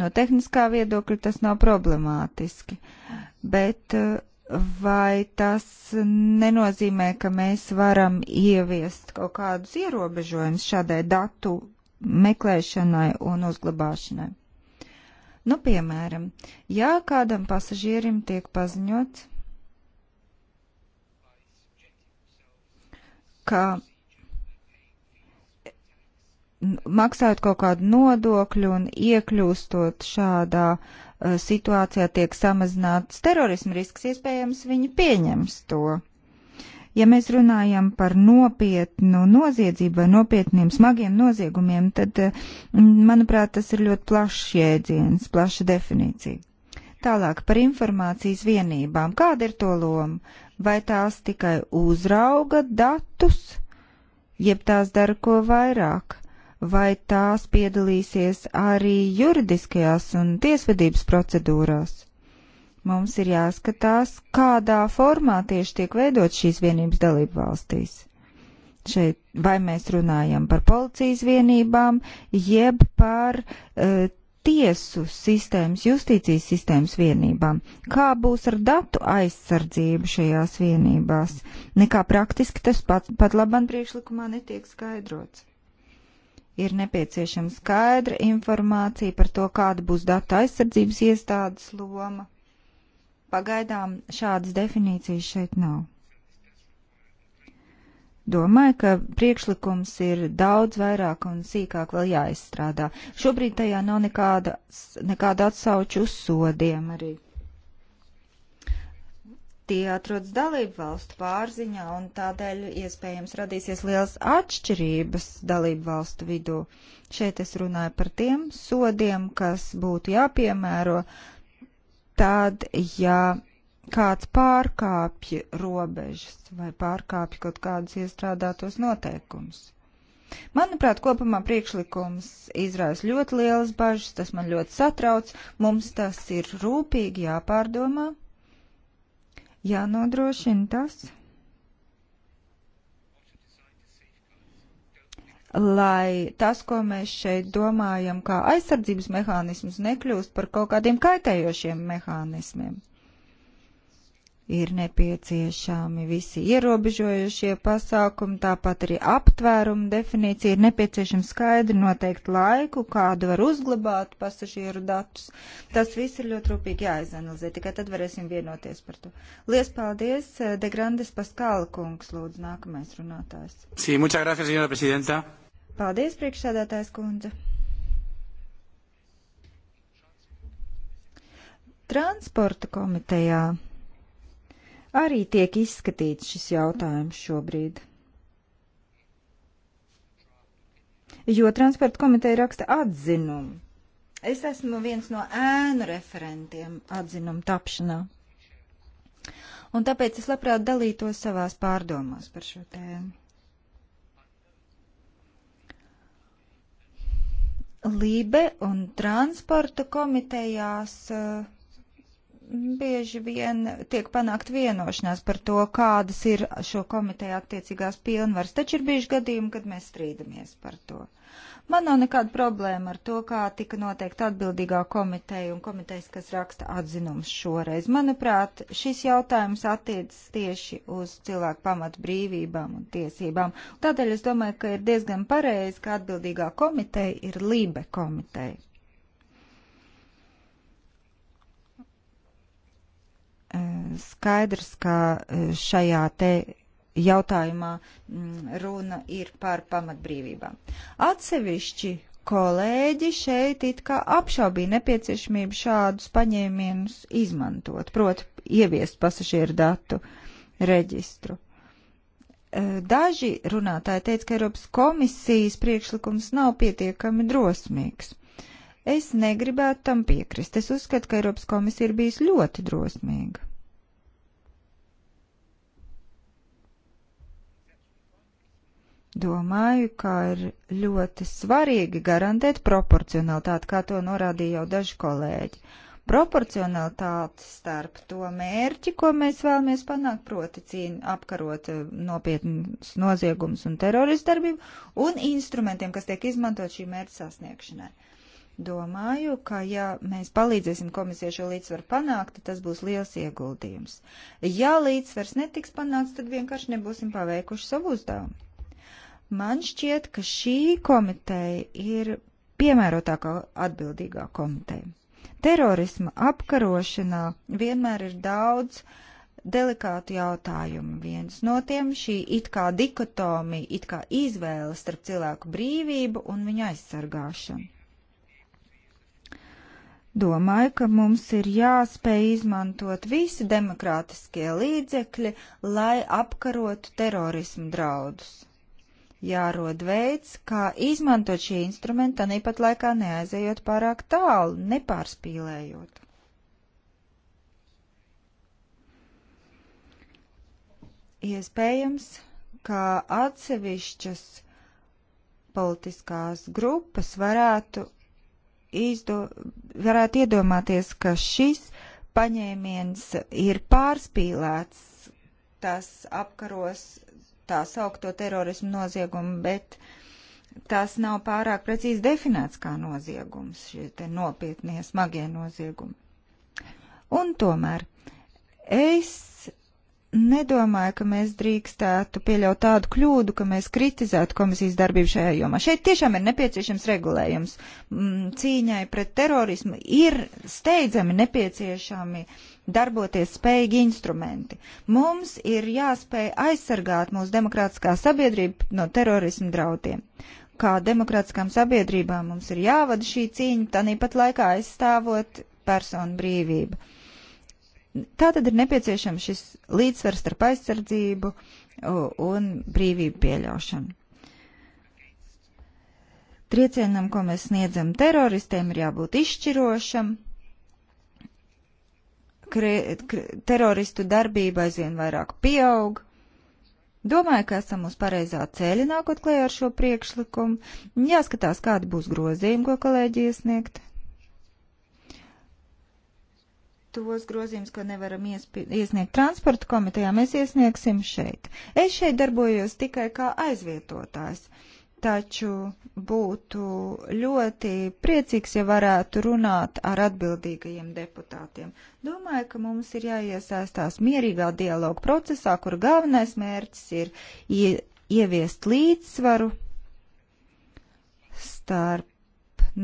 No tehniskā viedokļa tas nav problemātiski, bet eh, vai tas nenozīmē, ka mēs varam ieviest kaut kādus ierobežojumus šādai datu meklēšanai un uzglabāšanai? Nu, piemēram, ja kādam pasažierim tiek paziņots, ka maksājot kaut kādu nodokļu un iekļūstot šādā uh, situācijā tiek samazināts terorismu risks, iespējams, viņi pieņems to. Ja mēs runājam par nopietnu noziedzību vai nopietniem smagiem noziegumiem, tad, uh, manuprāt, tas ir ļoti plašs jēdziens, plaša definīcija. Tālāk par informācijas vienībām. Kāda ir to loma? Vai tās tikai uzrauga datus, jeb tās dara ko vairāk? Vai tās piedalīsies arī juridiskajās un tiesvedības procedūrās? Mums ir jāskatās, kādā formā tieši tiek veidot šīs vienības dalību valstīs. Šeit vai mēs runājam par policijas vienībām, jeb par uh, tiesu sistēmas, justīcijas sistēmas vienībām. Kā būs ar datu aizsardzību šajās vienībās? Nekā praktiski tas pat, pat labam priekšlikumā netiek skaidrots. Ir nepieciešama skaidra informācija par to, kāda būs datu aizsardzības iestādes loma. Pagaidām šādas definīcijas šeit nav. Domāju, ka priekšlikums ir daudz vairāk un sīkāk vēl jāizstrādā. Šobrīd tajā nav nekāda, nekāda atsauču uz sodiem arī. Tie atrodas dalību valstu pārziņā un tādēļ iespējams radīsies liels atšķirības dalību valstu vidū. Šeit es runāju par tiem sodiem, kas būtu jāpiemēro tad, ja kāds pārkāpj robežas vai pārkāpj kaut kādus iestrādātos noteikumus. Manuprāt, kopumā priekšlikums izraisa ļoti lielas bažas, tas man ļoti satrauc, mums tas ir rūpīgi jāpārdomā, jānodrošina tas, lai tas, ko mēs šeit domājam kā aizsardzības mehānismus, nekļūst par kaut kādiem kaitējošiem mehānismiem ir nepieciešami visi ierobežojušie pasākumi, tāpat arī aptvērumu definīcija, ir nepieciešams skaidri noteikt laiku, kādu var uzglabāt pasažieru datus. Tas viss ir ļoti rūpīgi jāizanalizē, tikai tad varēsim vienoties par to. Lies paldies, De Grandes Paskala kungs, lūdzu, nākamais runātājs. Sí, muchas gracias, señora presidenta. Paldies, priekšsēdētājs kundze. Transporta komitejā arī tiek izskatīts šis jautājums šobrīd. Jo transporta komiteja raksta atzinumu. Es esmu viens no ēnu referentiem atzinumu tapšanā. Un tāpēc es labprāt dalītos savās pārdomās par šo tēmu. Lībe un transporta komitejās uh, bieži vien tiek panākt vienošanās par to, kādas ir šo komiteju attiecīgās pilnvaras, taču ir bijuši gadījumi, kad mēs strīdamies par to. Man nav nekāda problēma ar to, kā tika noteikta atbildīgā komiteja un komitejas, kas raksta atzinums šoreiz. Manuprāt, šis jautājums attiecas tieši uz cilvēku pamat brīvībām un tiesībām. Tādēļ es domāju, ka ir diezgan pareizi, ka atbildīgā komiteja ir Lībe komiteja. Eh, skaidrs, ka eh, šajā te jautājumā mm, runa ir par pamatbrīvībām. Atsevišķi kolēģi šeit it kā apšaubīja nepieciešamību šādus paņēmienus izmantot, proti ieviest pasažieru datu reģistru. Eh, daži runātāji teica, ka Eiropas komisijas priekšlikums nav pietiekami drosmīgs. Es negribētu tam piekrist. Es uzskatu, ka Eiropas komisija ir bijusi ļoti drosmīga. Domāju, ka ir ļoti svarīgi garantēt proporcionalitāti, kā to norādīja jau daži kolēģi. Proporcionalitāti starp to mērķi, ko mēs vēlamies panākt, proti cīņu apkarot eh, nopietnus noziegumus un teroristu darbību, un instrumentiem, kas tiek izmantot šī mērķa sasniegšanai. Domāju, ka ja mēs palīdzēsim komisijai šo līdzsvaru panākt, tad tas būs liels ieguldījums. Ja līdzsvars netiks panākts, tad vienkārši nebūsim paveikuši savu uzdevumu. Man šķiet, ka šī komiteja ir piemērotākā atbildīgā komiteja. Terorisma apkarošanā vienmēr ir daudz delikātu jautājumu. Viens no tiem šī it kā dikotomija, it kā izvēle starp cilvēku brīvību un viņa aizsargāšanu. Domāju, ka mums ir jāspēj izmantot visi demokrātiskie līdzekļi, lai apkarotu terorismu draudus. Jārod veids, kā izmantot šī instrumenta, nepat laikā neaizejot pārāk tālu, nepārspīlējot. Iespējams, ka atsevišķas politiskās grupas varētu izdo, varētu iedomāties, ka šis paņēmiens ir pārspīlēts, tas apkaros tā saukto terorismu noziegumu, bet tas nav pārāk precīzi definēts kā noziegums, šie te nopietnie smagie noziegumi. Un tomēr es nedomāju, ka mēs drīkstētu pieļaut tādu kļūdu, ka mēs kritizētu komisijas darbību šajā jomā. Šeit tiešām ir nepieciešams regulējums. Mm, cīņai pret terorismu ir steidzami nepieciešami darboties spējīgi instrumenti. Mums ir jāspēj aizsargāt mūsu demokrātiskā sabiedrība no terorismu draudiem kā demokrātiskām sabiedrībām mums ir jāvada šī cīņa, tanīpat laikā aizstāvot personu brīvību. Tā tad ir nepieciešams šis līdzsvars starp aizsardzību un brīvību pieļaušanu. Triecienam, ko mēs sniedzam teroristiem, ir jābūt izšķirošam. Kri, kri, teroristu darbība aizvien vairāk pieaug. Domāju, ka esam uz pareizā ceļa nākot klējā ar šo priekšlikumu. Jāskatās, kādi būs grozījumi, ko kolēģi iesniegt tos grozījumus, ko nevaram iesniegt transporta komitejā, mēs iesniegsim šeit. Es šeit darbojos tikai kā aizvietotājs, taču būtu ļoti priecīgs, ja varētu runāt ar atbildīgajiem deputātiem. Domāju, ka mums ir jāiesaistās mierīgā dialoga procesā, kur galvenais mērķis ir ie, ieviest līdzsvaru starp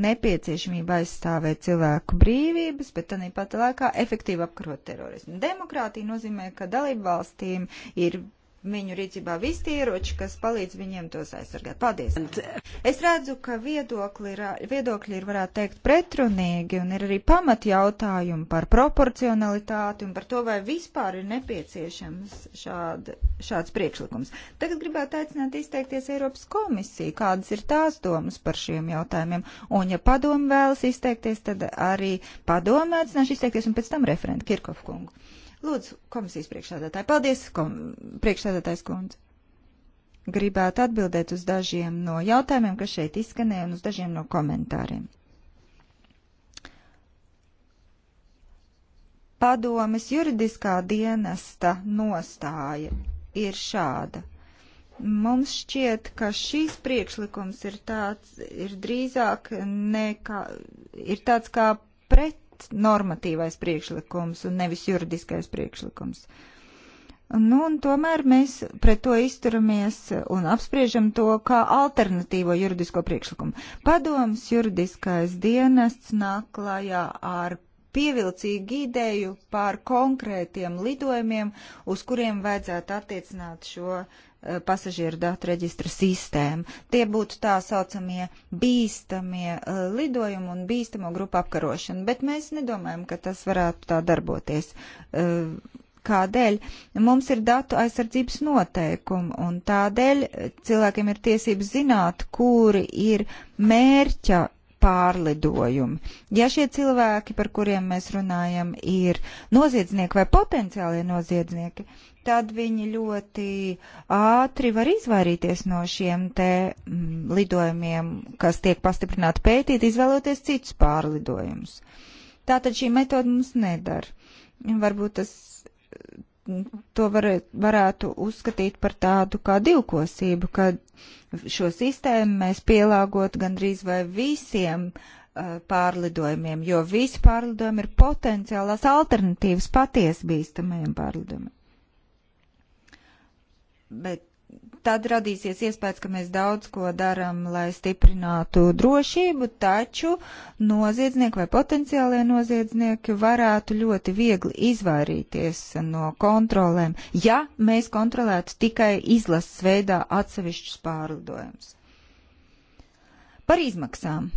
nepieciešamība aizstāvēt cilvēku brīvības, bet tāpat laikā efektīvi apkarot terorismu. Demokrātija nozīmē, ka dalību valstīm ir viņu rīcībā visi tie ieroči, kas palīdz viņiem tos aizsargāt. Paldies! Es redzu, ka viedokļi ir, viedokļi ir varētu teikt, pretrunīgi, un ir arī pamat jautājumi par proporcionalitāti un par to, vai vispār ir nepieciešams šād, šāds priekšlikums. Tagad gribētu aicināt izteikties Eiropas komisiju, kādas ir tās domas par šiem jautājumiem, un ja padomu vēlas izteikties, tad arī padomu aicināšu izteikties, un pēc tam referentu Kirkov kungu. Lūdzu, komisijas priekšsēdētāji. Paldies, kom, priekšsēdētājs kundze. Gribētu atbildēt uz dažiem no jautājumiem, kas šeit izskanēja, un uz dažiem no komentāriem. Padomes juridiskā dienesta nostāja ir šāda. Mums šķiet, ka šīs priekšlikums ir tāds, ir drīzāk nekā, ir tāds kā pats normatīvais priekšlikums un nevis juridiskais priekšlikums. Nu, un tomēr mēs pret to izturamies un apspriežam to kā alternatīvo juridisko priekšlikumu. Padoms juridiskais dienests nāk klajā ar pievilcīgu ideju par konkrētiem lidojumiem, uz kuriem vajadzētu attiecināt šo uh, pasažieru datu reģistra sistēmu. Tie būtu tā saucamie bīstamie uh, lidojumi un bīstamo grupu apkarošana, bet mēs nedomājam, ka tas varētu tā darboties. Uh, kādēļ mums ir datu aizsardzības noteikumi, un tādēļ cilvēkiem ir tiesības zināt, kuri ir mērķa pārlidojumi. Ja šie cilvēki, par kuriem mēs runājam, ir noziedznieki vai potenciālie noziedznieki, tad viņi ļoti ātri var izvairīties no šiem te mm, lidojumiem, kas tiek pastiprināti pētīt, izvēloties citus pārlidojumus. Tātad šī metode mums nedara. Varbūt tas to var, varētu uzskatīt par tādu kā divkosību, ka šo sistēmu mēs pielāgot gandrīz vai visiem uh, pārlidojumiem, jo visi pārlidojumi ir potenciālās alternatīvas patiesi bīstamajiem pārlidojumiem. Bet tad radīsies iespējas, ka mēs daudz ko daram, lai stiprinātu drošību, taču noziedznieki vai potenciālie noziedznieki varētu ļoti viegli izvairīties no kontrolēm, ja mēs kontrolētu tikai izlases veidā atsevišķus pārlidojumus. Par izmaksām.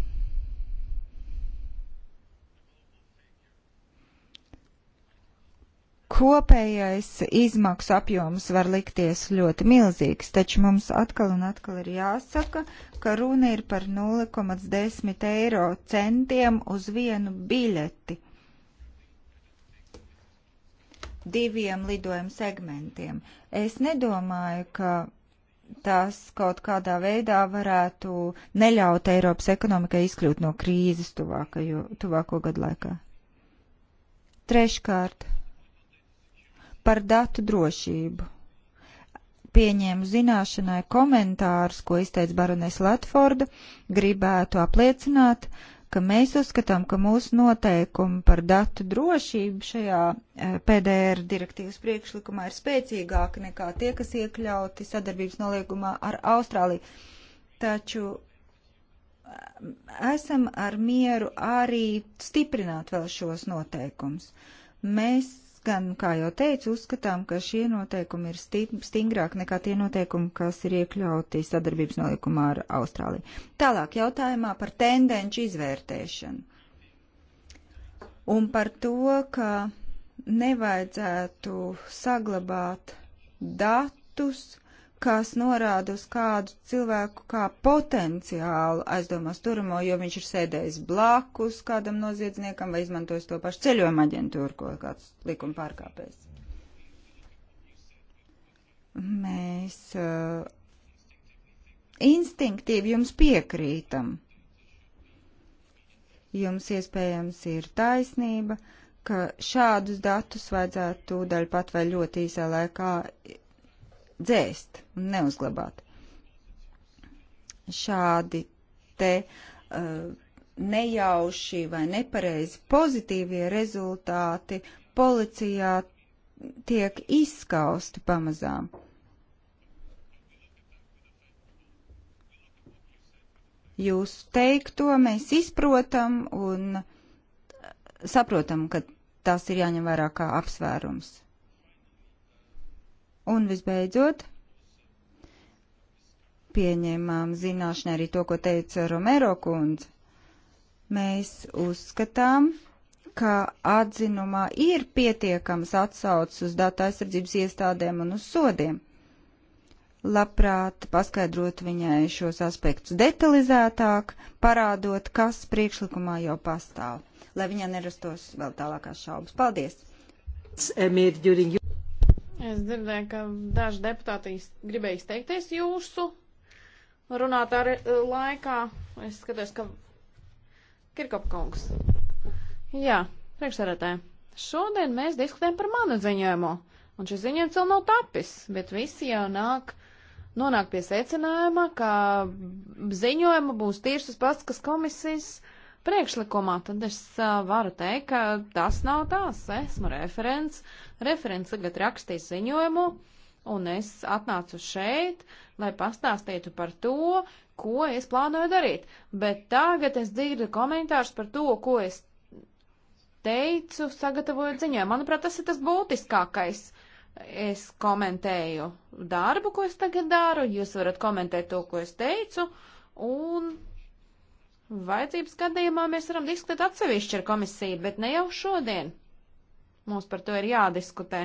kopējais izmaksu apjoms var likties ļoti milzīgs, taču mums atkal un atkal ir jāsaka, ka runa ir par 0,10 eiro centiem uz vienu biļeti diviem lidojumu segmentiem. Es nedomāju, ka tas kaut kādā veidā varētu neļaut Eiropas ekonomikai izkļūt no krīzes tuvākajo, tuvāko gadu laikā. Treškārt par datu drošību. Pieņēmu zināšanai komentārus, ko izteica baronēs Latforda, gribētu apliecināt, ka mēs uzskatām, ka mūsu noteikumi par datu drošību šajā eh, PDR direktīvas priekšlikumā ir spēcīgāki nekā tie, kas iekļauti sadarbības noliegumā ar Austrāliju. Taču eh, esam ar mieru arī stiprināt vēl šos noteikumus. Mēs gan, kā jau teicu, uzskatām, ka šie noteikumi ir stingrāk nekā tie noteikumi, kas ir iekļauti sadarbības nolikumā ar Austrāliju. Tālāk jautājumā par tendenci izvērtēšanu. Un par to, ka nevajadzētu saglabāt datus, kas norāda uz kādu cilvēku kā potenciālu aizdomās turamo, jo viņš ir sēdējis blakus kādam noziedzniekam vai izmantojis to pašu ceļojuma aģentūru, ko kāds likuma pārkāpēs. Mēs uh, instinktīvi jums piekrītam. Jums iespējams ir taisnība, ka šādus datus vajadzētu tūdaļ pat vai ļoti īsā laikā dzēst un neuzglabāt. Šādi te uh, nejauši vai nepareizi pozitīvie rezultāti policijā tiek izskausti pamazām. Jūsu teikto mēs izprotam un saprotam, ka tās ir jāņem vērā kā apsvērums. Un visbeidzot, pieņēmām zināšanai arī to, ko teica Romero kundze. Mēs uzskatām, ka atzinumā ir pietiekams atsaucis uz datu aizsardzības iestādēm un uz sodiem. Labprāt paskaidrot viņai šos aspektus detalizētāk, parādot, kas priekšlikumā jau pastāv, lai viņai nerastos vēl tālākās šaubas. Paldies! Es dzirdēju, ka daži deputāti gribēja izteikties jūsu runātā laikā. Es skatos, ka Kirkopkungs. Jā, priekšsarētāji. Šodien mēs diskutējam par manu ziņojumu, un šis ziņojums vēl nav tapis, bet visi jau nāk, nonāk pie secinājuma, ka ziņojuma būs tīrsas paskas komisijas priekšlikumā. Tad es uh, varu teikt, ka tas nav tās. Esmu referents. Uh, Referents tagad rakstīs ziņojumu, un es atnācu šeit, lai pastāstītu par to, ko es plānoju darīt. Bet tagad es dzirdu komentārus par to, ko es teicu, sagatavojot ziņojumu. Manuprāt, tas ir tas būtiskākais. Es komentēju darbu, ko es tagad daru, jūs varat komentēt to, ko es teicu, un Vajadzības gadījumā mēs varam diskutēt atsevišķi ar komisiju, bet ne jau šodien. Mums par to ir jādiskutē.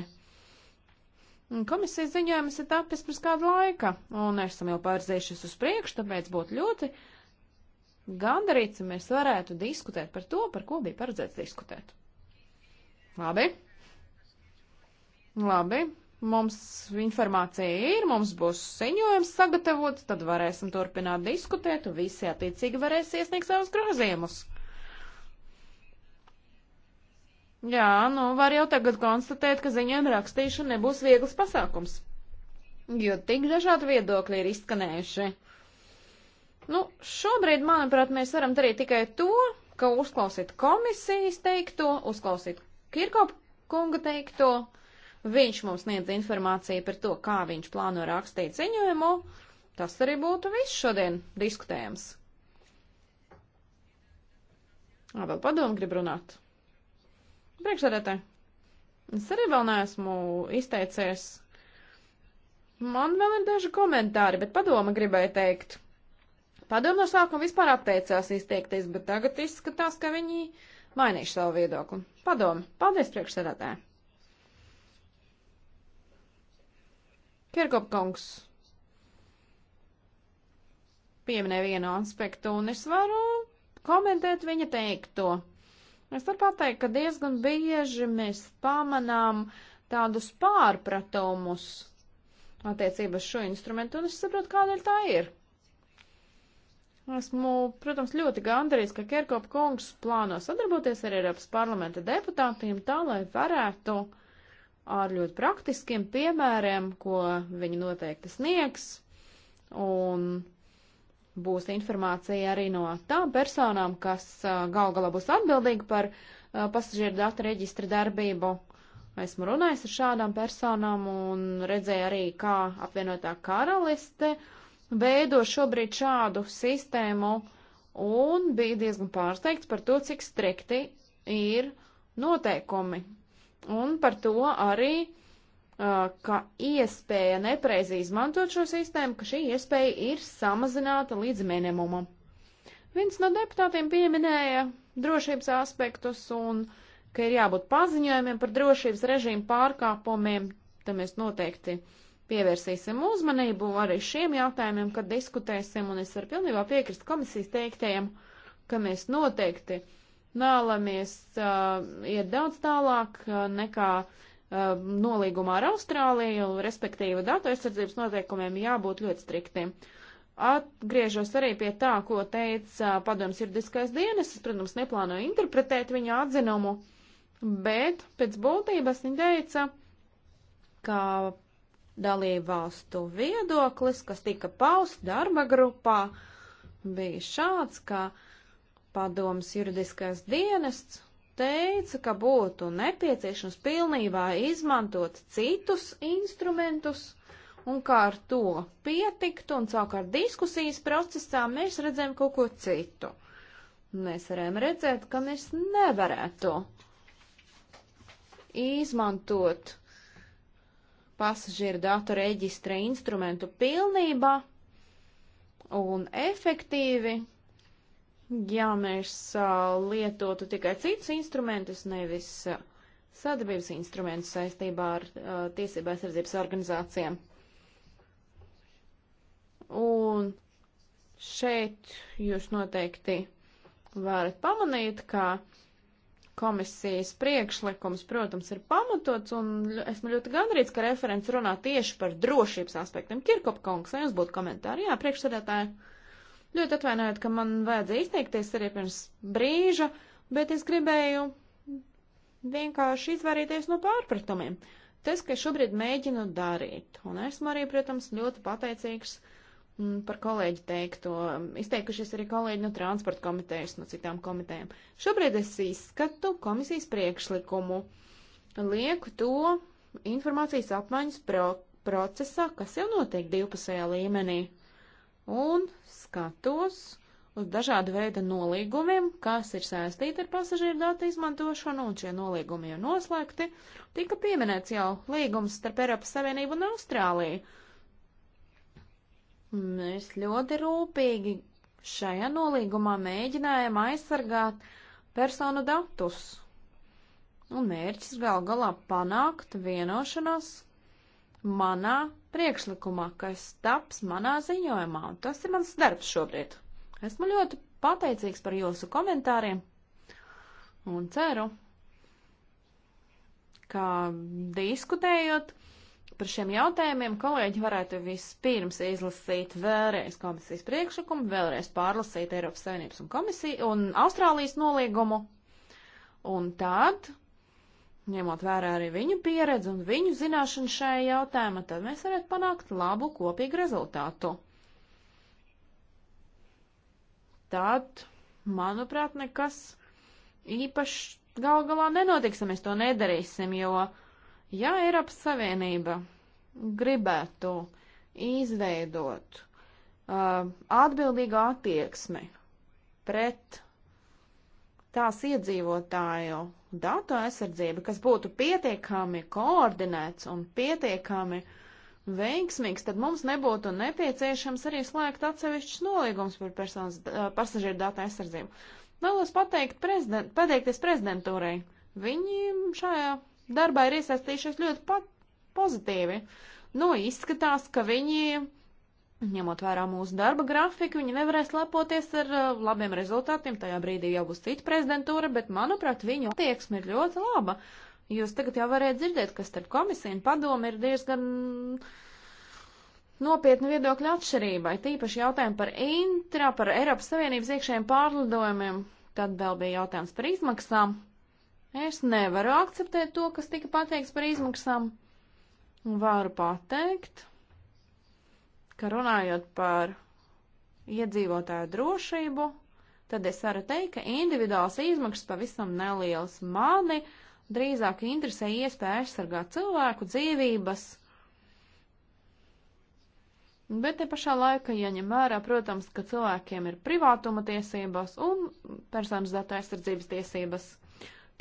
Komisijas ziņojums ir tapis pirms kādu laika, un esam jau pārzējušies uz priekšu, tāpēc būtu ļoti gandarīts, ja mēs varētu diskutēt par to, par ko bija paredzēts diskutēt. Labi. Labi. Mums informācija ir, mums būs ziņojums sagatavots, tad varēsim turpināt diskutēt, un visi attiecīgi varēs iesniegt savus grozījumus. Jā, nu var jau tagad konstatēt, ka ziņojuma rakstīšana nebūs viegls pasākums, jo tik dažādi viedokļi ir izskanējuši. Nu, šobrīd, manuprāt, mēs varam darīt tikai to, ka uzklausīt komisijas teikto, uzklausīt Kirkopu kunga teikto, viņš mums sniedz informāciju par to, kā viņš plāno rakstīt ziņojumu. Tas arī būtu viss šodien diskutējams. Ā, vēl padomu grib runāt. Priekšsēdētāji, es arī vēl neesmu izteicies. Man vēl ir daži komentāri, bet padoma gribēja teikt. Padoma no sākuma vispār atteicās izteikties, bet tagad izskatās, ka viņi mainīšu savu viedokli. Padomu. Paldies priekšsēdētē. Kirkopkungs pieminē vienu aspektu, un es varu komentēt viņa teikto. Es varu pateikt, ka diezgan bieži mēs pamanām tādus pārpratumus attiecībā uz šo instrumentu, un es saprotu, kādēļ tā ir. Esmu, protams, ļoti gandarīts, ka Kerkop kungs plāno sadarboties ar Eiropas parlamenta deputātiem tā, lai varētu ar ļoti praktiskiem piemēriem, ko viņi noteikti sniegs, un būs informācija arī no tām personām, kas gal galā būs atbildīgi par pasažieru datu reģistra darbību. Esmu runājis ar šādām personām un redzēju arī, kā apvienotā karaliste veido šobrīd šādu sistēmu un bija diezgan pārsteigts par to, cik strikti ir noteikumi. Un par to arī uh, Uh, ka iespēja nepreizi izmantot šo sistēmu, ka šī iespēja ir samazināta līdz minimumam. Viens no deputātiem pieminēja drošības aspektus un ka ir jābūt paziņojumiem par drošības režīmu pārkāpumiem, tam mēs noteikti pievērsīsim uzmanību arī šiem jautājumiem, kad diskutēsim, un es varu pilnībā piekrist komisijas teiktajiem, ka mēs noteikti nālamies uh, iet daudz tālāk uh, nekā uh, Um, nolīgumā ar Austrāliju, respektīvi datu aizsardzības noteikumiem jābūt ļoti striktiem. Atgriežos arī pie tā, ko teica padoms sirdiskais dienas. Es, protams, neplānoju interpretēt viņa atzinumu, bet pēc būtības viņa teica, ka dalību valstu viedoklis, kas tika pausts darba grupā, bija šāds, ka padoms juridiskais dienests teica, ka būtu nepieciešams pilnībā izmantot citus instrumentus un kā ar to pietiktu, un savukārt diskusijas procesā mēs redzējām kaut ko citu. Mēs varējām redzēt, ka mēs nevarētu izmantot pasažieru datu reģistra instrumentu pilnībā un efektīvi, ja mēs uh, lietotu tikai citus instrumentus, nevis uh, sadarbības instrumentus saistībā ar uh, tiesībā aizsardzības organizācijām. Un šeit jūs noteikti varat pamanīt, ka komisijas priekšlikums, protams, ir pamatots, un esmu ļoti gandrīz, ka referents runā tieši par drošības aspektiem. Kirkopkungs, vai jums būtu komentāri? Jā, priekšsēdētāji. Ļoti atvainojiet, ka man vajadzēja izteikties arī pirms brīža, bet es gribēju vienkārši izvairīties no pārpratumiem. Tas, ka šobrīd mēģinu darīt, un esmu arī, protams, ļoti pateicīgs mm, par kolēģi teikto, izteikušies arī kolēģi no transporta komitejas, no citām komitejām. Šobrīd es izskatu komisijas priekšlikumu, lieku to informācijas apmaiņas pro procesā, kas jau notiek divpusējā līmenī un skatos uz dažādu veidu nolīgumiem, kas ir saistīti ar pasažieru datu izmantošanu, un šie nolīgumi ir noslēgti. Tika pieminēts jau līgums starp Eiropas Savienību un Austrāliju. Mēs ļoti rūpīgi šajā nolīgumā mēģinājām aizsargāt personu datus. Un mērķis gal galā panākt vienošanos, manā priekšlikumā, kas taps manā ziņojumā, un tas ir mans darbs šobrīd. Esmu ļoti pateicīgs par jūsu komentāriem un ceru, ka diskutējot par šiem jautājumiem, kolēģi varētu vispirms izlasīt vēlreiz komisijas priekšlikumu, vēlreiz pārlasīt Eiropas Savienības un, komisiju, un Austrālijas noliegumu, un tad ņemot vērā arī viņu pieredzi un viņu zināšanu šajā jautājumā, tad mēs varētu panākt labu kopīgu rezultātu. Tad, manuprāt, nekas īpaši gal galā nenotiks, ja mēs to nedarīsim, jo, ja Eiropas Savienība gribētu izveidot uh, atbildīgu attieksmi pret tās iedzīvotāju datu aizsardzība, kas būtu pietiekami koordinēts un pietiekami veiksmīgs, tad mums nebūtu nepieciešams arī slēgt atsevišķus nolīgumus par personas, pasažieru datu aizsardzību. Vēlos pateikt prezident, pateikties prezidentūrai. Viņi šajā darbā ir iesaistījušies ļoti pat pozitīvi. Nu, izskatās, ka viņi Ņemot vērā mūsu darba grafiku, viņi nevarēs lepoties ar uh, labiem rezultātiem. Tajā brīdī jau būs cita prezidentūra, bet, manuprāt, viņu attieksme ir ļoti laba. Jūs tagad jau varētu dzirdēt, ka starp komisiju un padomu ir diezgan nopietna viedokļa atšķirība, tīpaši jautājumi par intra, par Eiropas Savienības iekšējiem pārlidojumiem. Tad vēl bija jautājums par izmaksām. Es nevaru akceptēt to, kas tika pateikts par izmaksām. Varu pateikt, ka runājot par iedzīvotāju drošību, tad es varu teikt, ka individuāls izmaksas pavisam nelielas. Mani drīzāk interesē iespēja aizsargāt cilvēku dzīvības. Bet te pašā laikā jaņem vērā, protams, ka cilvēkiem ir privātuma tiesības un personas datu aizsardzības tiesības.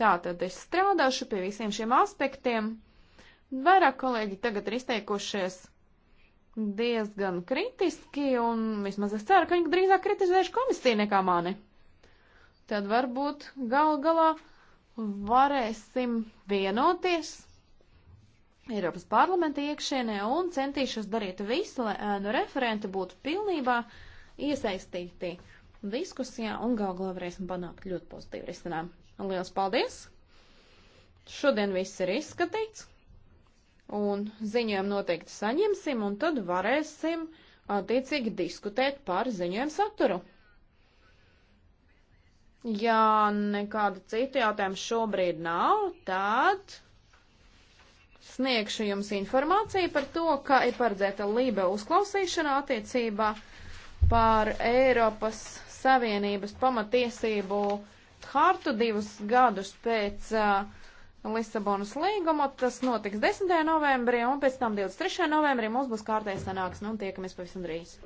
Tātad es strādāšu pie visiem šiem aspektiem. Vairāk kolēģi tagad ir izteikušies diezgan kritiski, un vismaz es ceru, ka viņi drīzāk kritizēšu komisiju nekā mani. Tad varbūt gal galā varēsim vienoties Eiropas parlamenta iekšienē un centīšos darīt visu, lai ēnu referenti būtu pilnībā iesaistīti diskusijā un gal galā varēsim panākt ļoti pozitīvu risinājumu. Lielas paldies! Šodien viss ir izskatīts un ziņojumu noteikti saņemsim, un tad varēsim attiecīgi diskutēt par ziņojumu saturu. Ja nekāda cita jautājuma šobrīd nav, tad sniegšu jums informāciju par to, ka ir paredzēta Lībe uzklausīšana attiecībā par Eiropas Savienības pamatiesību hartu divus gadus pēc uh, Lisabonas līgumu, tas notiks 10. novembrī, un pēc tam 23. novembrī mums būs kārtējas sanāksme, nu, un tiekamies pavisam drīz.